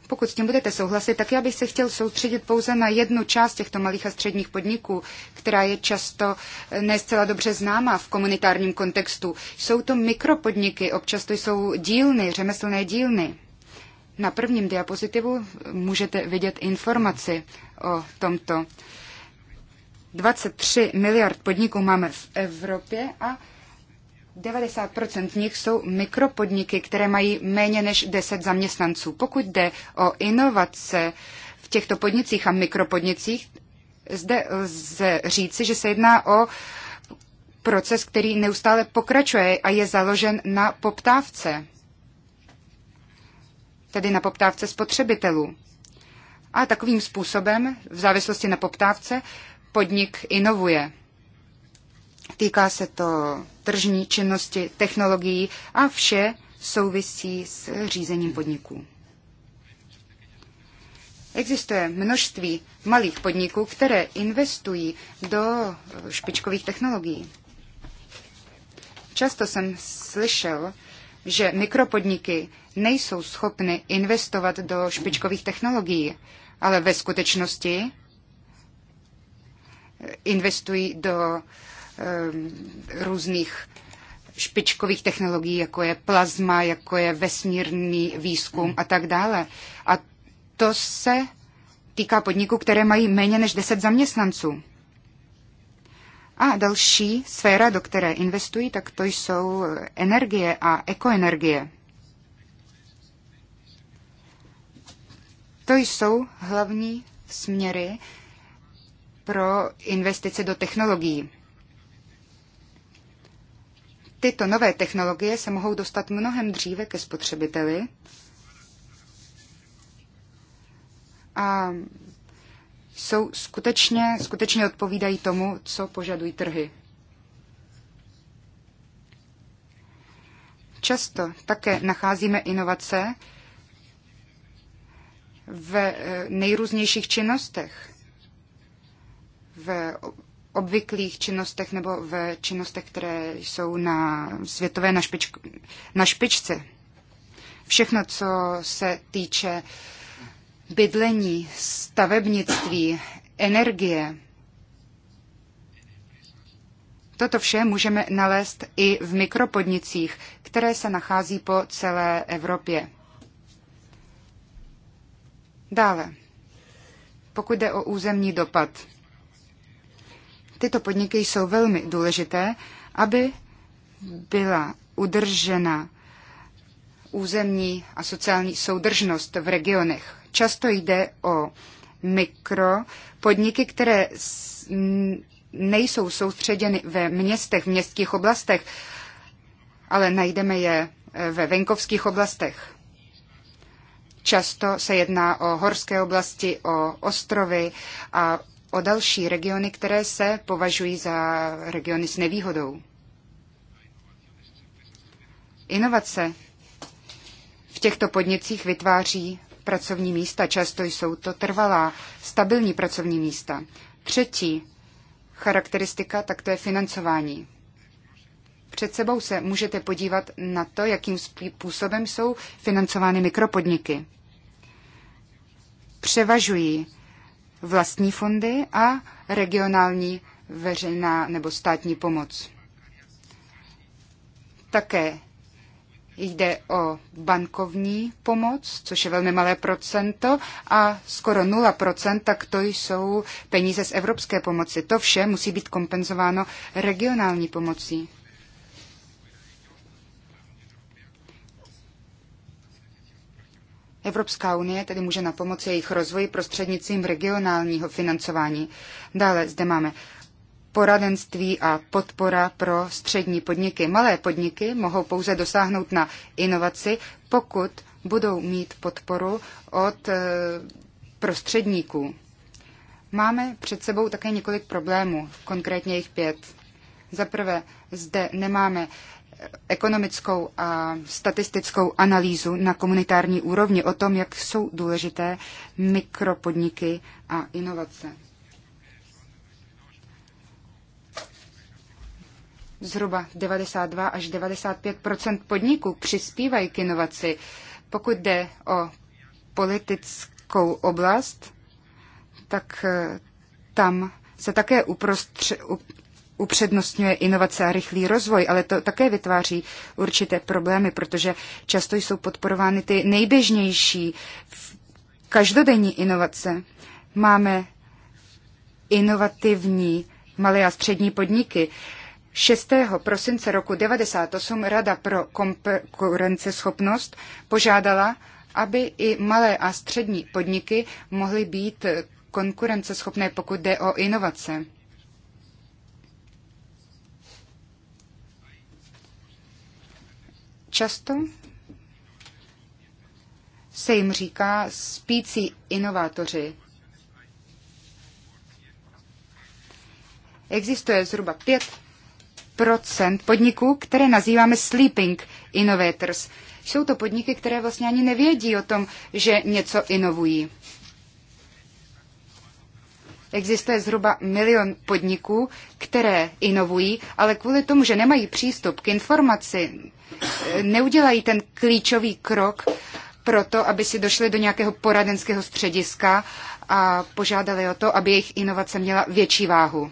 pokud s tím budete souhlasit, tak já bych se chtěl soustředit pouze na jednu část těchto malých a středních podniků, která je často eh, ne zcela dobře známa v komunitárním kontextu. Jsou to mikropodniky, občas to jsou dílny, řemeslné dílny. Na prvním diapozitivu můžete vidět informaci o tomto. 23 miliard podniků máme v Evropě a 90% z nich jsou mikropodniky, které mají méně než 10 zaměstnanců. Pokud jde o inovace v těchto podnicích a mikropodnicích, zde lze říci, že se jedná o proces, který neustále pokračuje a je založen na poptávce, tedy na poptávce spotřebitelů. A takovým způsobem, v závislosti na poptávce, podnik inovuje. Týká se to tržní činnosti, technologií a vše souvisí s řízením podniků. Existuje množství malých podniků, které investují do špičkových technologií. Často jsem slyšel, že mikropodniky nejsou schopny investovat do špičkových technologií, ale ve skutečnosti investují do ehm, různých špičkových technologií, jako je plazma, jako je vesmírný výzkum a tak dále. A to se týká podniků, které mají méně než 10 zaměstnanců. A další sféra, do které investují, tak to jsou energie a ekoenergie. To jsou hlavní směry, pro investice do technologií. Tyto nové technologie se mohou dostat mnohem dříve ke spotřebiteli a jsou skutečně, skutečně odpovídají tomu, co požadují trhy. Často také nacházíme inovace v eh, nejrůznějších činnostech v obvyklých činnostech nebo v činnostech, které jsou na světové na, špičku, na špičce. Všechno, co se týče bydlení, stavebnictví, energie, Toto vše můžeme nalézt i v mikropodnicích, které se nachází po celé Evropě. Dále, pokud jde o územní dopad tyto podniky jsou velmi důležité, aby byla udržena územní a sociální soudržnost v regionech. Často jde o mikropodniky, které nejsou soustředěny ve městech, v městských oblastech, ale najdeme je e, ve venkovských oblastech. Často se jedná o horské oblasti, o ostrovy a o další regiony, které se považují za regiony s nevýhodou. Inovace v těchto podnicích vytváří pracovní místa, často jsou to trvalá, stabilní pracovní místa. Třetí charakteristika, tak to je financování. Před sebou se můžete podívat na to, jakým způsobem jsou financovány mikropodniky. Převažují vlastní fondy a regionální veřejná nebo státní pomoc. Také jde o bankovní pomoc, což je velmi malé procento a skoro 0%, tak to jsou peníze z evropské pomoci. To vše musí být kompenzováno regionální pomocí. Evropská unie tedy může na pomoc jejich rozvoji prostřednictvím regionálního financování. Dále zde máme poradenství a podpora pro střední podniky. Malé podniky mohou pouze dosáhnout na inovaci, pokud budou mít podporu od eh, prostředníků. Máme před sebou také několik problémů, konkrétně jich pět. Za prvé, zde nemáme ekonomickou a statistickou analýzu na komunitární úrovni o tom, jak jsou důležité mikropodniky a inovace. Zhruba 92 až 95 podniků přispívají k inovaci. Pokud jde o politickou oblast, tak eh, tam se také uprostřed, upřednostňuje inovace a rychlý rozvoj, ale to také vytváří určité problémy, protože často jsou podporovány ty nejběžnější každodenní inovace. Máme inovativní malé a střední podniky. 6. prosince roku 1998 Rada pro konkurenceschopnost požádala, aby i malé a střední podniky mohly být konkurenceschopné, pokud jde o inovace. Často se jim říká spící inovátoři. Existuje zhruba 5 podniků, které nazýváme sleeping innovators. Jsou to podniky, které vlastně ani nevědí o tom, že něco inovují existuje zhruba milion podniků, které inovují, ale kvůli tomu, že nemají přístup k informaci, eh, neudělají ten klíčový krok pro to, aby si došli do nějakého poradenského střediska a požádali o to, aby jejich inovace měla větší váhu.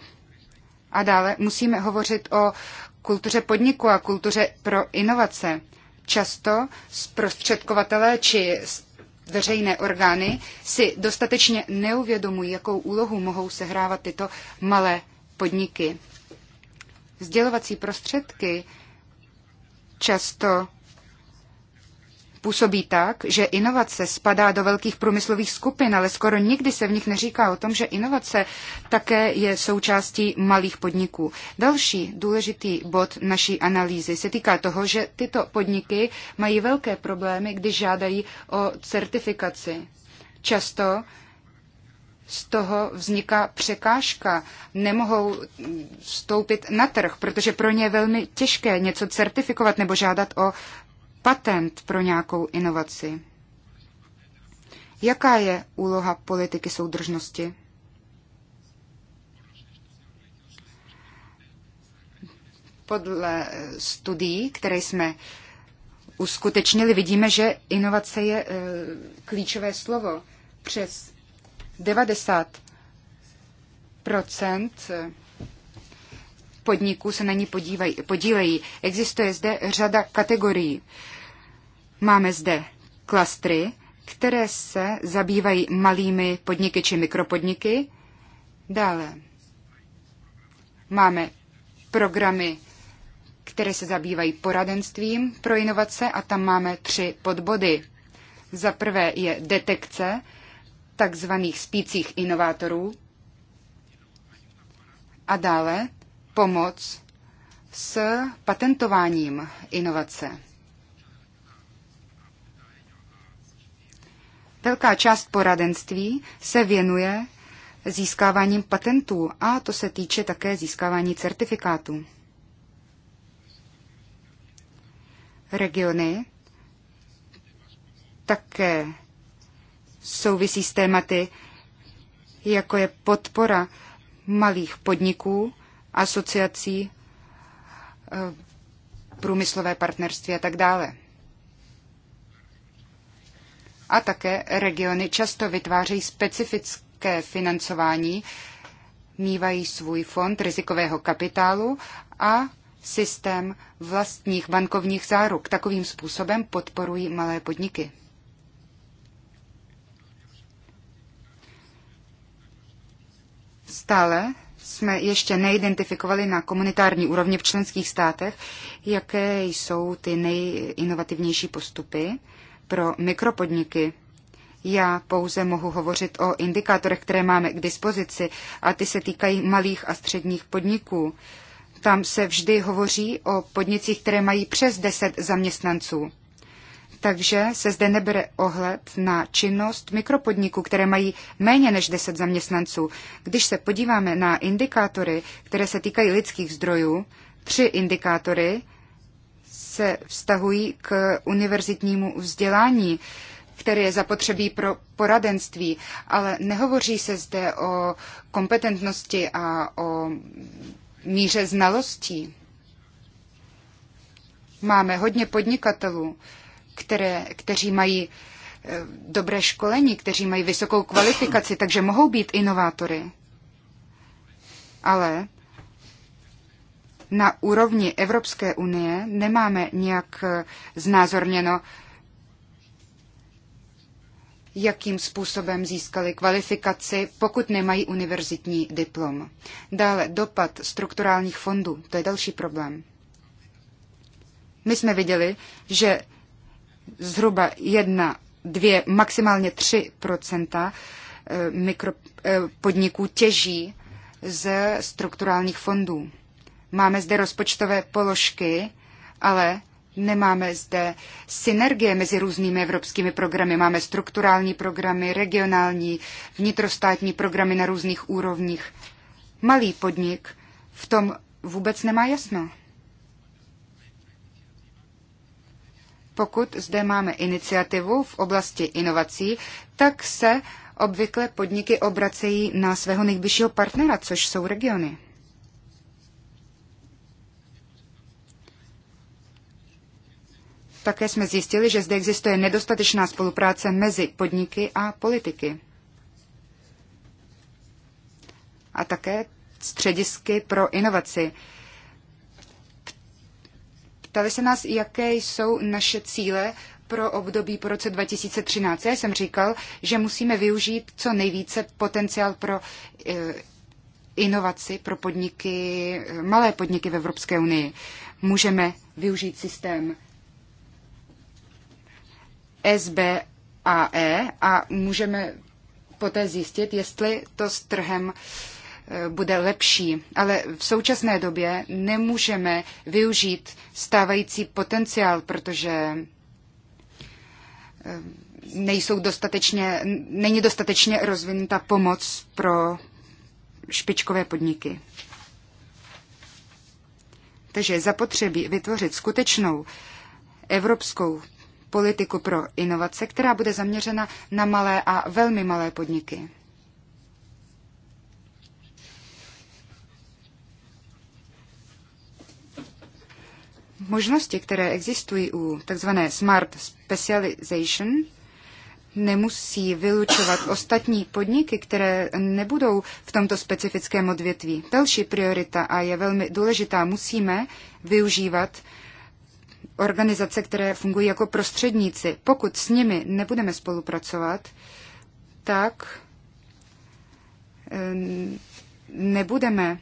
A dále musíme hovořit o kultuře podniku a kultuře pro inovace. Často zprostředkovatelé či veřejné orgány si dostatečně neuvědomují, jakou úlohu mohou sehrávat tyto malé podniky. Vzdělovací prostředky často působí tak, že inovace spadá do velkých průmyslových skupin, ale skoro nikdy se v nich neříká o tom, že inovace také je součástí malých podniků. Další důležitý bod naší analýzy se týká toho, že tyto podniky mají velké problémy, když žádají o certifikaci. Často z toho vzniká překážka. Nemohou vstoupit na trh, protože pro ně je velmi těžké něco certifikovat nebo žádat o patent pro nějakou inovaci. Jaká je úloha politiky soudržnosti? Podle studií, které jsme uskutečnili, vidíme, že inovace je eh, klíčové slovo. Přes 90 eh, podniků se na ní podívají, podílejí. Existuje zde řada kategorií. Máme zde klastry, které se zabývají malými podniky či mikropodniky. Dále máme programy, které se zabývají poradenstvím pro inovace a tam máme tři podbody. Za prvé je detekce takzvaných spících inovátorů a dále pomoc s patentováním inovace. Velká část poradenství se věnuje získáváním patentů a to se týče také získávání certifikátů. Regiony také souvisí s tématy, jako je podpora malých podniků, asociací, eh, průmyslové partnerství a tak dále a také regiony často vytvářejí specifické financování, mývají svůj fond rizikového kapitálu a systém vlastních bankovních záruk. Takovým způsobem podporují malé podniky. Stále jsme ještě neidentifikovali na komunitární úrovni v členských státech, jaké jsou ty nejinovativnější postupy pro mikropodniky. Já pouze mohu hovořit o indikátorech, které máme k dispozici a ty se týkají malých a středních podniků. Tam se vždy hovoří o podnicích, které mají přes 10 zaměstnanců. Takže se zde nebere ohled na činnost mikropodniků, které mají méně než 10 zaměstnanců. Když se podíváme na indikátory, které se týkají lidských zdrojů, tři indikátory, se vztahují k univerzitnímu vzdělání, které je zapotřebí pro poradenství, ale nehovoří se zde o kompetentnosti a o míře znalostí. Máme hodně podnikatelů, které, kteří mají eh, dobré školení, kteří mají vysokou kvalifikaci, takže mohou být inovátory. Ale na úrovni Evropské unie nemáme nějak eh, znázorněno, jakým způsobem získali kvalifikaci, pokud nemají univerzitní diplom. Dále dopad strukturálních fondů, to je další problém. My jsme viděli, že zhruba jedna, dvě, maximálně tři procenta eh, mikropodniků eh, těží ze strukturálních fondů. Máme zde rozpočtové položky, ale nemáme zde synergie mezi různými evropskými programy. Máme strukturální programy, regionální, vnitrostátní programy na různých úrovních. Malý podnik v tom vůbec nemá jasno. Pokud zde máme iniciativu v oblasti inovací, tak se obvykle podniky obracejí na svého nejbližšího partnera, což jsou regiony. Také jsme zjistili, že zde existuje nedostatečná spolupráce mezi podniky a politiky. A také středisky pro inovaci. Ptali se nás, jaké jsou naše cíle pro období po roce 2013. Já jsem říkal, že musíme využít co nejvíce potenciál pro e, inovaci pro podniky, e, malé podniky v Evropské unii. Můžeme využít systém SBAE a můžeme poté zjistit, jestli to s trhem e, bude lepší. Ale v současné době nemůžeme využít stávající potenciál, protože e, nejsou dostatečně, není dostatečně rozvinuta pomoc pro špičkové podniky. Takže zapotřebí vytvořit skutečnou evropskou politiku pro inovace, která bude zaměřena na malé a velmi malé podniky. Možnosti, které existují u tzv. smart specialization, nemusí vylučovat ostatní podniky, které nebudou v tomto specifickém odvětví. Další priorita a je velmi důležitá, musíme využívat organizace, které fungují jako prostředníci. Pokud s nimi nebudeme spolupracovat, tak eh, nebudeme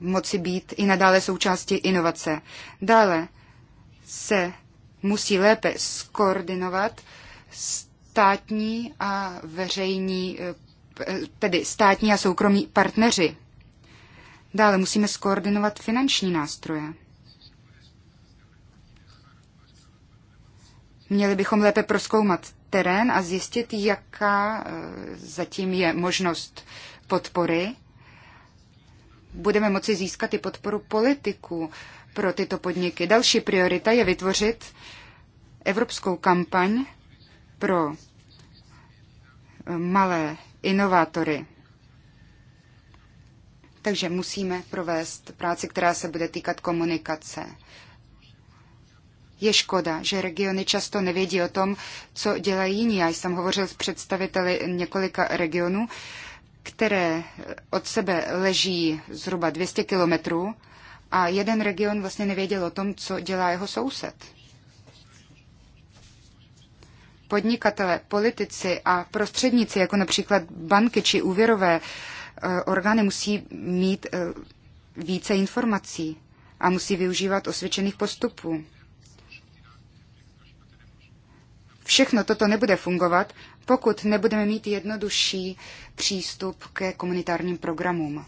moci být i nadále součástí inovace. Dále se musí lépe skoordinovat státní a veřejní, eh, tedy státní a soukromí partneři. Dále musíme skoordinovat finanční nástroje. Měli bychom lépe proskoumat terén a zjistit, jaká e, zatím je možnost podpory. Budeme moci získat i podporu politiků pro tyto podniky. Další priorita je vytvořit evropskou kampaň pro e, malé inovátory. Takže musíme provést práci, která se bude týkat komunikace. Je škoda, že regiony často nevědí o tom, co dělají jiní. Já jsem hovořil s představiteli několika regionů, které od sebe leží zhruba 200 kilometrů a jeden region vlastně nevěděl o tom, co dělá jeho soused. Podnikatele, politici a prostředníci, jako například banky či úvěrové eh, orgány, musí mít eh, více informací a musí využívat osvědčených postupů. Všechno toto nebude fungovat, pokud nebudeme mít jednodušší přístup ke komunitárním programům.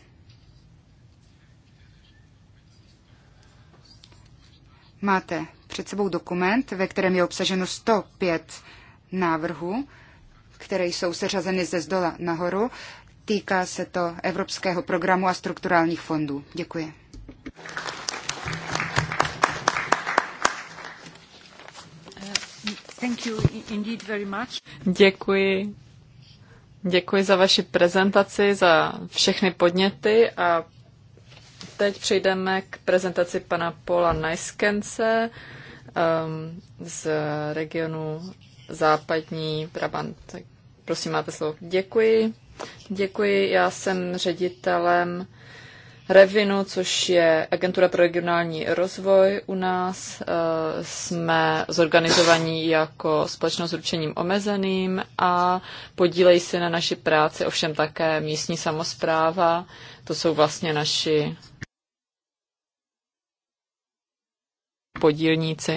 Máte před sebou dokument, ve kterém je obsaženo 105 návrhů, které jsou seřazeny ze zdola nahoru. Týká se to Evropského programu a strukturálních fondů. Děkuji. Děkuji. Děkuji za vaši prezentaci, za všechny podněty a teď přejdeme k prezentaci pana Paula Neiskence um, z regionu Západní Brabant. Tak prosím, máte slovo. Děkuji. Děkuji. Já jsem ředitelem Revinu, což je agentura pro regionální rozvoj u nás. Eh, jsme zorganizovaní jako společnost s ručením omezeným a podílejí se na naší práci ovšem také místní samozpráva. To jsou vlastně naši podílníci.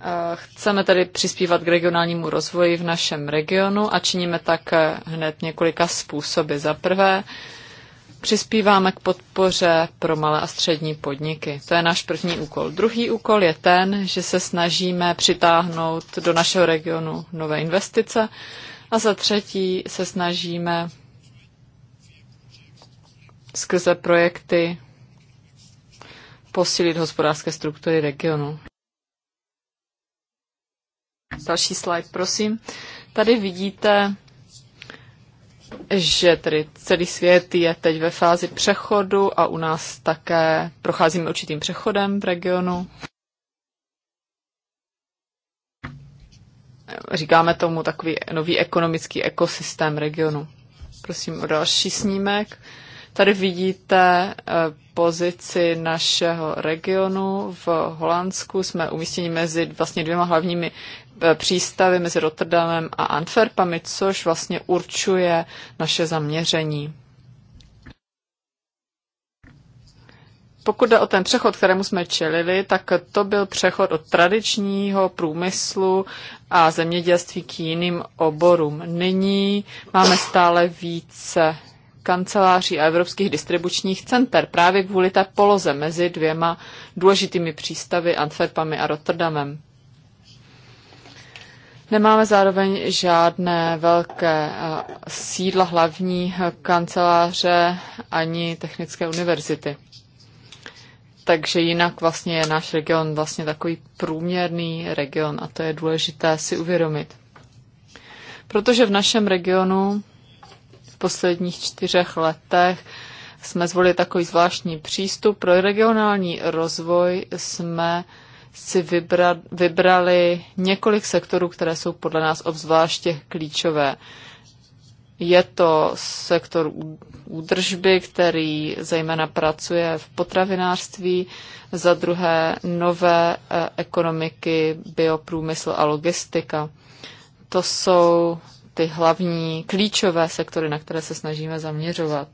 Eh, chceme tedy přispívat k regionálnímu rozvoji v našem regionu a činíme tak eh, hned několika způsoby. Za prvé, přispíváme k podpoře pro malé a střední podniky. To je náš první úkol. Druhý úkol je ten, že se snažíme přitáhnout do našeho regionu nové investice a za třetí se snažíme skrze projekty posílit hospodářské struktury regionu. Další slide, prosím. Tady vidíte že tedy celý svět je teď ve fázi přechodu a u nás také procházíme určitým přechodem v regionu. Říkáme tomu takový nový ekonomický ekosystém regionu. Prosím o další snímek. Tady vidíte eh, pozici našeho regionu v Holandsku. Jsme umístěni mezi vlastně dvěma hlavními Eh, přístavy mezi Rotterdamem a Antwerpami, což vlastně určuje naše zaměření. Pokud jde o ten přechod, kterému jsme čelili, tak to byl přechod od tradičního průmyslu a zemědělství k jiným oborům. Nyní máme stále více kanceláří a evropských distribučních center právě kvůli té poloze mezi dvěma důležitými přístavy Antwerpami a Rotterdamem. Nemáme zároveň žádné velké eh, sídla hlavní eh, kanceláře ani technické univerzity. Takže jinak vlastně je náš region vlastně takový průměrný region a to je důležité si uvědomit. Protože v našem regionu v posledních čtyřech letech jsme zvolili takový zvláštní přístup. Pro regionální rozvoj jsme si vybra, vybrali několik sektorů, které jsou podle nás obzvláště klíčové. Je to sektor údržby, který zejména pracuje v potravinářství, za druhé nové eh, ekonomiky, bioprůmysl a logistika. To jsou ty hlavní klíčové sektory, na které se snažíme zaměřovat.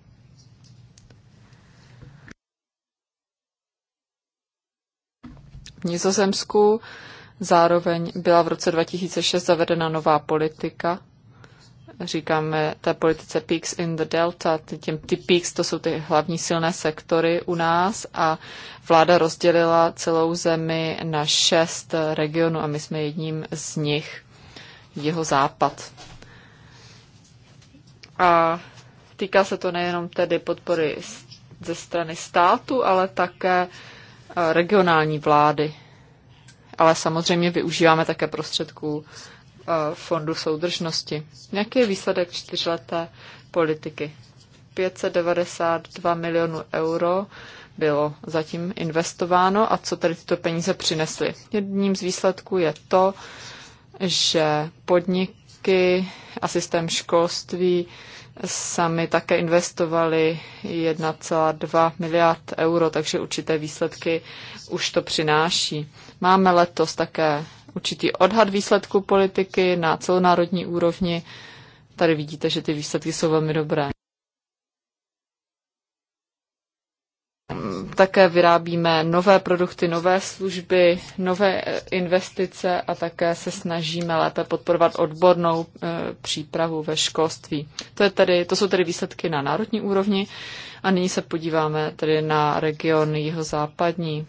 v Nizozemsku. Zároveň byla v roce 2006 zavedena nová politika. Říkáme té politice Peaks in the Delta. Těm, ty peaks to jsou ty hlavní silné sektory u nás a vláda rozdělila celou zemi na šest regionů a my jsme jedním z nich, jeho západ. A týká se to nejenom tedy podpory ze strany státu, ale také regionální vlády. Ale samozřejmě využíváme také prostředků e, fondu soudržnosti. Jaký je výsledek čtyřleté politiky? 592 milionů euro bylo zatím investováno a co tady tyto peníze přinesly. Jedním z výsledků je to, že podniky a systém školství sami také investovali 1,2 miliard euro, takže určité výsledky už to přináší. Máme letos také určitý odhad výsledků politiky na celonárodní úrovni. Tady vidíte, že ty výsledky jsou velmi dobré. Také vyrábíme nové produkty, nové služby, nové eh, investice a také se snažíme lépe podporovat odbornou eh, přípravu ve školství. To, je tedy, to jsou tedy výsledky na národní úrovni a nyní se podíváme tedy na region jihozápadní.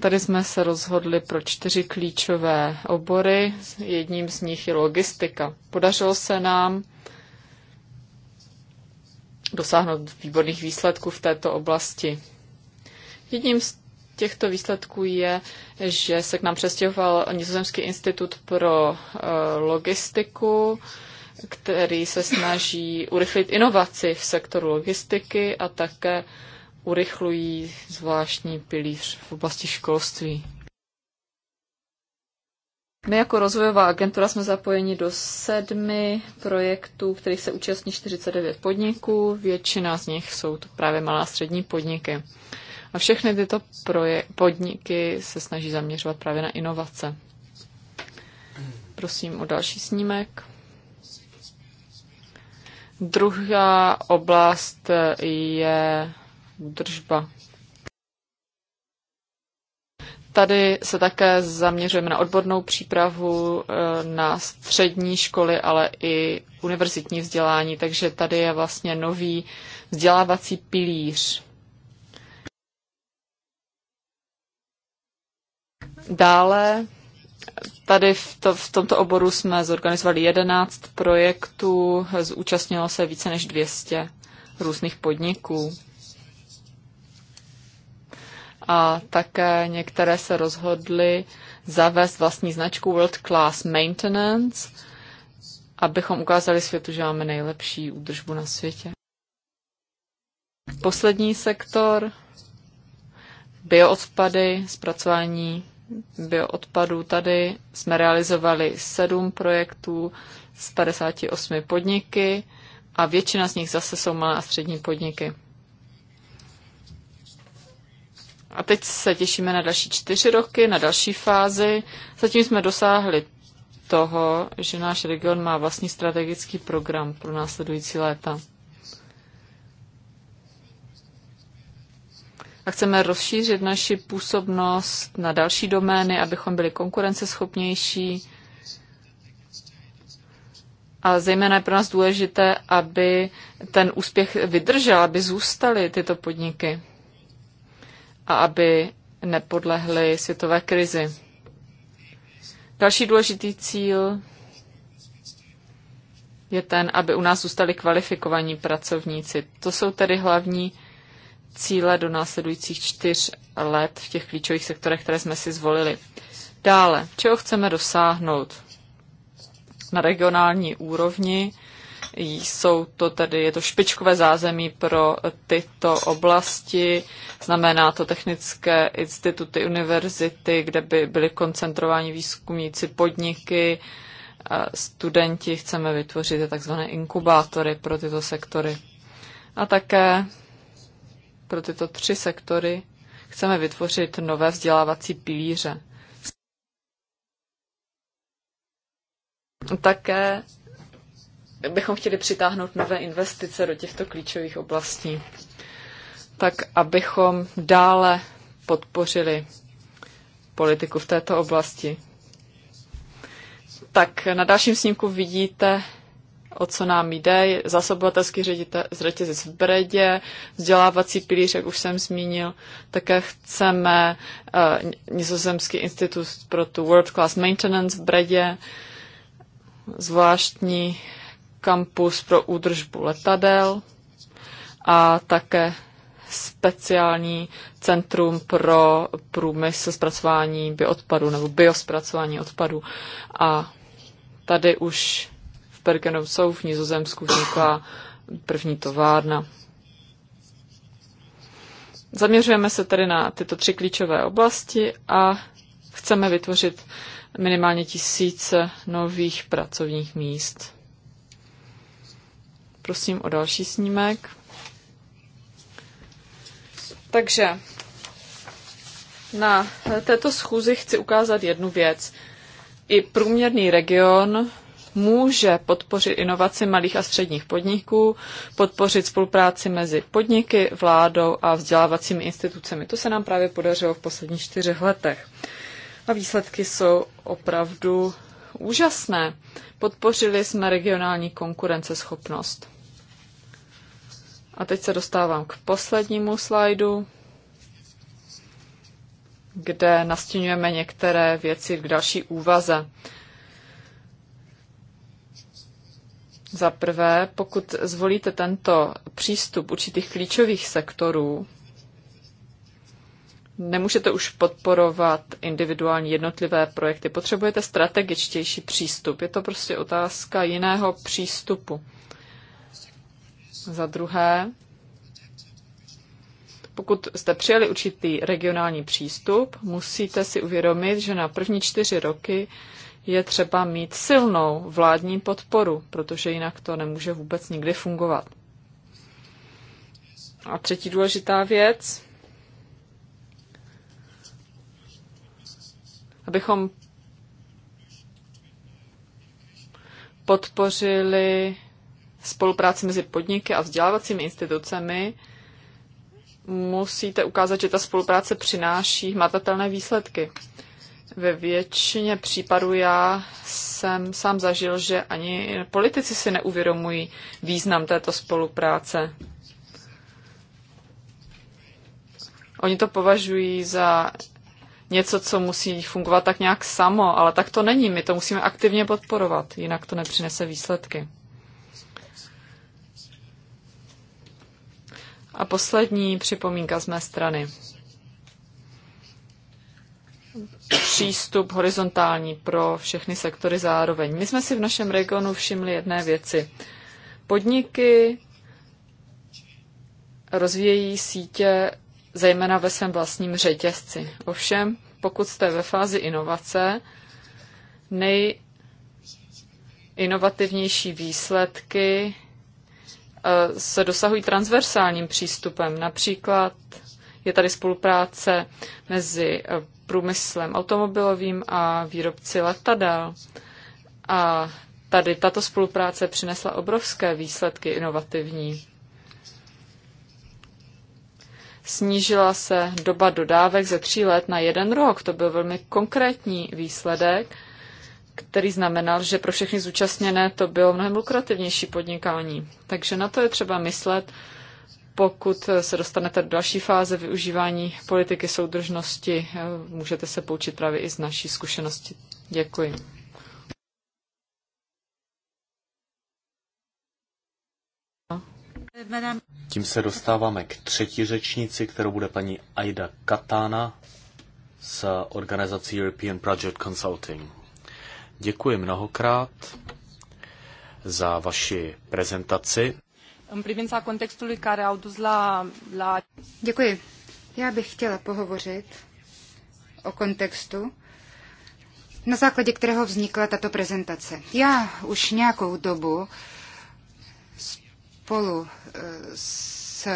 Tady jsme se rozhodli pro čtyři klíčové obory. Jedním z nich je logistika. Podařilo se nám dosáhnout výborných výsledků v této oblasti. Jedním z těchto výsledků je, že se k nám přestěhoval Nizozemský institut pro eh, logistiku, který se snaží urychlit inovaci v sektoru logistiky a také urychlují zvláštní pilíř v oblasti školství. My jako rozvojová agentura jsme zapojeni do sedmi projektů, kterých se účastní 49 podniků. Většina z nich jsou to právě malá a střední podniky. A všechny tyto podniky se snaží zaměřovat právě na inovace. Prosím o další snímek. Druhá oblast je držba Tady se také zaměřujeme na odbornou přípravu, eh, na střední školy, ale i univerzitní vzdělání, takže tady je vlastně nový vzdělávací pilíř. Dále tady v, to, v tomto oboru jsme zorganizovali 11 projektů, zúčastnilo se více než 200 různých podniků a také některé se rozhodly zavést vlastní značku World Class Maintenance, abychom ukázali světu, že máme nejlepší údržbu na světě. Poslední sektor, bioodpady, zpracování bioodpadů. Tady jsme realizovali sedm projektů z 58 podniky a většina z nich zase jsou malé a střední podniky. A teď se těšíme na další čtyři roky, na další fázi. Zatím jsme dosáhli toho, že náš region má vlastní strategický program pro následující léta. A chceme rozšířit naši působnost na další domény, abychom byli konkurenceschopnější. A zejména je pro nás důležité, aby ten úspěch vydržel, aby zůstaly tyto podniky a aby nepodlehly světové krizi. Další důležitý cíl je ten, aby u nás zůstali kvalifikovaní pracovníci. To jsou tedy hlavní cíle do následujících čtyř let v těch klíčových sektorech, které jsme si zvolili. Dále, čeho chceme dosáhnout? Na regionální úrovni jsou to tedy, je to špičkové zázemí pro tyto oblasti, znamená to technické instituty, univerzity, kde by byly koncentrováni výzkumníci, podniky, studenti. Chceme vytvořit takzvané inkubátory pro tyto sektory. A také pro tyto tři sektory chceme vytvořit nové vzdělávací pilíře. Také bychom chtěli přitáhnout nové investice do těchto klíčových oblastí, tak abychom dále podpořili politiku v této oblasti. Tak na dalším snímku vidíte, o co nám jde. Zásobovatelský řetězec v Bredě, vzdělávací pilíř, jak už jsem zmínil, také chceme uh, Nizozemský institut pro tu World Class Maintenance v Bredě, zvláštní kampus pro údržbu letadel a také speciální centrum pro průmysl zpracování bioodpadu nebo biospracování odpadu. A tady už v jsou v Nizozemsku vznikla první továrna. Zaměřujeme se tedy na tyto tři klíčové oblasti a chceme vytvořit minimálně tisíce nových pracovních míst. Prosím o další snímek. Takže na této schůzi chci ukázat jednu věc. I průměrný region může podpořit inovaci malých a středních podniků, podpořit spolupráci mezi podniky, vládou a vzdělávacími institucemi. To se nám právě podařilo v posledních čtyřech letech. A výsledky jsou opravdu úžasné. Podpořili jsme regionální konkurenceschopnost. A teď se dostávám k poslednímu slajdu, kde nastínujeme některé věci k další úvaze. Za prvé, pokud zvolíte tento přístup určitých klíčových sektorů, nemůžete už podporovat individuální jednotlivé projekty. Potřebujete strategičtější přístup. Je to prostě otázka jiného přístupu. Za druhé, pokud jste přijali určitý regionální přístup, musíte si uvědomit, že na první čtyři roky je třeba mít silnou vládní podporu, protože jinak to nemůže vůbec nikdy fungovat. A třetí důležitá věc, abychom podpořili spolupráci mezi podniky a vzdělávacími institucemi, musíte ukázat, že ta spolupráce přináší hmatatelné výsledky. Ve většině případů já jsem sám zažil, že ani politici si neuvědomují význam této spolupráce. Oni to považují za něco, co musí fungovat tak nějak samo, ale tak to není. My to musíme aktivně podporovat, jinak to nepřinese výsledky. A poslední připomínka z mé strany. Přístup horizontální pro všechny sektory zároveň. My jsme si v našem regionu všimli jedné věci. Podniky rozvíjejí sítě zejména ve svém vlastním řetězci. Ovšem, pokud jste ve fázi inovace, nejinovativnější výsledky Eh, se dosahují transversálním přístupem. Například je tady spolupráce mezi eh, průmyslem automobilovým a výrobci letadel. A tady tato spolupráce přinesla obrovské výsledky inovativní. Snížila se doba dodávek ze tří let na jeden rok. To byl velmi konkrétní výsledek který znamenal, že pro všechny zúčastněné to bylo mnohem lukrativnější podnikání. Takže na to je třeba myslet, pokud se dostanete do další fáze využívání politiky soudržnosti, eh, můžete se poučit právě i z naší zkušenosti. Děkuji. Tím se dostáváme k třetí řečnici, kterou bude paní Aida Katana z organizací European Project Consulting. Děkuji mnohokrát za vaši prezentaci. Děkuji. Já bych chtěla pohovořit o kontextu, na základě kterého vznikla tato prezentace. Já už nějakou dobu spolu eh, s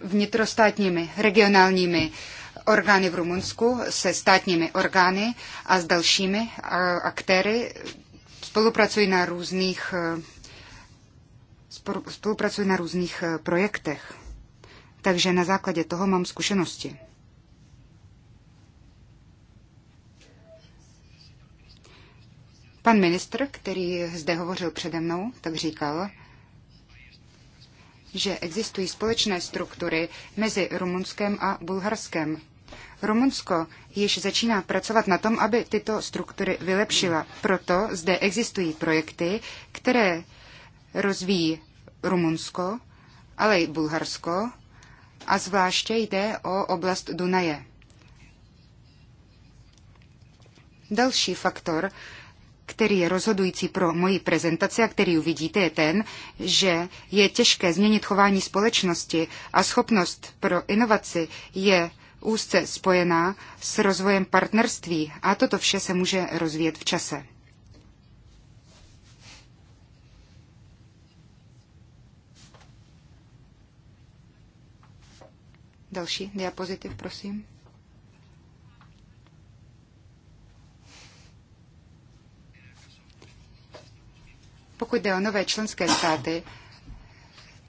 vnitrostátními, regionálními orgány v Rumunsku, se státními orgány a s dalšími aktéry spolupracují na různých e, spolupracuji na různých e, projektech. Takže na základě toho mám zkušenosti. Pan ministr, který zde hovořil přede mnou, tak říkal, že existují společné struktury mezi Rumunskem a Bulharskem. Rumunsko již začíná pracovat na tom, aby tyto struktury vylepšila. Proto zde existují projekty, které rozvíjí Rumunsko, ale i Bulharsko a zvláště jde o oblast Dunaje. Další faktor, který je rozhodující pro moji prezentaci a který uvidíte, je ten, že je těžké změnit chování společnosti a schopnost pro inovaci je úzce spojená s rozvojem partnerství a toto vše se může rozvíjet v čase. Další diapozitiv, prosím. Pokud jde o nové členské státy,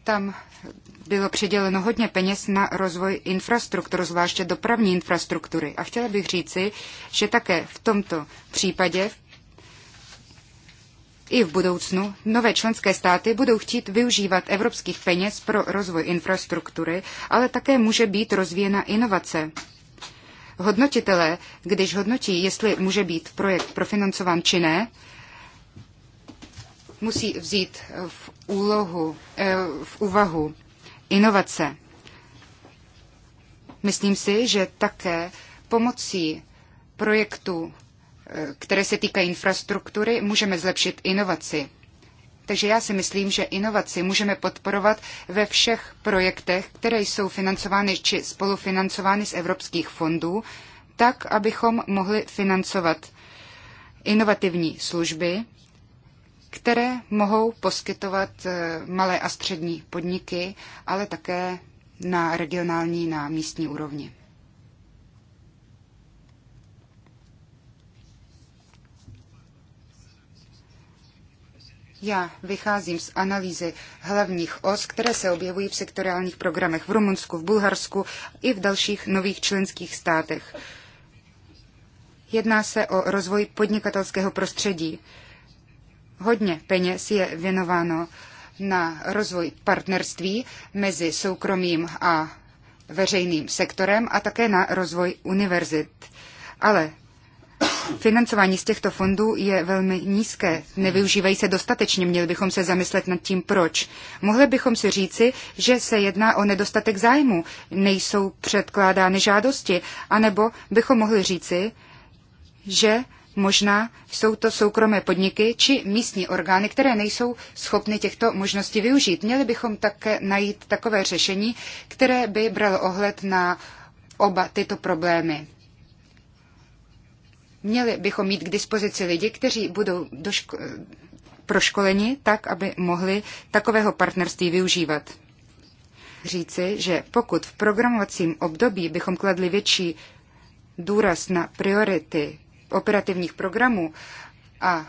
tam bylo přiděleno hodně peněz na rozvoj infrastruktury, zvláště dopravní infrastruktury. A chtěla bych říci, že také v tomto případě i v budoucnu nové členské státy budou chtít využívat evropských peněz pro rozvoj infrastruktury, ale také může být rozvíjena inovace. Hodnotitelé, když hodnotí, jestli může být projekt profinancován či ne, musí vzít v, úlohu, eh, v úvahu inovace. Myslím si, že také pomocí projektů, eh, které se týkají infrastruktury, můžeme zlepšit inovaci. Takže já si myslím, že inovaci můžeme podporovat ve všech projektech, které jsou financovány či spolufinancovány z evropských fondů, tak, abychom mohli financovat inovativní služby, které mohou poskytovat eh, malé a střední podniky, ale také na regionální, na místní úrovni. Já vycházím z analýzy hlavních os, které se objevují v sektoriálních programech v Rumunsku, v Bulharsku i v dalších nových členských státech. Jedná se o rozvoj podnikatelského prostředí. Hodně peněz je věnováno na rozvoj partnerství mezi soukromým a veřejným sektorem a také na rozvoj univerzit. Ale financování z těchto fondů je velmi nízké. Nevyužívají se dostatečně, měli bychom se zamyslet nad tím, proč. Mohli bychom si říci, že se jedná o nedostatek zájmu, nejsou předkládány žádosti, anebo bychom mohli říci, že Možná jsou to soukromé podniky či místní orgány, které nejsou schopny těchto možností využít. Měli bychom také najít takové řešení, které by bralo ohled na oba tyto problémy. Měli bychom mít k dispozici lidi, kteří budou proškoleni tak, aby mohli takového partnerství využívat. Říci, že pokud v programovacím období bychom kladli větší důraz na priority operativních programů a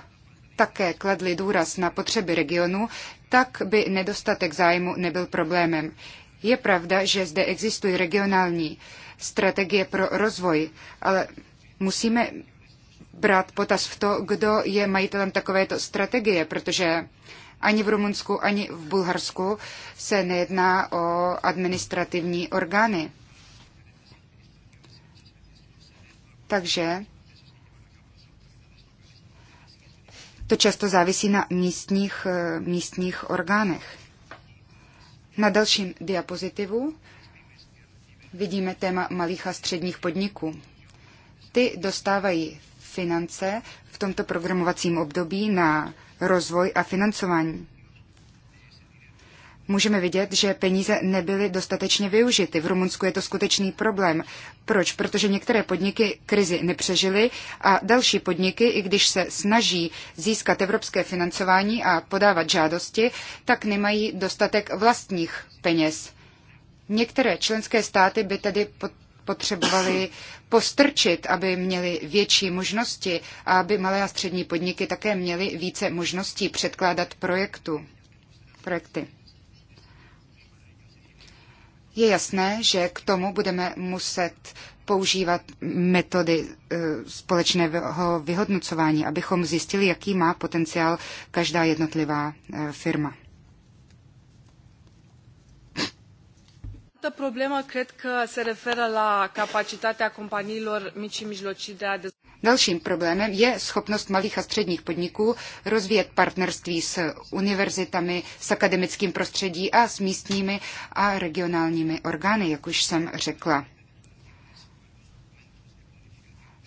také kladli důraz na potřeby regionu, tak by nedostatek zájmu nebyl problémem. Je pravda, že zde existují regionální strategie pro rozvoj, ale musíme brát potaz v to, kdo je majitelem takovéto strategie, protože ani v Rumunsku, ani v Bulharsku se nejedná o administrativní orgány. Takže To často závisí na místních, eh, místních orgánech. Na dalším diapozitivu vidíme téma malých a středních podniků. Ty dostávají finance v tomto programovacím období na rozvoj a financování můžeme vidět, že peníze nebyly dostatečně využity. V Rumunsku je to skutečný problém. Proč? Protože některé podniky krizi nepřežily a další podniky, i když se snaží získat evropské financování a podávat žádosti, tak nemají dostatek vlastních peněz. Některé členské státy by tedy potřebovaly postrčit, aby měli větší možnosti a aby malé a střední podniky také měly více možností předkládat projektu, projekty. Je jasné, že k tomu budeme muset používat metody e, společného vyhodnocování, abychom zjistili, jaký má potenciál každá jednotlivá e, firma. altă problemă cred că se referă la capacitatea companiilor mici și mijlocii de a Dalším problémem je schopnost malých a středních podniků rozvíjet partnerství s univerzitami, s akademickým prostředí a s místními a regionálními orgány, jak už jsem řekla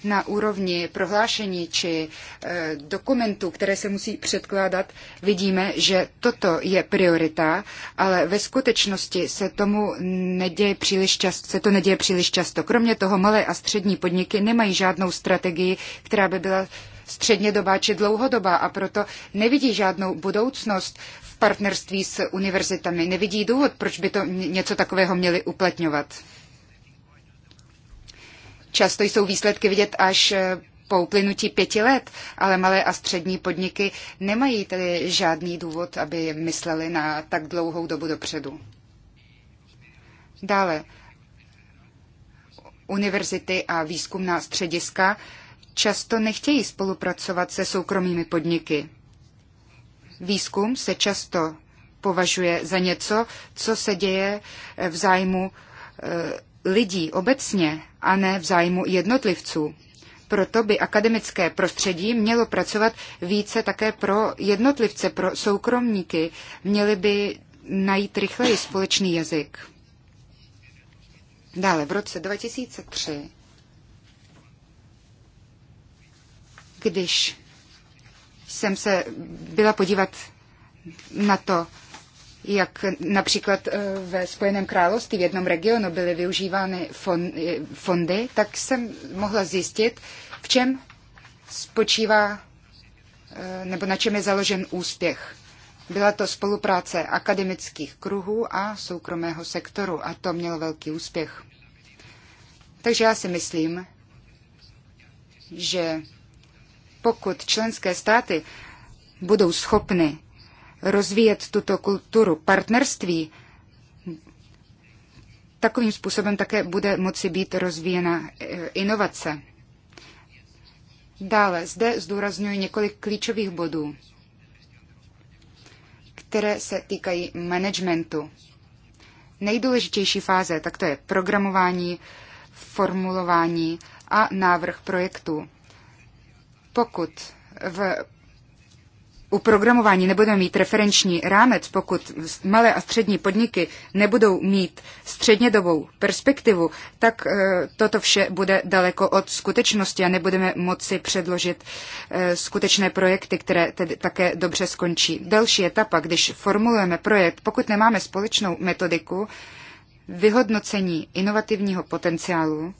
na úrovni prohlášení či e, dokumentů, které se musí předkládat, vidíme, že toto je priorita, ale ve skutečnosti se tomu neděje příliš často, se to neděje příliš často. Kromě toho malé a střední podniky nemají žádnou strategii, která by byla střednědobá či dlouhodobá a proto nevidí žádnou budoucnost v partnerství s univerzitami. Nevidí důvod, proč by to něco takového měli uplatňovat. Často jsou výsledky vidět až eh, po uplynutí pěti let, ale malé a střední podniky nemají tedy žádný důvod, aby mysleli na tak dlouhou dobu dopředu. Dále, univerzity a výzkumná střediska často nechtějí spolupracovat se soukromými podniky. Výzkum se často považuje za něco, co se děje v zájmu eh, lidí obecně a ne v zájmu jednotlivců. Proto by akademické prostředí mělo pracovat více také pro jednotlivce, pro soukromníky. Měli by najít rychleji společný jazyk. Dále v roce 2003, když jsem se byla podívat na to, jak například eh, ve Spojeném království v jednom regionu byly využívány eh, fondy, tak jsem mohla zjistit, v čem spočívá eh, nebo na čem je založen úspěch. Byla to spolupráce akademických kruhů a soukromého sektoru a to mělo velký úspěch. Takže já si myslím, že pokud členské státy budou schopny rozvíjet tuto kulturu partnerství, takovým způsobem také bude moci být rozvíjena eh, inovace. Dále zde zdůrazňuji několik klíčových bodů, které se týkají managementu. Nejdůležitější fáze, tak to je programování, formulování a návrh projektu Pokud v u programování nebudeme mít referenční rámec, pokud malé a střední podniky nebudou mít střednědobou perspektivu, tak eh, toto vše bude daleko od skutečnosti a nebudeme moci předložit eh, skutečné projekty, které tedy také dobře skončí. Další etapa, když formulujeme projekt, pokud nemáme společnou metodiku, vyhodnocení inovativního potenciálu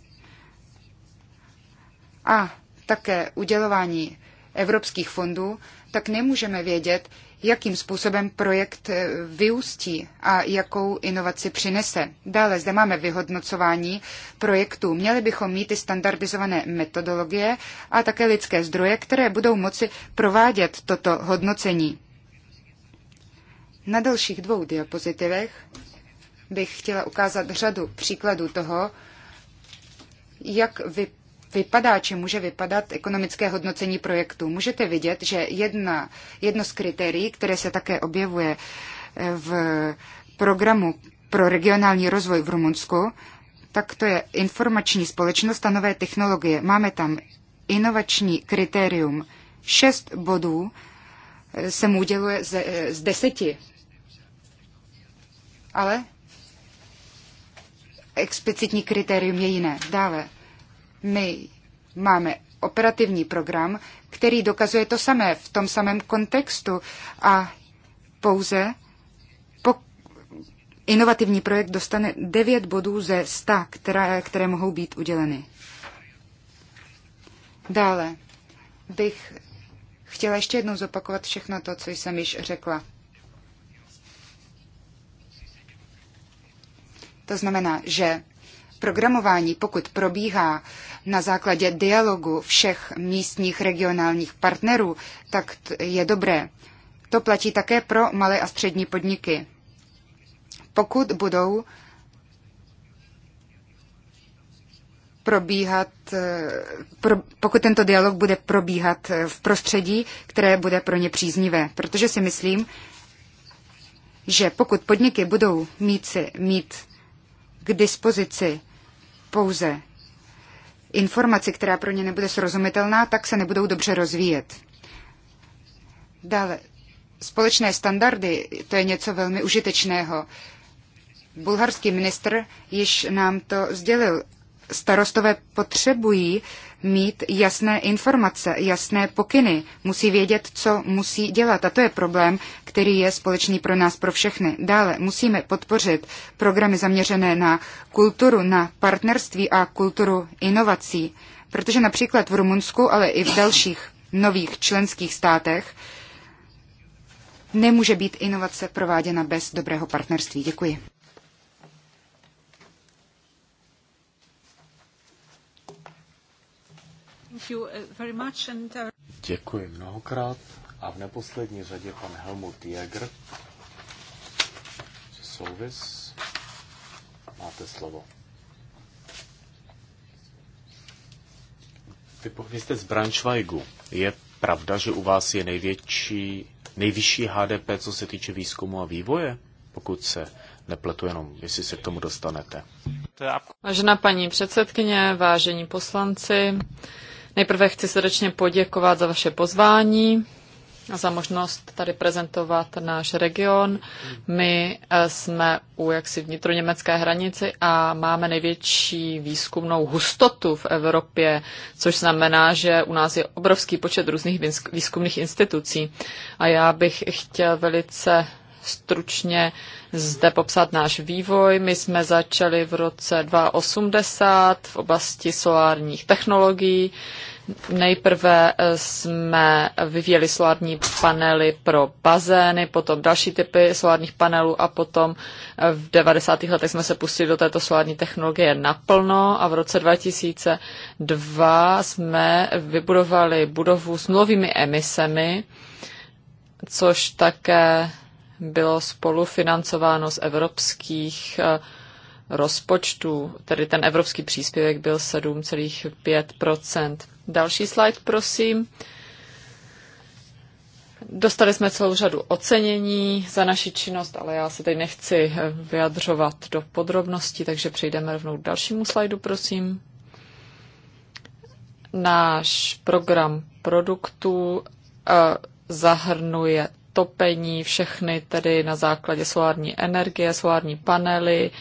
a také udělování evropských fondů, tak nemůžeme vědět, jakým způsobem projekt eh, vyústí a jakou inovaci přinese. Dále zde máme vyhodnocování projektů. Měli bychom mít i standardizované metodologie a také lidské zdroje, které budou moci provádět toto hodnocení. Na dalších dvou diapozitivech bych chtěla ukázat řadu příkladů toho, jak vypadá vypadá, či může vypadat ekonomické hodnocení projektu. Můžete vidět, že jedna, jedno z kritérií, které se také objevuje eh, v programu pro regionální rozvoj v Rumunsku, tak to je informační společnost a nové technologie. Máme tam inovační kritérium. Šest bodů eh, se mu uděluje z, eh, z deseti. Ale explicitní kritérium je jiné. Dále my máme operativní program, který dokazuje to samé v tom samém kontextu a pouze po inovativní projekt dostane 9 bodů ze 100, které, které mohou být uděleny. Dále bych chtěla ještě jednou zopakovat všechno to, co jsem již řekla. To znamená, že programování, pokud probíhá na základě dialogu všech místních regionálních partnerů, tak je dobré. To platí také pro malé a střední podniky. Pokud budou probíhat, eh, pro, pokud tento dialog bude probíhat eh, v prostředí, které bude pro ně příznivé. Protože si myslím, že pokud podniky budou mít, si, mít k dispozici pouze informaci, která pro ně nebude srozumitelná, tak se nebudou dobře rozvíjet. Dále, společné standardy, to je něco velmi užitečného. Bulharský ministr již nám to sdělil. Starostové potřebují mít jasné informace, jasné pokyny, musí vědět, co musí dělat. A to je problém, který je společný pro nás, pro všechny. Dále musíme podpořit programy zaměřené na kulturu, na partnerství a kulturu inovací, protože například v Rumunsku, ale i v dalších nových členských státech nemůže být inovace prováděna bez dobrého partnerství. Děkuji. Uh, uh, Děkuji mnohokrát. A v neposlední řadě pan Helmut Jäger. Souvis. Máte slovo. Vy, vy jste z Branschweigu. Je pravda, že u vás je největší, nejvyšší HDP, co se týče výzkumu a vývoje? Pokud se nepletu jenom, jestli se k tomu dostanete. Vážená paní předsedkyně, vážení poslanci, Nejprve chci srdečně poděkovat za vaše pozvání a za možnost tady prezentovat náš region. My eh, jsme u jaksi vnitroněmecké hranici a máme největší výzkumnou hustotu v Evropě, což znamená, že u nás je obrovský počet různých výzkumných institucí. A já bych chtěl velice stručně zde popsat náš vývoj. My jsme začali v roce 2080 v oblasti solárních technologií. Nejprve eh, jsme vyvíjeli solární panely pro bazény, potom další typy solárních panelů a potom eh, v 90. letech jsme se pustili do této solární technologie naplno a v roce 2002 jsme vybudovali budovu s nulovými emisemi, což také bylo spolufinancováno z evropských eh, rozpočtů, tedy ten evropský příspěvek byl 7,5 Další slide, prosím. Dostali jsme celou řadu ocenění za naši činnost, ale já se teď nechci eh, vyjadřovat do podrobností, takže přejdeme rovnou k dalšímu slajdu, prosím. Náš program produktů eh, zahrnuje topení, všechny tedy na základě solární energie, solární panely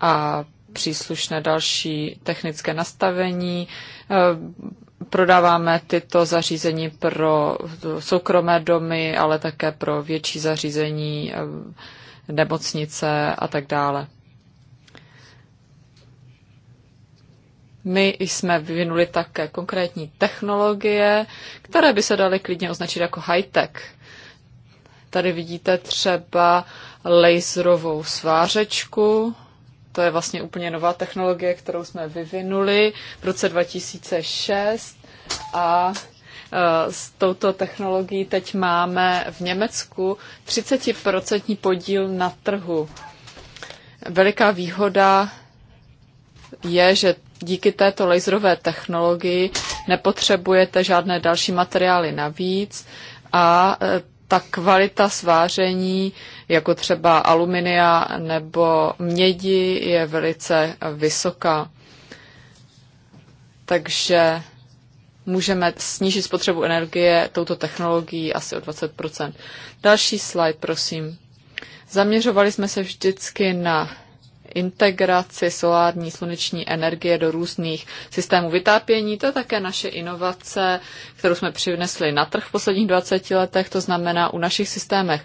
a příslušné další technické nastavení. Eh, prodáváme tyto zařízení pro soukromé domy, ale také pro větší zařízení, eh, nemocnice a tak dále. My jsme vyvinuli také konkrétní technologie, které by se daly klidně označit jako high-tech Tady vidíte třeba laserovou svářečku, to je vlastně úplně nová technologie, kterou jsme vyvinuli v roce 2006 a e, s touto technologií teď máme v Německu 30% podíl na trhu. Veliká výhoda je, že díky této laserové technologii nepotřebujete žádné další materiály navíc a e, ta kvalita sváření, jako třeba aluminia nebo mědi, je velice vysoká. Takže můžeme snížit spotřebu energie touto technologií asi o 20 Další slide, prosím. Zaměřovali jsme se vždycky na integraci solární sluneční energie do různých systémů vytápění. To je také naše inovace, kterou jsme přinesli na trh v posledních 20 letech, to znamená u našich systémech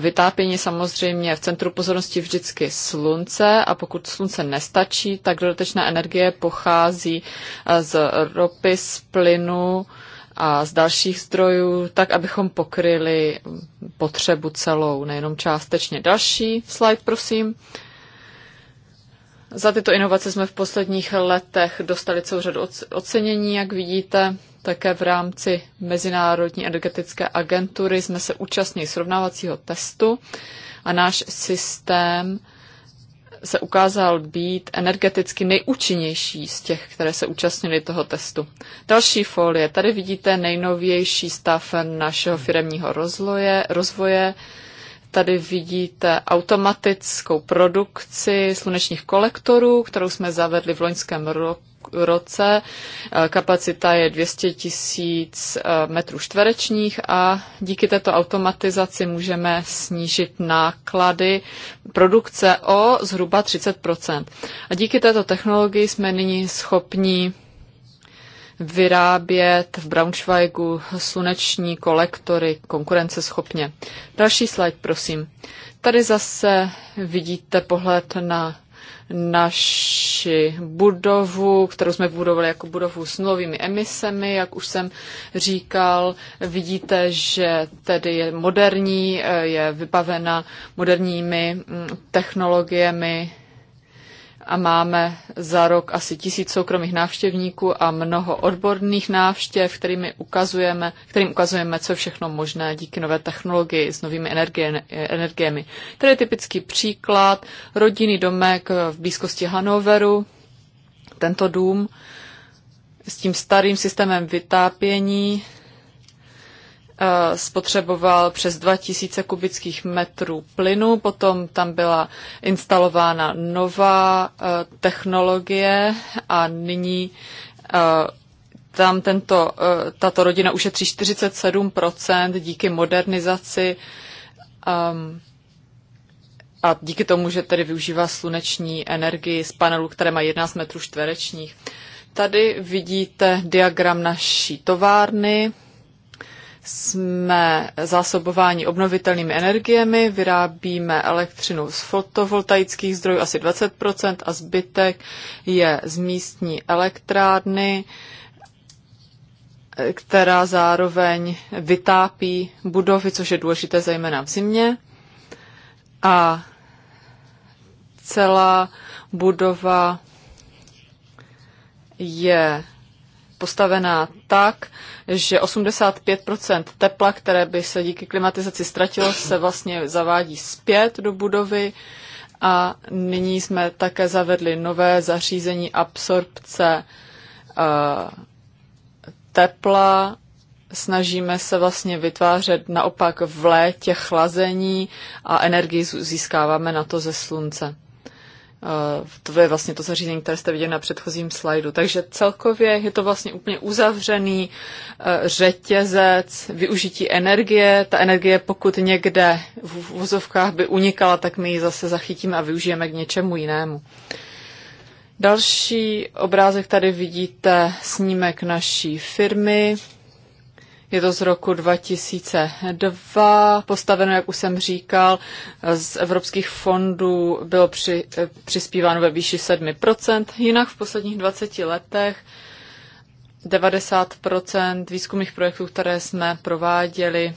vytápění samozřejmě v centru pozornosti vždycky slunce a pokud slunce nestačí, tak dodatečná energie pochází eh, z ropy, z plynu, a z dalších zdrojů, tak abychom pokryli potřebu celou, nejenom částečně. Další slide, prosím. Za tyto inovace jsme v posledních letech dostali celou řadu ocenění, jak vidíte. Také v rámci Mezinárodní energetické agentury jsme se účastnili srovnávacího testu a náš systém se ukázal být energeticky nejúčinnější z těch, které se účastnili toho testu. Další folie. Tady vidíte nejnovější stav našeho firemního rozloje, rozvoje. Tady vidíte automatickou produkci slunečních kolektorů, kterou jsme zavedli v loňském roce. Eh, kapacita je 200 tisíc eh, metrů čtverečních a díky této automatizaci můžeme snížit náklady produkce o zhruba 30 A díky této technologii jsme nyní schopni vyrábět v Braunschweigu sluneční kolektory konkurenceschopně. Další slide, prosím. Tady zase vidíte pohled na naši budovu, kterou jsme budovali jako budovu s nulovými emisemi, jak už jsem říkal. Vidíte, že tedy je moderní, je vybavena moderními mm, technologiemi, a máme za rok asi tisíc soukromých návštěvníků a mnoho odborných návštěv, kterými ukazujeme, kterým ukazujeme, co je všechno možné díky nové technologii s novými energie, energiemi. Tady je typický příklad rodinný domek v blízkosti Hanoveru, tento dům s tím starým systémem vytápění Eh, spotřeboval přes 2000 kubických metrů plynu, potom tam byla instalována nová eh, technologie a nyní eh, tam tento, tato rodina ušetří 47% díky modernizaci ehm, a díky tomu, že tedy využívá sluneční energii z panelů, které mají 11 metrů čtverečních. Tady vidíte diagram naší továrny jsme zásobováni obnovitelnými energiemi, vyrábíme elektřinu z fotovoltaických zdrojů asi 20% a zbytek je z místní elektrárny, která zároveň vytápí budovy, což je důležité zejména v zimě. A celá budova je postavená tak, že 85 tepla, které by se díky klimatizaci ztratilo, se vlastně zavádí zpět do budovy. A nyní jsme také zavedli nové zařízení absorpce eh, tepla. Snažíme se vlastně vytvářet naopak v létě chlazení a energii získáváme na to ze slunce. Eh, to je vlastně to zařízení, které jste viděli na předchozím slajdu. Takže celkově je to vlastně úplně uzavřený eh, řetězec využití energie. Ta energie, pokud někde v vozovkách by unikala, tak my ji zase zachytíme a využijeme k něčemu jinému. Další obrázek tady vidíte snímek naší firmy. Je to z roku 2002, postaveno, jak už jsem říkal, z evropských fondů bylo při, eh, přispíváno ve výši 7%, jinak v posledních 20 letech 90% výzkumných projektů, které jsme prováděli,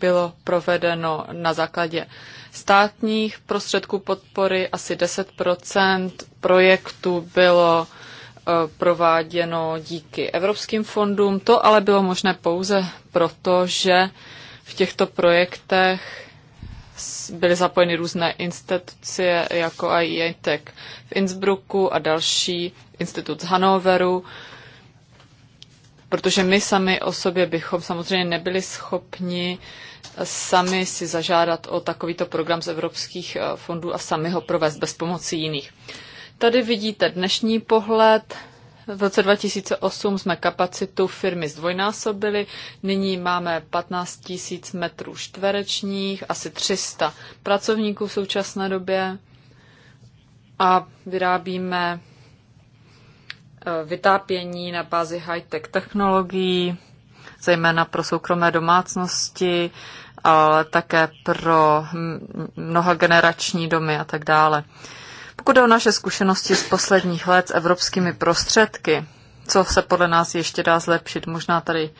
bylo provedeno na základě státních prostředků podpory, asi 10% projektů bylo Eh, prováděno díky evropským fondům. To ale bylo možné pouze proto, že v těchto projektech byly zapojeny různé instituce jako IETEC v Innsbrucku a další institut z Hanoveru, protože my sami o sobě bychom samozřejmě nebyli schopni sami si zažádat o takovýto program z evropských eh, fondů a sami ho provést bez pomoci jiných. Tady vidíte dnešní pohled. V roce 2008 jsme kapacitu firmy zdvojnásobili, nyní máme 15 000 metrů čtverečních, asi 300 pracovníků v současné době a vyrábíme e, vytápění na bázi high-tech technologií, zejména pro soukromé domácnosti, ale také pro mnohagenerační domy a tak dále. Pokud o naše zkušenosti z posledních let s evropskými prostředky, co se podle nás ještě dá zlepšit, možná tady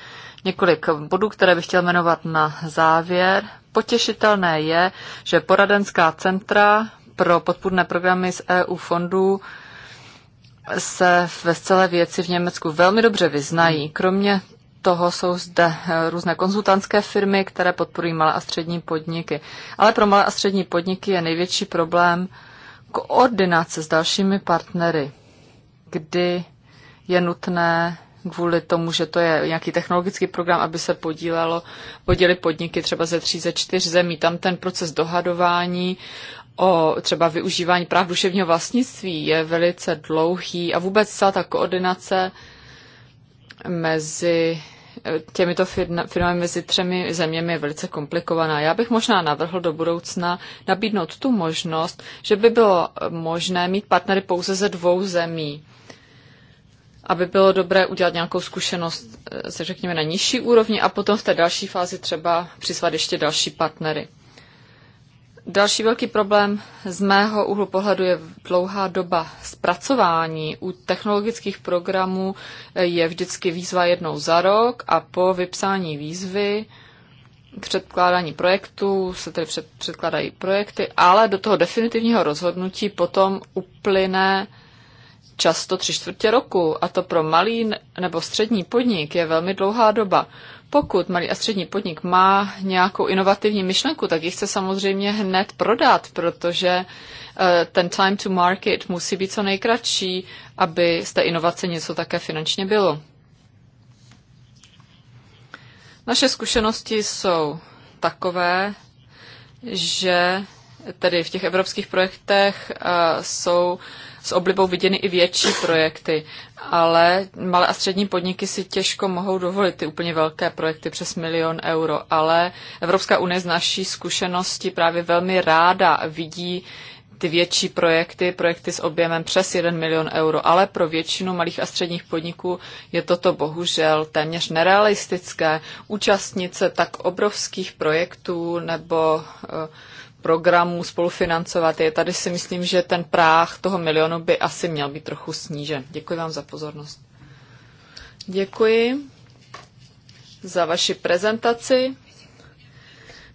několik bodů, které bych chtěl jmenovat na závěr. Potěšitelné je, že poradenská centra pro podpůrné programy z EU fondů se ve celé věci v Německu velmi dobře vyznají. Kromě toho jsou zde různé konzultantské firmy, které podporují malé a střední podniky. Ale pro malé a střední podniky je největší problém koordinace s dalšími partnery, kdy je nutné kvůli tomu, že to je nějaký technologický program, aby se podílelo, podíly podniky třeba ze tří, ze čtyř zemí. Tam ten proces dohadování o třeba využívání práv duševního vlastnictví je velice dlouhý a vůbec celá ta koordinace mezi těmito firmami mezi třemi zeměmi je velice komplikovaná. Já bych možná navrhl do budoucna nabídnout tu možnost, že by bylo možné mít partnery pouze ze dvou zemí aby bylo dobré udělat nějakou zkušenost, eh, se řekněme, na nižší úrovni a potom v té další fázi třeba přizvat ještě další partnery. Další velký problém z mého úhlu pohledu je dlouhá doba zpracování. U technologických programů je vždycky výzva jednou za rok a po vypsání výzvy předkládání projektů se tedy před, předkládají projekty, ale do toho definitivního rozhodnutí potom uplyne často tři čtvrtě roku a to pro malý nebo střední podnik je velmi dlouhá doba. Pokud malý a střední podnik má nějakou inovativní myšlenku, tak ji chce samozřejmě hned prodat, protože eh, ten time to market musí být co nejkratší, aby z té inovace něco také finančně bylo. Naše zkušenosti jsou takové, že tedy v těch evropských projektech eh, jsou s oblibou viděny i větší projekty, ale malé a střední podniky si těžko mohou dovolit ty úplně velké projekty přes milion euro, ale Evropská unie z naší zkušenosti právě velmi ráda vidí ty větší projekty, projekty s objemem přes 1 milion euro, ale pro většinu malých a středních podniků je toto bohužel téměř nerealistické. Účastnit se tak obrovských projektů nebo uh, programů spolufinancovat je. Tady si myslím, že ten práh toho milionu by asi měl být trochu snížen. Děkuji vám za pozornost. Děkuji za vaši prezentaci.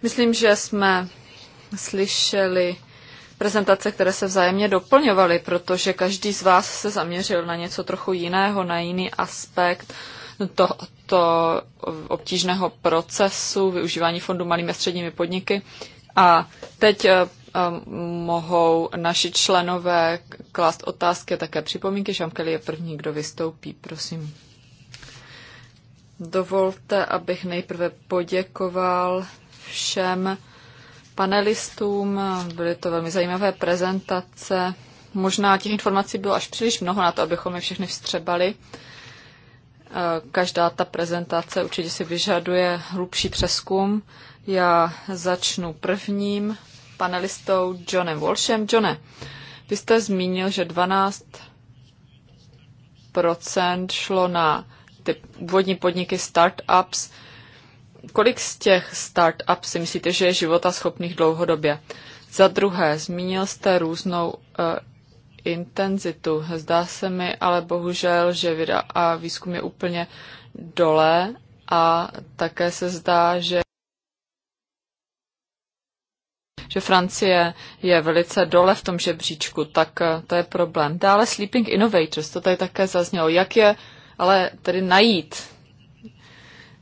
Myslím, že jsme slyšeli prezentace, které se vzájemně doplňovaly, protože každý z vás se zaměřil na něco trochu jiného, na jiný aspekt tohoto obtížného procesu využívání fondu malými a středními podniky. A teď eh, eh, mohou naši členové klást otázky a také připomínky. Žamkeli je první, kdo vystoupí, prosím. Dovolte, abych nejprve poděkoval všem panelistům. Byly to velmi zajímavé prezentace. Možná těch informací bylo až příliš mnoho na to, abychom je všechny vstřebali. Eh, každá ta prezentace určitě si vyžaduje hlubší přeskum. Já začnu prvním panelistou Johnem Walshem. Johne, vy jste zmínil, že 12 šlo na ty vodní podniky startups. Kolik z těch startups si myslíte, že je života schopných dlouhodobě? Za druhé, zmínil jste různou uh, intenzitu. Zdá se mi ale bohužel, že věda a výzkum je úplně dole a také se zdá, že že Francie je velice dole v tom žebříčku, tak eh, to je problém. Dále Sleeping Innovators, to tady také zaznělo. Jak je ale tedy najít?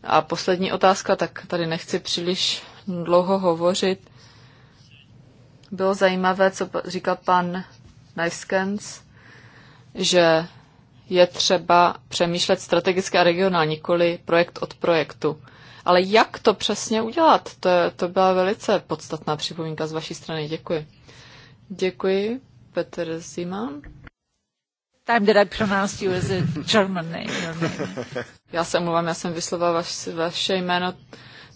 A poslední otázka, tak tady nechci příliš dlouho hovořit. Bylo zajímavé, co říkal pan Najskens, že je třeba přemýšlet strategicky a regionálně, nikoli projekt od projektu. Ale jak to přesně udělat? To, to byla velice podstatná připomínka z vaší strany. Děkuji. Děkuji, Petr Zima. Time that I pronounced you as a German name, your name. Já se omluvám, já jsem vyslovala vaš, vaše jméno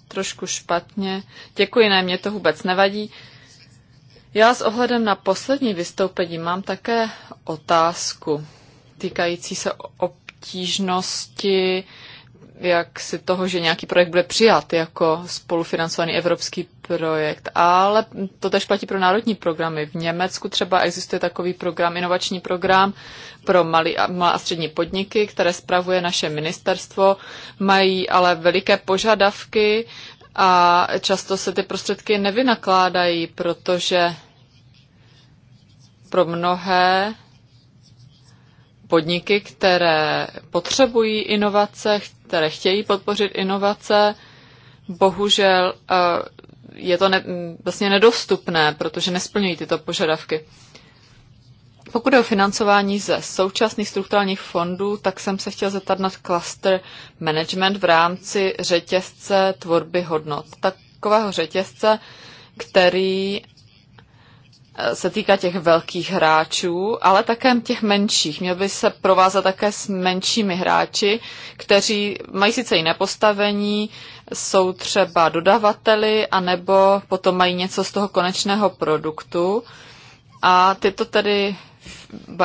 trošku špatně. Děkuji, ne, mě to vůbec nevadí. Já s ohledem na poslední vystoupení mám také otázku týkající se obtížnosti jak si toho, že nějaký projekt bude přijat jako spolufinancovaný evropský projekt. Ale to tež platí pro národní programy. V Německu třeba existuje takový program, inovační program pro malý a, malé a střední podniky, které spravuje naše ministerstvo. Mají ale veliké požadavky a často se ty prostředky nevynakládají, protože pro mnohé podniky, které potřebují inovace, které chtějí podpořit inovace, bohužel eh, je to ne, vlastně nedostupné, protože nesplňují tyto požadavky. Pokud je o financování ze současných strukturálních fondů, tak jsem se chtěl zeptat na cluster management v rámci řetězce tvorby hodnot. Takového řetězce, který se týká těch velkých hráčů, ale také těch menších. Měl by se provázat také s menšími hráči, kteří mají sice jiné postavení, jsou třeba dodavateli, anebo potom mají něco z toho konečného produktu. A tyto tedy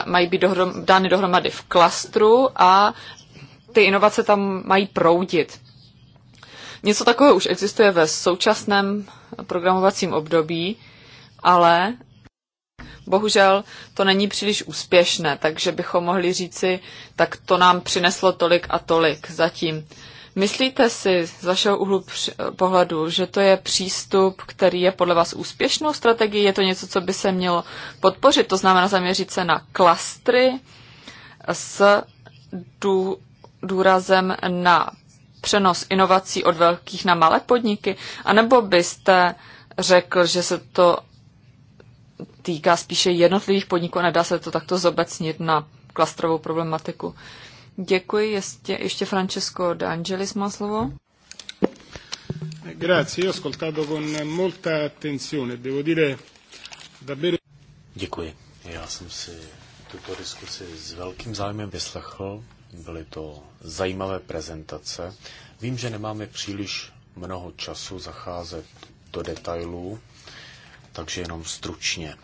mají být dohrom, dány dohromady v klastru a ty inovace tam mají proudit. Něco takového už existuje ve současném programovacím období, ale Bohužel to není příliš úspěšné, takže bychom mohli říci, tak to nám přineslo tolik a tolik zatím. Myslíte si z vašeho úhlu pohledu, že to je přístup, který je podle vás úspěšnou strategií? Je to něco, co by se mělo podpořit? To znamená zaměřit se na klastry s dů, důrazem na přenos inovací od velkých na malé podniky? A nebo byste řekl, že se to týká spíše jednotlivých podniků a nedá se to takto zobecnit na klastrovou problematiku. Děkuji. Ještě, ještě Francesco De Angelis má slovo. Grazie, Děkuji. Já jsem si tuto diskusi s velkým zájmem vyslechl. Byly to zajímavé prezentace. Vím, že nemáme příliš mnoho času zacházet do detailů, takže jenom stručně.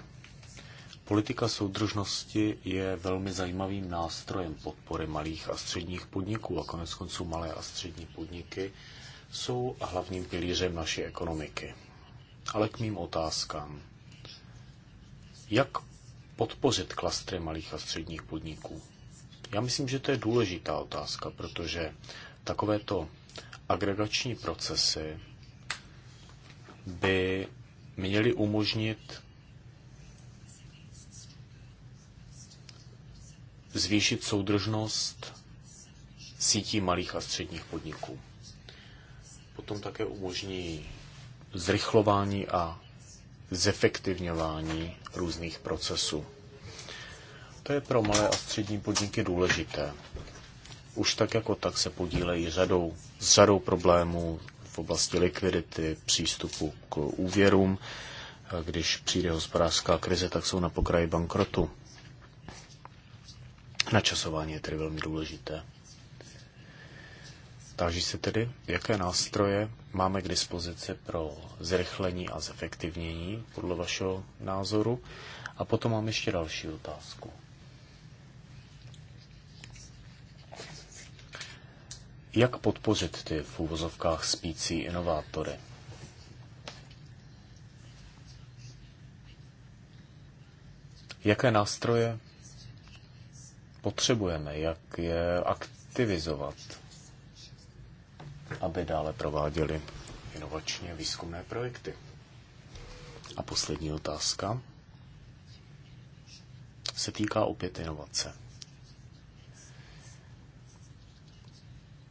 Politika soudržnosti je velmi zajímavým nástrojem podpory malých a středních podniků a konec konců malé a střední podniky jsou hlavním pilířem naší ekonomiky. Ale k mým otázkám. Jak podpořit klastry malých a středních podniků? Já myslím, že to je důležitá otázka, protože takovéto agregační procesy by měli umožnit zvýšit soudržnost sítí malých a středních podniků. Potom také umožní zrychlování a zefektivňování různých procesů. To je pro malé a střední podniky důležité. Už tak jako tak se podílejí řadou, s řadou problémů, v oblasti likvidity, přístupu k úvěrům. Když přijde hospodářská krize, tak jsou na pokraji bankrotu. Načasování je tedy velmi důležité. Táží se tedy, jaké nástroje máme k dispozici pro zrychlení a zefektivnění podle vašeho názoru. A potom mám ještě další otázku. Jak podpořit ty v úvozovkách spící inovátory? Jaké nástroje potřebujeme, jak je aktivizovat, aby dále prováděli inovačně výzkumné projekty? A poslední otázka se týká opět inovace.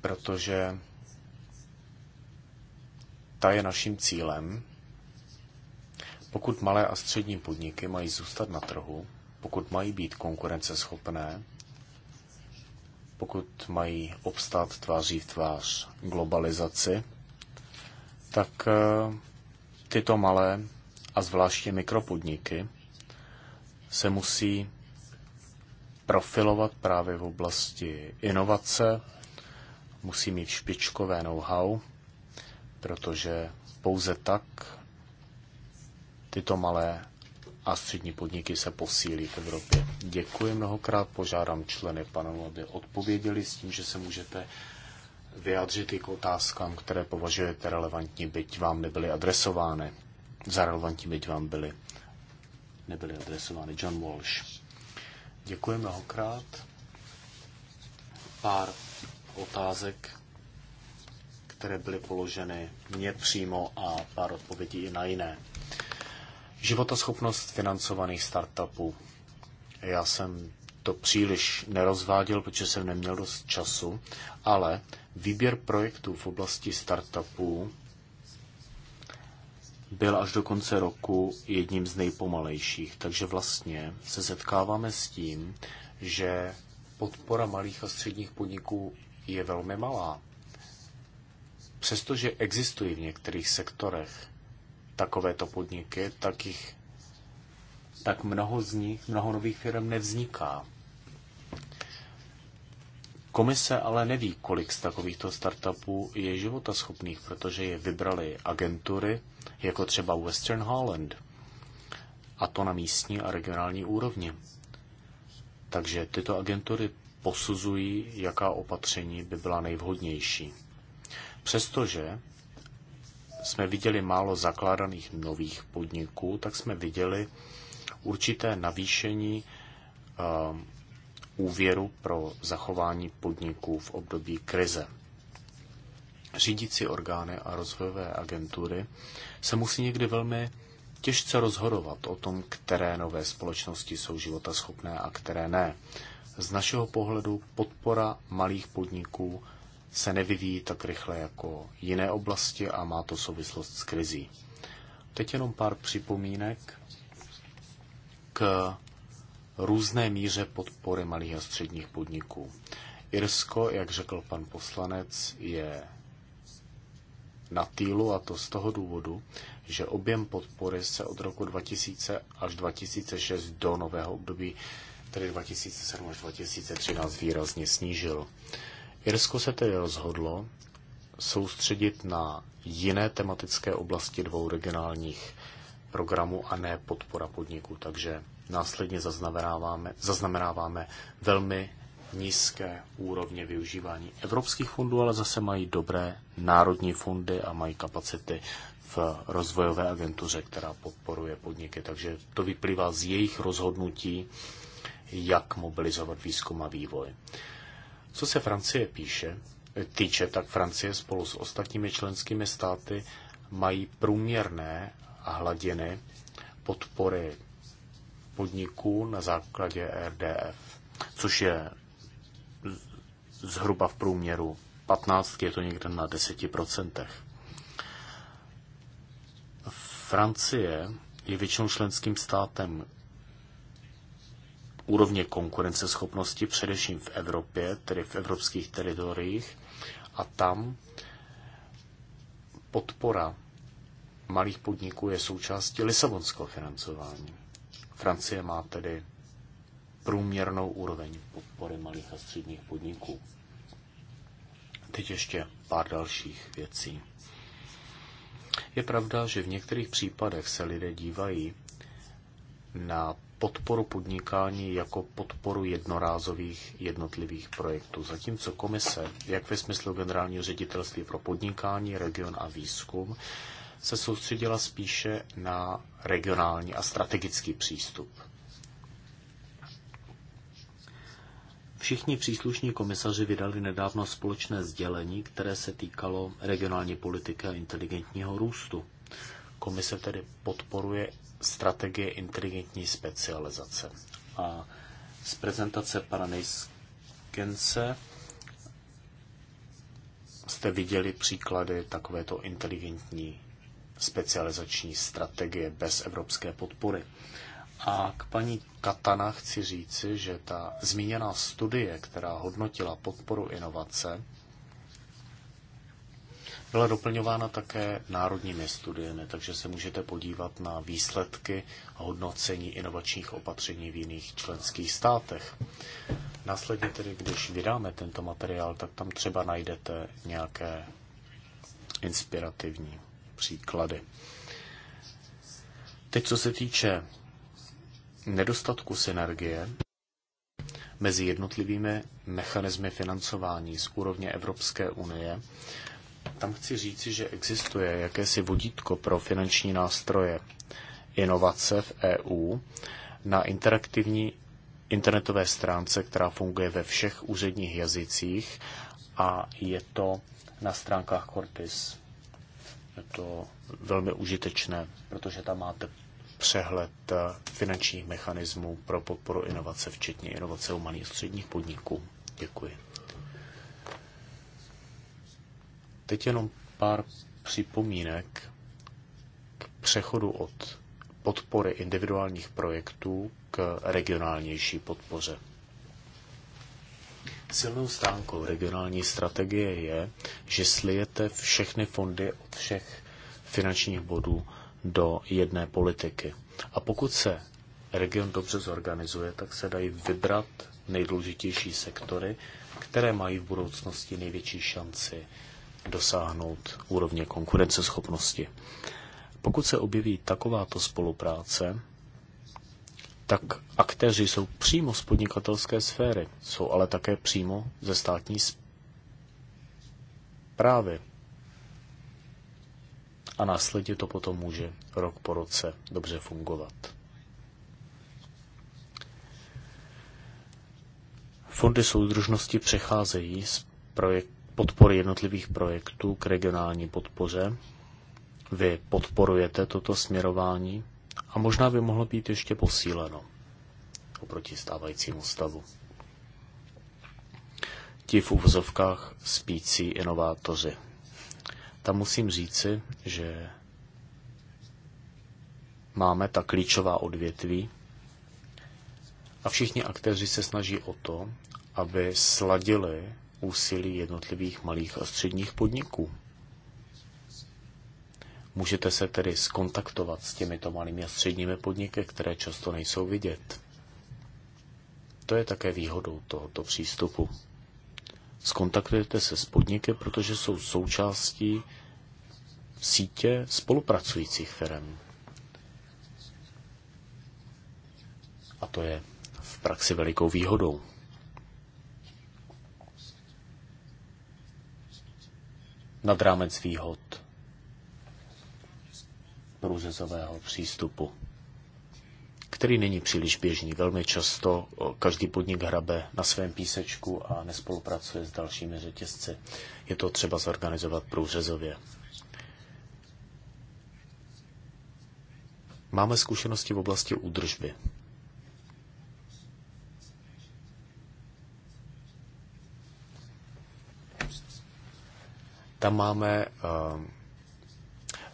protože ta je naším cílem. Pokud malé a střední podniky mají zůstat na trhu, pokud mají být konkurenceschopné, pokud mají obstát tváří v tvář globalizaci, tak eh, tyto malé a zvláště mikropodniky se musí profilovat právě v oblasti inovace, musí mít špičkové know-how, protože pouze tak tyto malé a střední podniky se posílí v Evropě. Děkuji mnohokrát, požádám členy panelu, aby odpověděli s tím, že se můžete vyjádřit i k otázkám, které považujete relevantní, byť vám nebyly adresovány. Za relevantní, byť vám byly, nebyly adresovány. John Walsh. Děkuji mnohokrát. Pár otázek, které byly položeny mně přímo a pár odpovědí i na jiné. Životoschopnost financovaných startupů. Já jsem to příliš nerozváděl, protože jsem neměl dost času, ale výběr projektů v oblasti startupů byl až do konce roku jedním z nejpomalejších. Takže vlastně se setkáváme s tím, že podpora malých a středních podniků je velmi malá. Přestože existují v některých sektorech takovéto podniky, tak, jich, tak mnoho z nich, mnoho nových firm nevzniká. Komise ale neví, kolik z takovýchto startupů je životaschopných, protože je vybrali agentury, jako třeba Western Holland, a to na místní a regionální úrovni. Takže tyto agentury posuzují, jaká opatření by byla nejvhodnější. Přestože jsme viděli málo zakládaných nových podniků, tak jsme viděli určité navýšení eh, úvěru pro zachování podniků v období krize. Řídící orgány a rozvojové agentury se musí někdy velmi těžce rozhodovat o tom, které nové společnosti jsou životaschopné a které ne. Z našeho pohledu podpora malých podniků se nevyvíjí tak rychle jako jiné oblasti a má to souvislost s krizí. Teď jenom pár připomínek k různé míře podpory malých a středních podniků. Irsko, jak řekl pan poslanec, je na týlu a to z toho důvodu, že objem podpory se od roku 2000 až 2006 do nového období tedy 2007 až 2013 výrazně snížil. Irsko se tedy rozhodlo soustředit na jiné tematické oblasti dvou regionálních programů a ne podpora podniků. Takže následně zaznamenáváme, zaznamenáváme velmi nízké úrovně využívání evropských fondů, ale zase mají dobré národní fondy a mají kapacity v rozvojové agentuře, která podporuje podniky. Takže to vyplývá z jejich rozhodnutí jak mobilizovat výzkum a vývoj. Co se Francie píše, týče, tak Francie spolu s ostatními členskými státy mají průměrné hladiny podpory podniků na základě RDF, což je zhruba v průměru 15, je to někde na 10%. Francie je většinou členským státem, úrovně konkurenceschopnosti, především v Evropě, tedy v evropských teritoriích, a tam podpora malých podniků je součástí Lisabonského financování. Francie má tedy průměrnou úroveň podpory malých a středních podniků. Teď ještě pár dalších věcí. Je pravda, že v některých případech se lidé dívají na podporu podnikání jako podporu jednorázových jednotlivých projektů. Zatímco komise, jak ve smyslu generálního ředitelství pro podnikání, region a výzkum, se soustředila spíše na regionální a strategický přístup. Všichni příslušní komisaři vydali nedávno společné sdělení, které se týkalo regionální politiky a inteligentního růstu. Komise tedy podporuje strategie inteligentní specializace. A z prezentace pana Nejskence jste viděli příklady takovéto inteligentní specializační strategie bez evropské podpory. A k paní Katana chci říci, že ta zmíněná studie, která hodnotila podporu inovace, byla doplňována také národními studiemi, takže se můžete podívat na výsledky a hodnocení inovačních opatření v jiných členských státech. Následně tedy, když vydáme tento materiál, tak tam třeba najdete nějaké inspirativní příklady. Teď, co se týče nedostatku synergie mezi jednotlivými mechanismy financování z úrovně Evropské unie, tam chci říci, že existuje jakési vodítko pro finanční nástroje inovace v EU na interaktivní internetové stránce, která funguje ve všech úředních jazycích a je to na stránkách Cortis. Je to velmi užitečné, protože tam máte přehled eh, finančních mechanismů pro podporu inovace, včetně inovace u malých středních podniků. Děkuji. Teď jenom pár připomínek k přechodu od podpory individuálních projektů k regionálnější podpoře. Silnou stránkou regionální strategie je, že slijete všechny fondy od všech finančních bodů do jedné politiky. A pokud se region dobře zorganizuje, tak se dají vybrat nejdůležitější sektory, které mají v budoucnosti největší šanci dosáhnout úrovně konkurenceschopnosti. Pokud se objeví takováto spolupráce, tak aktéři jsou přímo z podnikatelské sféry, jsou ale také přímo ze státní zprávy. A následně to potom může rok po roce dobře fungovat. Fondy soudržnosti přecházejí z projekt podpory jednotlivých projektů k regionální podpoře. Vy podporujete toto směrování a možná by mohlo být ještě posíleno oproti stávajícímu stavu. Ti v uvozovkách spící inovátoři. Tam musím říci, že máme ta klíčová odvětví a všichni aktéři se snaží o to, aby sladili úsilí jednotlivých malých a středních podniků. Můžete se tedy skontaktovat s těmito malými a středními podniky, které často nejsou vidět. To je také výhodou tohoto přístupu. Skontaktujete se s podniky, protože jsou součástí sítě spolupracujících firm. A to je v praxi velikou výhodou. nad rámec výhod průřezového přístupu, který není příliš běžný. Velmi často eh, každý podnik hrabe na svém písečku a nespolupracuje s dalšími řetězci. Je to třeba zorganizovat průřezově. Máme zkušenosti v oblasti údržby. Tam máme uh, ehm,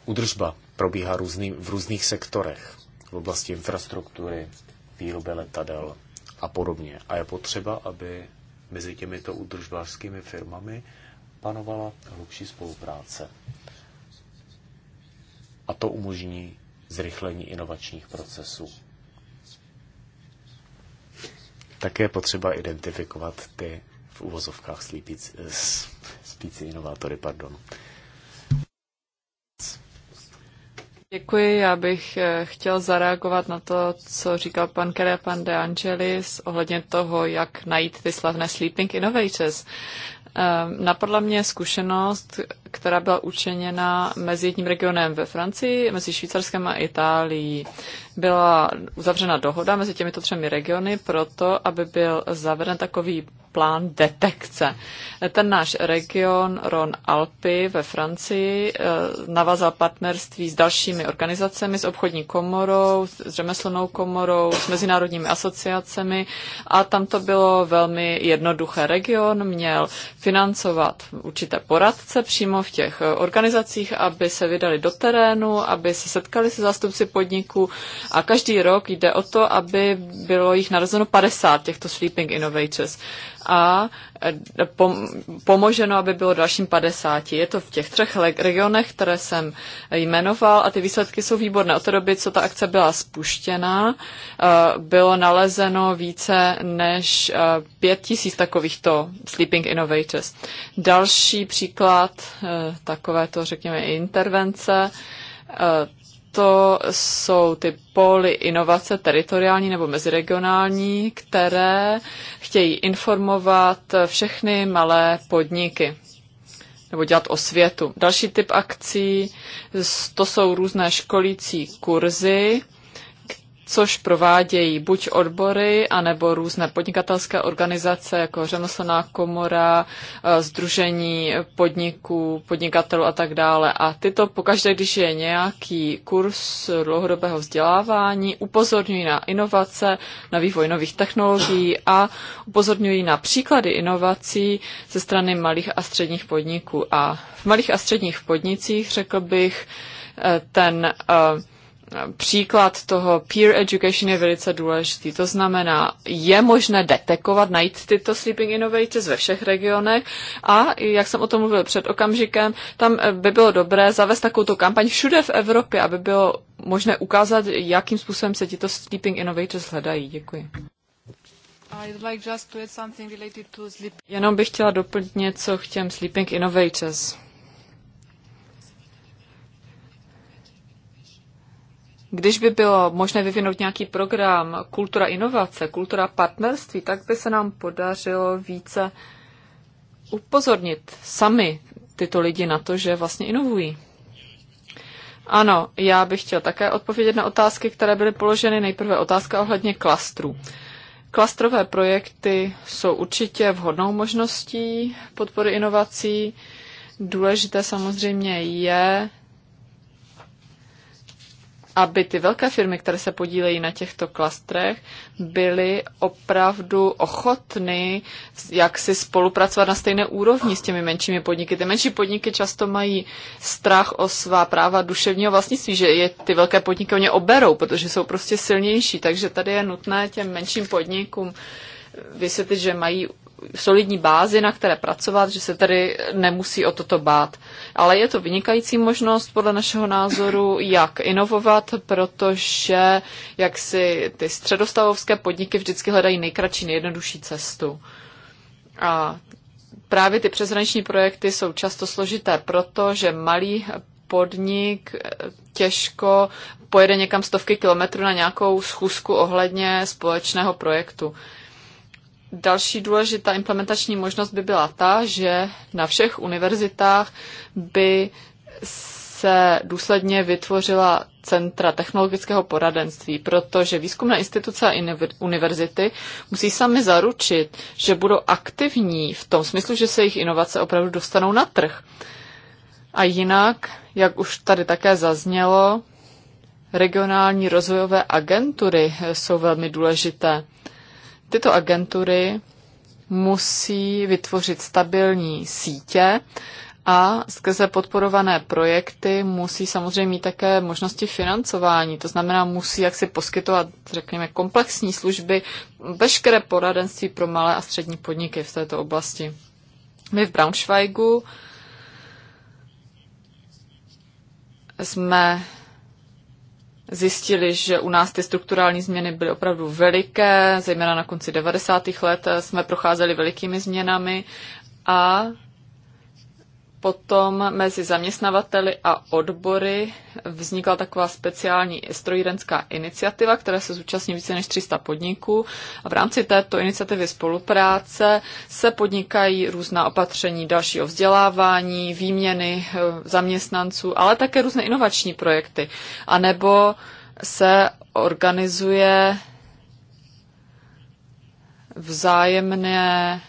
udržba probíhá různý, v různých sektorech, v oblasti infrastruktury, výroby letadel a podobně. A je potřeba, aby mezi těmito udržbářskými firmami panovala hlubší spolupráce. A to umožní zrychlení inovačních procesů. Také je potřeba identifikovat ty uvozovkách spící eh, inovátory. Pardon. Děkuji, já bych eh, chtěl zareagovat na to, co říkal pan Kere, pan De Angelis, ohledně toho, jak najít ty slavné Sleeping Innovators. Ehm, Napadla mě zkušenost, která byla učeněna mezi jedním regionem ve Francii, mezi Švýcarskem a Itálií. Byla uzavřena dohoda mezi těmito třemi regiony proto, aby byl zaveden takový plán detekce. Ten náš region Ron Alpy ve Francii eh, navazal partnerství s dalšími organizacemi, s obchodní komorou, s řemeslnou komorou, s mezinárodními asociacemi a tam to bylo velmi jednoduché. Region měl financovat určité poradce přímo v těch eh, organizacích, aby se vydali do terénu, aby se setkali se zástupci podniků a každý rok jde o to, aby bylo jich narozeno 50 těchto Sleeping Innovators a eh, pomoženo, aby bylo dalším 50. Je to v těch třech regionech, které jsem eh, jmenoval a ty výsledky jsou výborné. Od té doby, co ta akce byla spuštěna, eh, bylo nalezeno více než 5000 tisíc takovýchto Sleeping Innovators. Další příklad takovéto, řekněme, intervence to jsou ty póly inovace teritoriální nebo meziregionální, které chtějí informovat všechny malé podniky nebo dělat osvětu. Další typ akcí, to jsou různé školící kurzy, což provádějí buď odbory, anebo různé podnikatelské organizace, jako řemeslná komora, združení eh, podniků, podnikatelů a tak dále. A tyto pokaždé, když je nějaký kurz dlouhodobého vzdělávání, upozorňují na inovace, na vývoj nových technologií a upozorňují na příklady inovací ze strany malých a středních podniků. A v malých a středních podnicích, řekl bych, eh, ten eh, příklad toho peer education je velice důležitý. To znamená, je možné detekovat, najít tyto sleeping innovators ve všech regionech a, jak jsem o tom mluvil před okamžikem, tam eh, by bylo dobré zavést takovou kampaň všude v Evropě, aby bylo možné ukázat, jakým způsobem se tyto sleeping innovators hledají. Děkuji. Like Jenom bych chtěla doplnit něco k těm sleeping innovators. Když by bylo možné vyvinout nějaký program kultura inovace, kultura partnerství, tak by se nám podařilo více upozornit sami tyto lidi na to, že vlastně inovují. Ano, já bych chtěl také odpovědět na otázky, které byly položeny. Nejprve otázka ohledně klastrů. Klastrové projekty jsou určitě vhodnou možností podpory inovací. Důležité samozřejmě je aby ty velké firmy, které se podílejí na těchto klastrech, byly opravdu ochotny jak si spolupracovat na stejné úrovni s těmi menšími podniky. Ty menší podniky často mají strach o svá práva duševního vlastnictví, že je ty velké podniky o ně oberou, protože jsou prostě silnější. Takže tady je nutné těm menším podnikům vysvětlit, že mají solidní bázi, na které pracovat, že se tady nemusí o toto bát. Ale je to vynikající možnost podle našeho názoru, jak inovovat, protože jak si ty středostavovské podniky vždycky hledají nejkratší, nejjednodušší cestu. A právě ty přeshraniční projekty jsou často složité, protože malý podnik eh, těžko pojede někam stovky kilometrů na nějakou schůzku ohledně společného projektu. Další důležitá implementační možnost by byla ta, že na všech univerzitách by se důsledně vytvořila centra technologického poradenství, protože výzkumné instituce a univerzity musí sami zaručit, že budou aktivní v tom smyslu, že se jejich inovace opravdu dostanou na trh. A jinak, jak už tady také zaznělo, regionální rozvojové agentury jsou velmi důležité. Tyto agentury musí vytvořit stabilní sítě a skrze podporované projekty musí samozřejmě mít také možnosti financování. To znamená, musí jaksi poskytovat, řekněme, komplexní služby, veškeré poradenství pro malé a střední podniky v této oblasti. My v Braunschweigu jsme zjistili, že u nás ty strukturální změny byly opravdu veliké, zejména na konci 90. let eh, jsme procházeli velikými změnami a Potom mezi zaměstnavateli a odbory vznikla taková speciální strojírenská iniciativa, která se zúčastní více než 300 podniků. A v rámci této iniciativy spolupráce se podnikají různá opatření dalšího vzdělávání, výměny eh, zaměstnanců, ale také různé inovační projekty. A nebo se organizuje vzájemné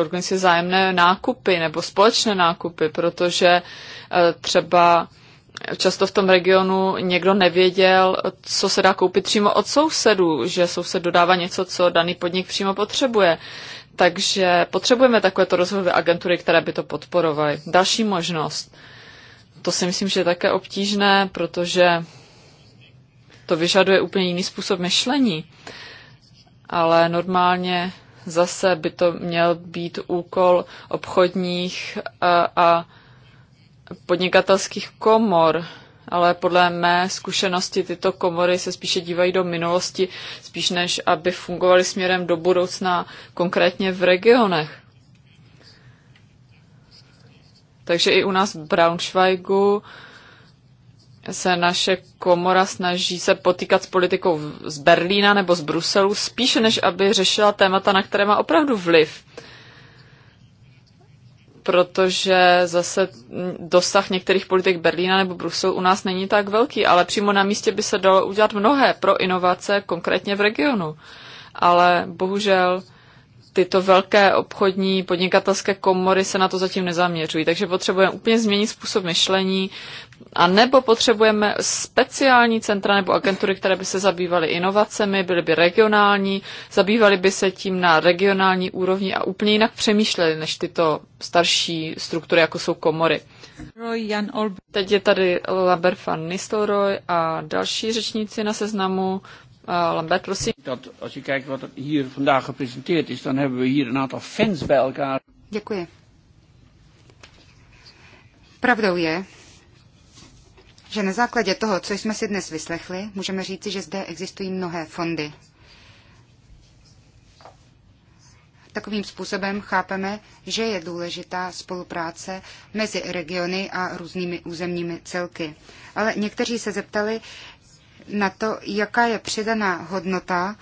organizuje zájemné nákupy nebo společné nákupy, protože eh, třeba často v tom regionu někdo nevěděl, co se dá koupit přímo od sousedů, že soused dodává něco, co daný podnik přímo potřebuje. Takže potřebujeme takovéto rozvojové agentury, které by to podporovaly. Další možnost. To si myslím, že je také obtížné, protože to vyžaduje úplně jiný způsob myšlení. Ale normálně Zase by to měl být úkol obchodních a, a podnikatelských komor, ale podle mé zkušenosti tyto komory se spíše dívají do minulosti, spíš než aby fungovaly směrem do budoucna, konkrétně v regionech. Takže i u nás v Braunschweigu se naše komora snaží se potýkat s politikou z Berlína nebo z Bruselu, spíše než aby řešila témata, na které má opravdu vliv. Protože zase dosah některých politik Berlína nebo Bruselu u nás není tak velký, ale přímo na místě by se dalo udělat mnohé pro inovace, konkrétně v regionu. Ale bohužel tyto velké obchodní podnikatelské komory se na to zatím nezaměřují. Takže potřebujeme úplně změnit způsob myšlení, a nebo potřebujeme speciální centra nebo agentury, které by se zabývaly inovacemi, byly by regionální, zabývaly by se tím na regionální úrovni a úplně jinak přemýšleli než tyto starší struktury, jako jsou komory. Roy Jan Olb. Teď je tady Lambert van Nistelrooy a další řečníci na seznamu. Lambert, prosím. Dat, als je kijkt wat er hier vandaag gepresenteerd is, dan hebben we hier een aantal fans bij elkaar. Děkuji. Pravdou je, že na základě toho, co jsme si dnes vyslechli, můžeme říci, že zde existují mnohé fondy. Takovým způsobem chápeme, že je důležitá spolupráce mezi regiony a různými územními celky. Ale někteří se zeptali na to, jaká je přidaná hodnota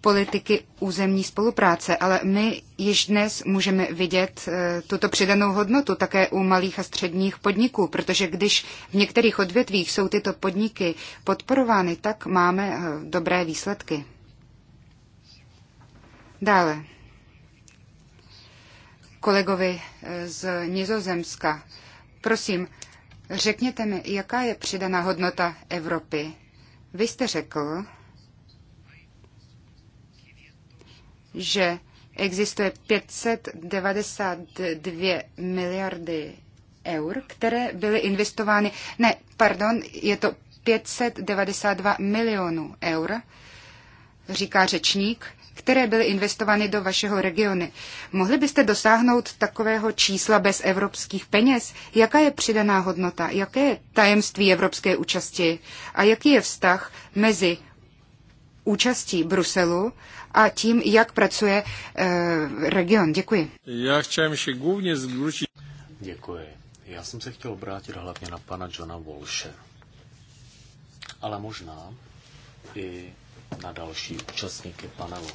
politiky územní spolupráce, ale my již dnes můžeme vidět eh, tuto přidanou hodnotu také u malých a středních podniků, protože když v některých odvětvích jsou tyto podniky podporovány, tak máme eh, dobré výsledky. Dále. Kolegovi eh, z Nizozemska. Prosím, řekněte mi, jaká je přidaná hodnota Evropy? Vy jste řekl, že existuje 592 miliardy eur, které byly investovány, ne, pardon, je to 592 milionů eur, říká řečník, které byly investovány do vašeho regionu. Mohli byste dosáhnout takového čísla bez evropských peněz? Jaká je přidaná hodnota? Jaké je tajemství evropské účasti? A jaký je vztah mezi účastí Bruselu a tím, jak pracuje eh, region. Děkuji. Já chtěl ještě hlavně zvrátit. Děkuji. Já jsem se chtěl obrátit hlavně na pana Johna Walshe, ale možná i na další účastníky panelu.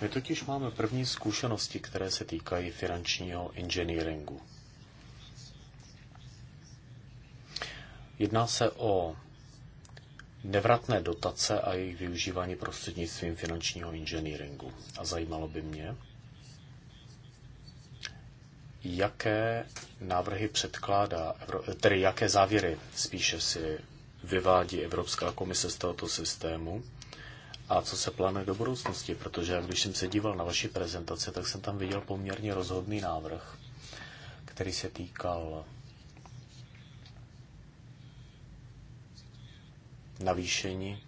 My totiž máme první zkušenosti, které se týkají finančního inženýringu. Jedná se o nevratné dotace a jejich využívání prostřednictvím finančního inženýringu. A zajímalo by mě, jaké návrhy předkládá, tedy jaké závěry spíše si vyvádí Evropská komise z tohoto systému a co se plánuje do budoucnosti, protože když jsem se díval na vaši prezentaci, tak jsem tam viděl poměrně rozhodný návrh, který se týkal navýšení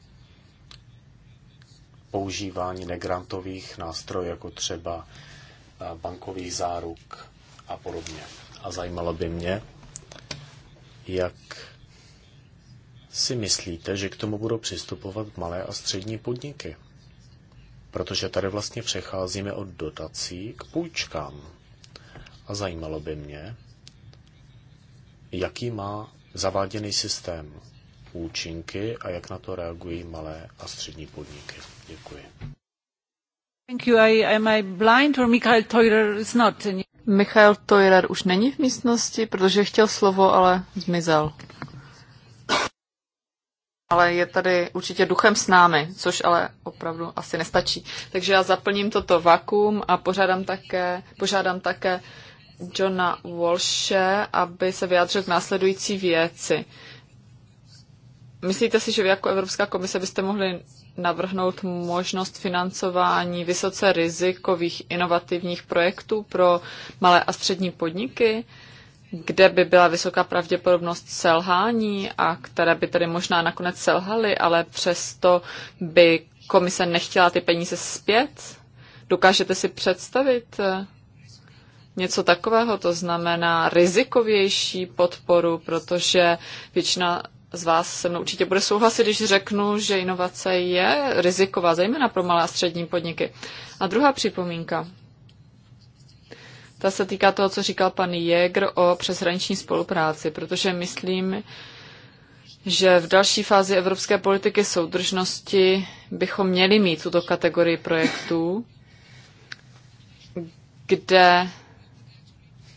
používání negrantových nástrojů, jako třeba eh, bankových záruk a podobně. A zajímalo by mě, jak si myslíte, že k tomu budou přistupovat malé a střední podniky? Protože tady vlastně přecházíme od dotací k půjčkám. A zajímalo by mě, jaký má zaváděný systém účinky a jak na to reagují malé a střední podniky. Děkuji. Thank you. I, am I blind or Michael Teurer is not? Michael Teurer už není v místnosti, protože chtěl slovo, ale zmizel. Ale je tady určitě duchem s námi, což ale opravdu asi nestačí. Takže já zaplním toto vakuum a požádám také, požádám také Johna Walshe, aby se vyjádřil k následující věci. Myslíte si, že vy jako Evropská komise byste mohli navrhnout možnost financování vysoce rizikových inovativních projektů pro malé a střední podniky, kde by byla vysoká pravděpodobnost selhání a které by tedy možná nakonec selhaly, ale přesto by komise nechtěla ty peníze zpět? Dokážete si představit eh, něco takového, to znamená rizikovější podporu, protože většina z vás se mnou určitě bude souhlasit, když řeknu, že inovace je riziková, zejména pro malé a střední podniky. A druhá připomínka. Ta se týká toho, co říkal pan Jäger o přeshraniční spolupráci, protože myslím, že v další fázi evropské politiky soudržnosti bychom měli mít tuto kategorii projektů, kde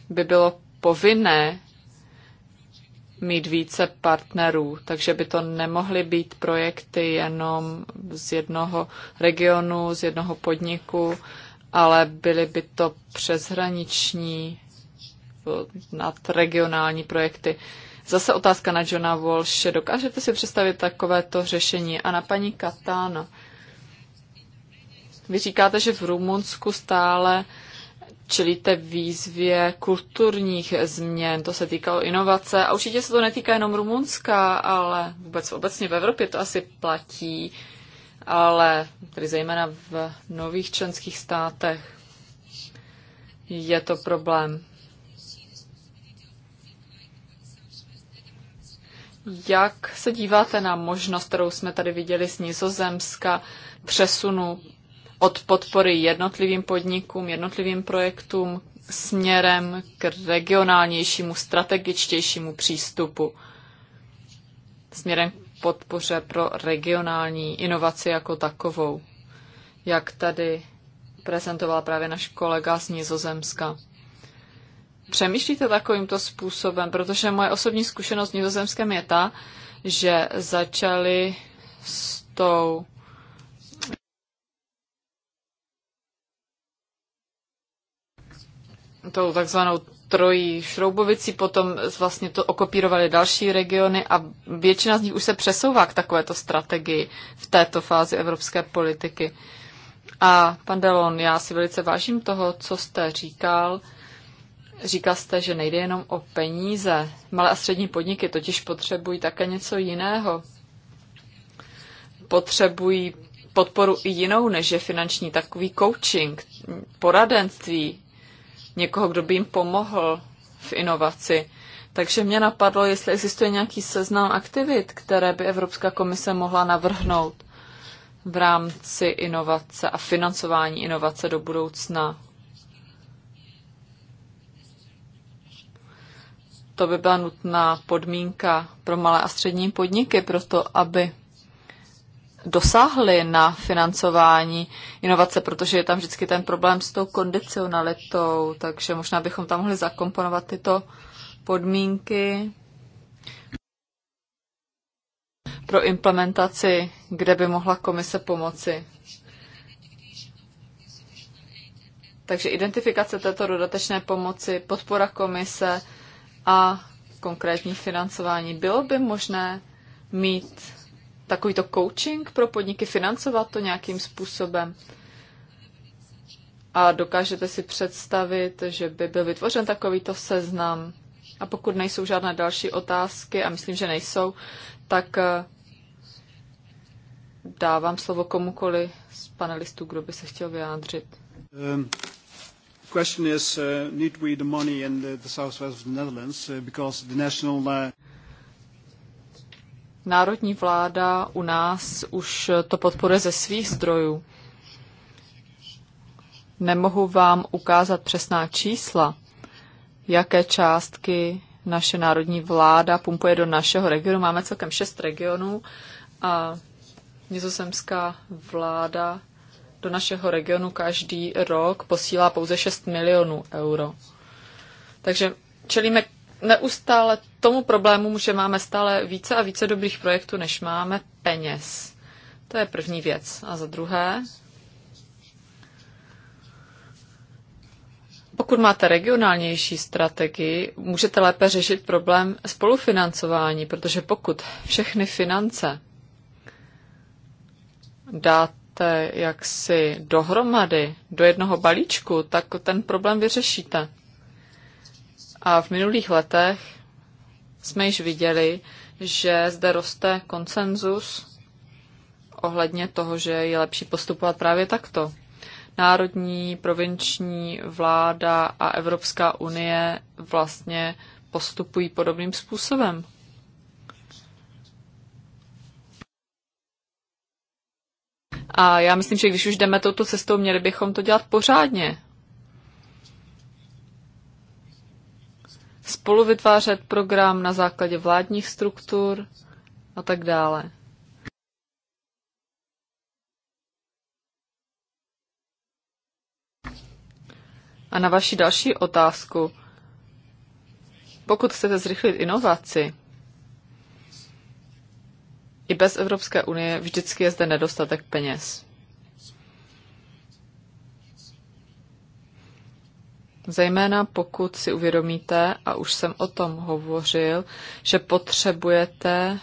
by bylo povinné mít více partnerů, takže by to nemohly být projekty jenom z jednoho regionu, z jednoho podniku, ale byly by to přeshraniční, nadregionální projekty. Zase otázka na Johna Walshe. Dokážete si představit takovéto řešení? A na paní Katána. Vy říkáte, že v Rumunsku stále čelíte výzvě kulturních změn, to se týkalo inovace a určitě se to netýká jenom Rumunska, ale vůbec obecně v Evropě to asi platí, ale tedy zejména v nových členských státech je to problém. Jak se díváte na možnost, kterou jsme tady viděli z Nizozemska, přesunu od podpory jednotlivým podnikům, jednotlivým projektům směrem k regionálnějšímu, strategičtějšímu přístupu, směrem k podpoře pro regionální inovaci jako takovou, jak tady prezentoval právě náš kolega z Nizozemska. Přemýšlíte takovýmto způsobem, protože moje osobní zkušenost s Nizozemskem je ta, že začali s tou tou takzvanou trojí šroubovicí, potom vlastně to okopírovali další regiony a většina z nich už se přesouvá k takovéto strategii v této fázi evropské politiky. A pan Delon, já si velice vážím toho, co jste říkal. Říkal jste, že nejde jenom o peníze. Malé a střední podniky totiž potřebují také něco jiného. Potřebují podporu i jinou, než je finanční, takový coaching, poradenství, někoho, kdo by jim pomohl v inovaci. Takže mě napadlo, jestli existuje nějaký seznam aktivit, které by Evropská komise mohla navrhnout v rámci inovace a financování inovace do budoucna. To by byla nutná podmínka pro malé a střední podniky, proto aby dosáhli na financování inovace, protože je tam vždycky ten problém s tou kondicionalitou, takže možná bychom tam mohli zakomponovat tyto podmínky pro implementaci, kde by mohla komise pomoci. Takže identifikace této dodatečné pomoci, podpora komise a konkrétní financování. Bylo by možné mít takovýto coaching pro podniky, financovat to nějakým způsobem? A dokážete si představit, že by byl vytvořen takovýto seznam? A pokud nejsou žádné další otázky, a myslím, že nejsou, tak eh, dávám slovo komukoli z panelistů, kdo by se chtěl vyjádřit. Um. Question is, uh, need we the money in the, the southwest of the Netherlands uh, because the national uh, národní vláda u nás už to podporuje ze svých zdrojů. Nemohu vám ukázat přesná čísla, jaké částky naše národní vláda pumpuje do našeho regionu. Máme celkem šest regionů a nizozemská vláda do našeho regionu každý rok posílá pouze 6 milionů euro. Takže čelíme neustále tomu problému, že máme stále více a více dobrých projektů, než máme peněz. To je první věc. A za druhé, pokud máte regionálnější strategii, můžete lépe řešit problém spolufinancování, protože pokud všechny finance dáte jaksi dohromady do jednoho balíčku, tak ten problém vyřešíte. A v minulých letech jsme již viděli, že zde roste konsenzus ohledně toho, že je lepší postupovat právě takto. Národní, provinční vláda a Evropská unie vlastně postupují podobným způsobem. A já myslím, že když už jdeme touto cestou, měli bychom to dělat pořádně. spolu vytvářet program na základě vládních struktur a tak dále. A na vaši další otázku. Pokud chcete zrychlit inovaci, i bez Evropské unie vždycky je zde nedostatek peněz. Zejména pokud si uvědomíte, a už jsem o tom hovořil, že potřebujete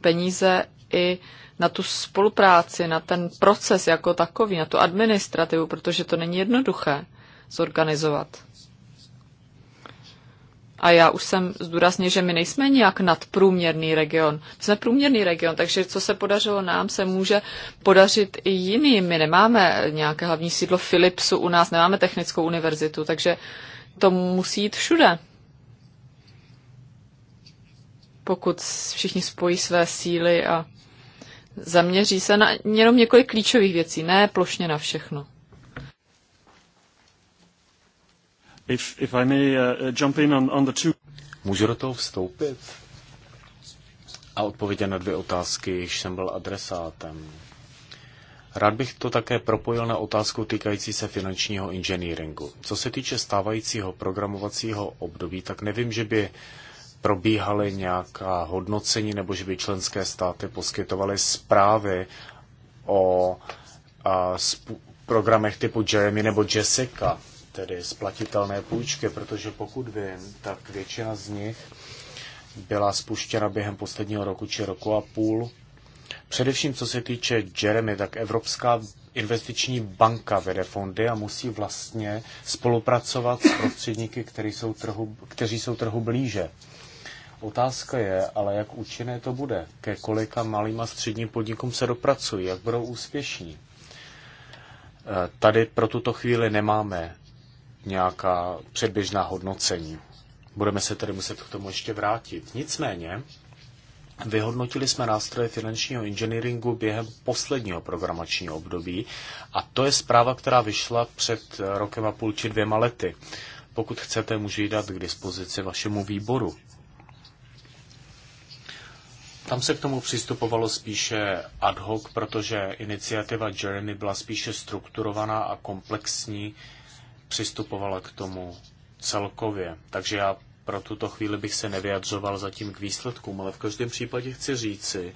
peníze i na tu spolupráci, na ten proces jako takový, na tu administrativu, protože to není jednoduché zorganizovat. A já už jsem zdůraznil, že my nejsme nějak nadprůměrný region. My jsme průměrný region, takže co se podařilo nám, se může podařit i jiným. My nemáme nějaké hlavní sídlo Philipsu u nás, nemáme technickou univerzitu, takže to musí jít všude. Pokud všichni spojí své síly a zaměří se na jenom několik klíčových věcí, ne plošně na všechno. If, if I may uh, uh, jump in on, on the two... Můžu do toho vstoupit? A odpovědět na dvě otázky, již jsem byl adresátem. Rád bych to také propojil na otázku týkající se finančního inženýringu. Co se týče stávajícího programovacího období, tak nevím, že by probíhaly nějaká hodnocení nebo že by členské státy poskytovaly zprávy o a, programech typu Jeremy nebo Jessica tedy splatitelné půjčky, protože pokud vím, tak většina z nich byla spuštěna během posledního roku či roku a půl. Především co se týče Jeremy, tak Evropská investiční banka vede fondy a musí vlastně spolupracovat s prostředníky, kteří jsou trhu, kteří jsou trhu blíže. Otázka je, ale jak účinné to bude? Ke kolika malým a středním podnikům se dopracují? Jak budou úspěšní? E, tady pro tuto chvíli nemáme nějaká předběžná hodnocení. Budeme se tedy muset k tomu ještě vrátit. Nicméně, Vyhodnotili jsme nástroje finančního inženýringu během posledního programačního období a to je zpráva, která vyšla před rokem a půl či dvěma lety. Pokud chcete, může ji dát k dispozici vašemu výboru. Tam se k tomu přistupovalo spíše ad hoc, protože iniciativa Jeremy byla spíše strukturovaná a komplexní přistupovala k tomu celkově. Takže já pro tuto chvíli bych se nevyjadřoval zatím k výsledkům, ale v každém případě chci říci,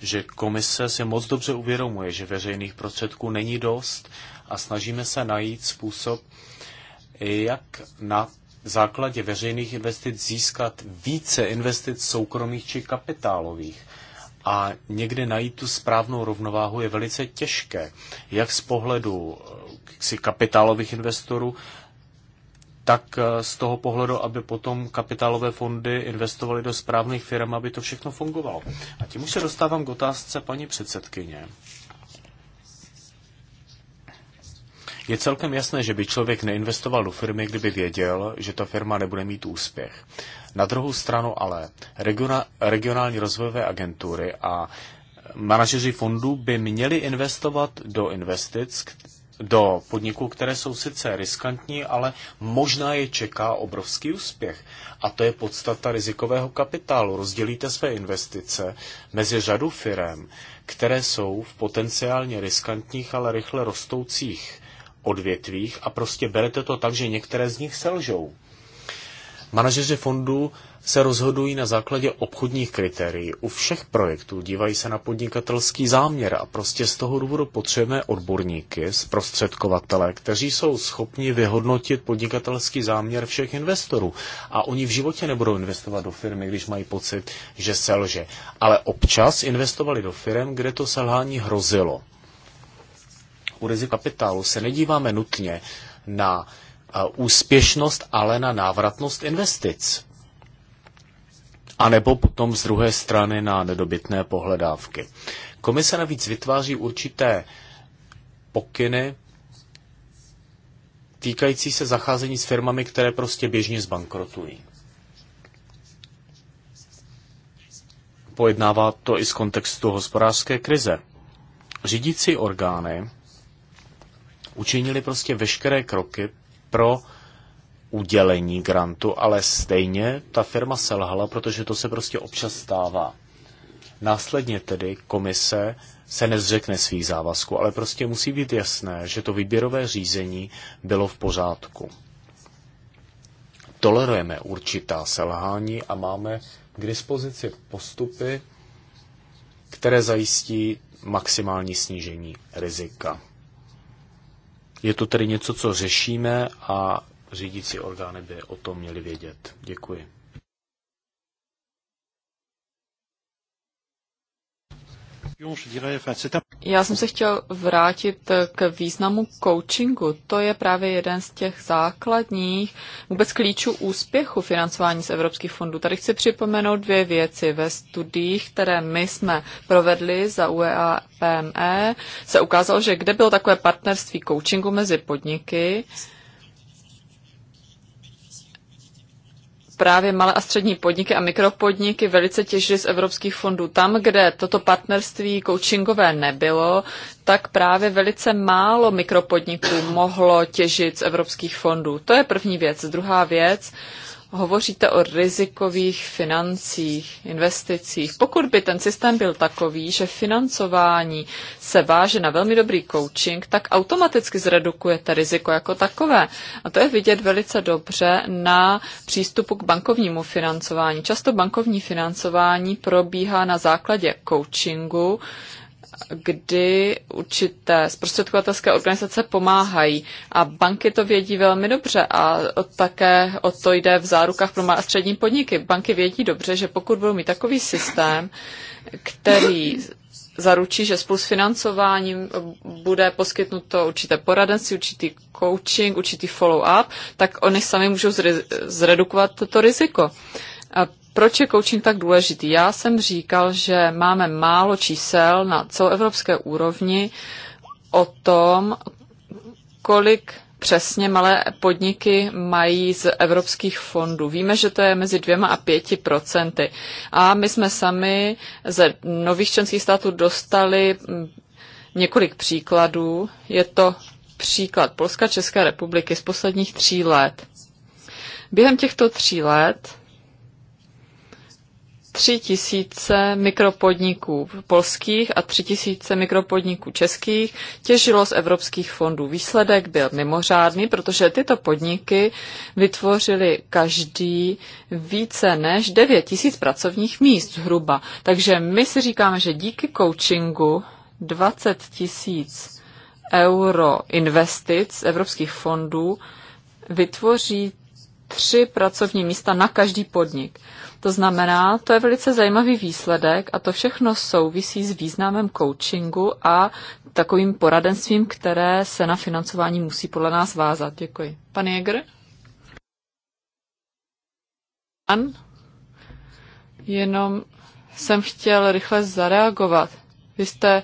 že komise si moc dobře uvědomuje, že veřejných prostředků není dost a snažíme se najít způsob, jak na základě veřejných investic získat více investic soukromých či kapitálových. A někde najít tu správnou rovnováhu je velice těžké, jak z pohledu si kapitálových investorů, tak eh, z toho pohledu, aby potom kapitálové fondy investovaly do správných firm, aby to všechno fungovalo. A tím už se dostávám k otázce paní předsedkyně. Je celkem jasné, že by člověk neinvestoval do firmy, kdyby věděl, že ta firma nebude mít úspěch. Na druhou stranu ale regionální rozvojové agentury a manažeři fondů by měli investovat do investic, do podniků, které jsou sice riskantní, ale možná je čeká obrovský úspěch. A to je podstata rizikového kapitálu. Rozdělíte své investice mezi řadu firm, které jsou v potenciálně riskantních, ale rychle rostoucích odvětvích a prostě berete to tak, že některé z nich selžou. Manažeři fondů se rozhodují na základě obchodních kritérií. U všech projektů dívají se na podnikatelský záměr a prostě z toho důvodu potřebujeme odborníky, zprostředkovatele, kteří jsou schopni vyhodnotit podnikatelský záměr všech investorů. A oni v životě nebudou investovat do firmy, když mají pocit, že selže. Ale občas investovali do firm, kde to selhání hrozilo. U rizik kapitálu se nedíváme nutně na úspěšnost, ale na návratnost investic. A nebo potom z druhé strany na nedobytné pohledávky. Komise navíc vytváří určité pokyny týkající se zacházení s firmami, které prostě běžně zbankrotují. Pojednává to i z kontextu hospodářské krize. Řídící orgány učinili prostě veškeré kroky pro udělení grantu, ale stejně ta firma selhala, protože to se prostě občas stává. Následně tedy komise se nezřekne svých závazků, ale prostě musí být jasné, že to výběrové řízení bylo v pořádku. Tolerujeme určitá selhání a máme k dispozici postupy, které zajistí maximální snížení rizika. Je to tedy něco, co řešíme a řídící orgány by o tom měly vědět. Děkuji. Já jsem se chtěl vrátit k významu coachingu. To je právě jeden z těch základních vůbec klíčů úspěchu financování z evropských fondů. Tady chci připomenout dvě věci. Ve studiích, které my jsme provedli za UEA PME, se ukázalo, že kde bylo takové partnerství coachingu mezi podniky, právě malé a střední podniky a mikropodniky velice těžily z evropských fondů. Tam, kde toto partnerství coachingové nebylo, tak právě velice málo mikropodniků mohlo těžit z evropských fondů. To je první věc. Druhá věc, uh, hovoříte o rizikových financích, investicích. Pokud by ten systém byl takový, že financování se váže na velmi dobrý coaching, tak automaticky zredukujete riziko jako takové. A to je vidět velice dobře na přístupu k bankovnímu financování. Často bankovní financování probíhá na základě coachingu, kdy určité zprostředkovatelské organizace pomáhají. A banky to vědí velmi dobře a také o to jde v zárukách pro malé střední podniky. Banky vědí dobře, že pokud budou mít takový systém, který zaručí, že spolu s financováním bude poskytnuto určité poradenství, určitý coaching, určitý follow-up, tak oni sami můžou zredukovat to riziko. A proč je coaching tak důležitý? Já jsem říkal, že máme málo čísel na celoevropské úrovni o tom, kolik přesně malé podniky mají z evropských fondů. Víme, že to je mezi dvěma a pěti procenty. A my jsme sami ze nových členských států dostali mm, několik příkladů. Je to příklad Polska České republiky z posledních tří let. Během těchto tří let tři tisíce mikropodniků polských a tři tisíce mikropodniků českých těžilo z evropských fondů. Výsledek byl mimořádný, protože tyto podniky vytvořily každý více než 9 tisíc pracovních míst zhruba. Takže my si říkáme, že díky coachingu 20 tisíc euro investic z evropských fondů vytvoří tři pracovní místa na každý podnik. To znamená, to je velice zajímavý výsledek a to všechno souvisí s významem coachingu a takovým poradenstvím, které se na financování musí podle nás vázat. Děkuji. Pan Jäger? An? Jenom jsem chtěl rychle zareagovat. Vy jste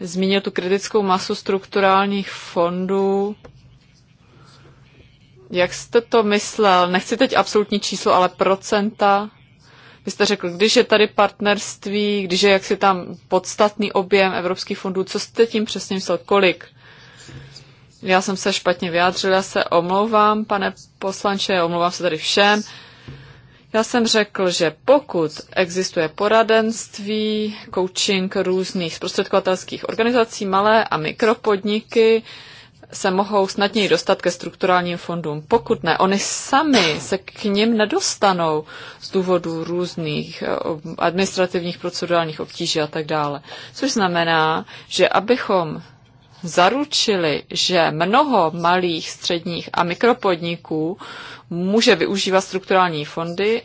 zmínil tu kritickou masu strukturálních fondů. Jak jste to myslel? Nechci teď absolutní číslo, ale procenta. Vy jste řekl, když je tady partnerství, když je jaksi tam podstatný objem evropských fondů, co jste tím přesně myslel, kolik? Já jsem se špatně vyjádřila, se omlouvám, pane poslanče, omlouvám se tady všem. Já jsem řekl, že pokud existuje poradenství, coaching různých zprostředkovatelských organizací, malé a mikropodniky, se mohou snadněji dostat ke strukturálním fondům. Pokud ne, oni sami se k ním nedostanou z důvodu různých eh, administrativních procedurálních obtíží a tak dále. Což znamená, že abychom zaručili, že mnoho malých, středních a mikropodniků může využívat strukturální fondy,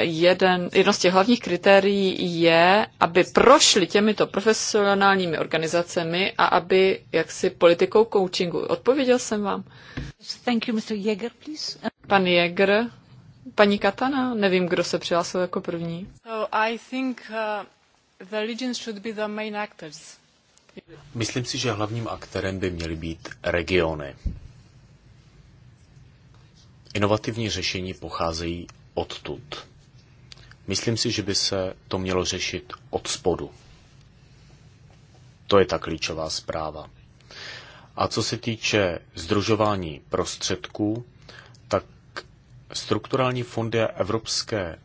jeden, jedno z těch hlavních kritérií je, aby prošli těmito profesionálními organizacemi a aby jaksi politikou coachingu. Odpověděl jsem vám. Thank you, Mr. Jäger, please. Pan Jäger, paní Katana, nevím, kdo se přihlásil jako první. So I think, uh, the regions should be the main actors. Myslím si, že hlavním aktérem by měly být regiony. Inovativní řešení pocházejí odtud. Myslím si, že by se to mělo řešit od spodu. To je ta klíčová zpráva. A co se týče združování prostředků, tak strukturální fondy a evropské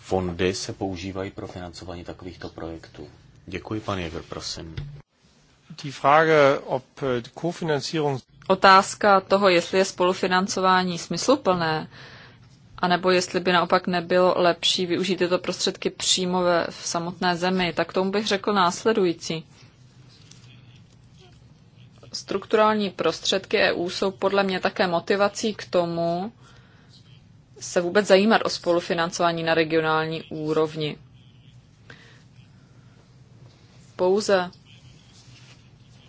fondy se používají pro financování takovýchto projektů. Děkuji, pan Jäger, prosím. Äh, Otázka toho, jestli je spolufinancování smysluplné, a nebo, jestli by naopak nebylo lepší využít tyto prostředky přímo ve, v samotné zemi, tak tomu bych řekl následující. Strukturální prostředky EU jsou podle mě také motivací k tomu, se vůbec zajímat o spolufinancování na regionální úrovni. Pouze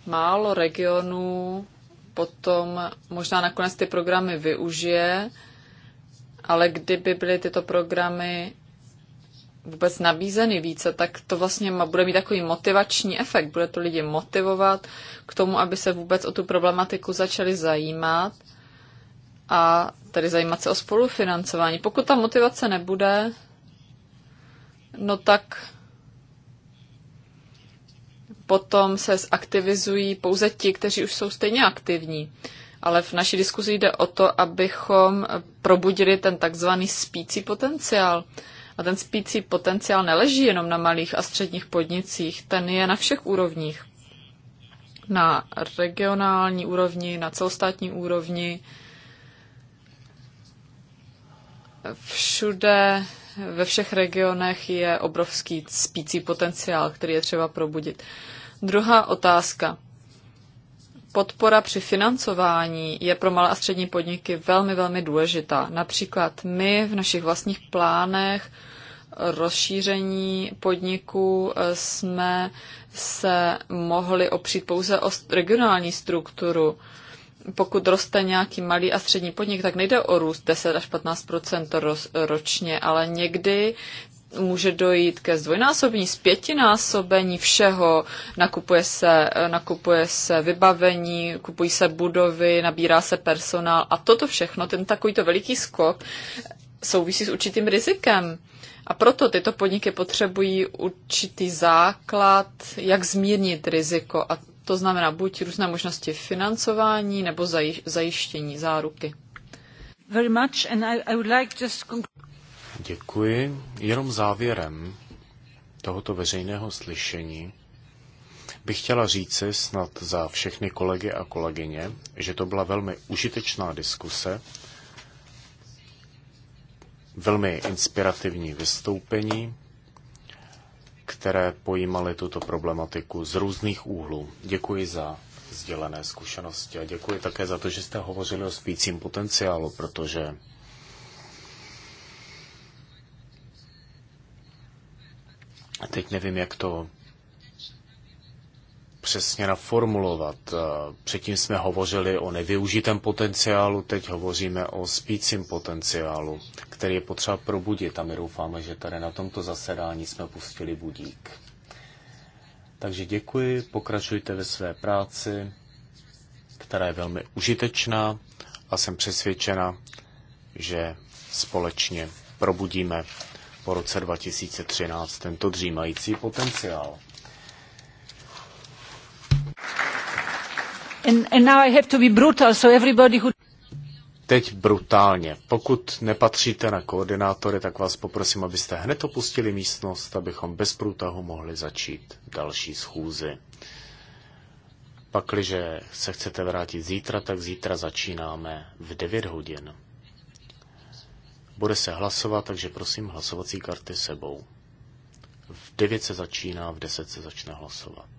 málo regionů potom možná nakonec ty programy využije, ale kdyby byly tyto programy vůbec nabízeny více, tak to vlastně bude mít takový motivační efekt. Bude to lidi motivovat k tomu, aby se vůbec o tu problematiku začali zajímat a tedy zajímat se o spolufinancování. Pokud ta motivace nebude, no tak potom se zaktivizují pouze ti, kteří už jsou stejně aktivní ale v naší diskuzi jde o to, abychom probudili ten takzvaný spící potenciál. A ten spící potenciál neleží jenom na malých a středních podnicích, ten je na všech úrovních. Na regionální úrovni, na celostátní úrovni, všude ve všech regionech je obrovský spící potenciál, který je třeba probudit. Druhá otázka podpora při financování je pro malé a střední podniky velmi, velmi důležitá. Například my v našich vlastních plánech rozšíření podniků eh, jsme se mohli opřít pouze o regionální strukturu. Pokud roste nějaký malý a střední podnik, tak nejde o růst 10 až 15 ročně, ale někdy může dojít ke zdvojnásobení, zpětinásobení všeho, nakupuje se, eh, nakupuje se vybavení, kupují se budovy, nabírá se personál a toto všechno, ten takovýto veliký skok eh, souvisí s určitým rizikem. A proto tyto podniky potřebují určitý základ, jak zmírnit riziko. A to znamená buď různé možnosti financování nebo zajištění záruky. Very much and I, I would like just Děkuji. Jenom závěrem tohoto veřejného slyšení bych chtěla říci snad za všechny kolegy a kolegyně, že to byla velmi užitečná diskuse, velmi inspirativní vystoupení, které pojímaly tuto problematiku z různých úhlů. Děkuji za sdělené zkušenosti a děkuji také za to, že jste hovořili o spícím potenciálu, protože Teď nevím, jak to přesně naformulovat. Eh, předtím jsme hovořili o nevyužitém potenciálu, teď hovoříme o spícím potenciálu, který je potřeba probudit a my doufáme, že tady na tomto zasedání jsme pustili budík. Takže děkuji, pokračujte ve své práci, která je velmi užitečná a jsem přesvědčena, že společně probudíme po roce 2013 tento dřímající potenciál. Teď brutálně. Pokud nepatříte na koordinátory, tak vás poprosím, abyste hned opustili místnost, abychom bez průtahu mohli začít další schůzi. Pakliže se chcete vrátit zítra, tak zítra začínáme v 9 hodin. Bude se hlasovat, takže prosím hlasovací karty sebou. V 9 se začíná, v 10 se začne hlasovat.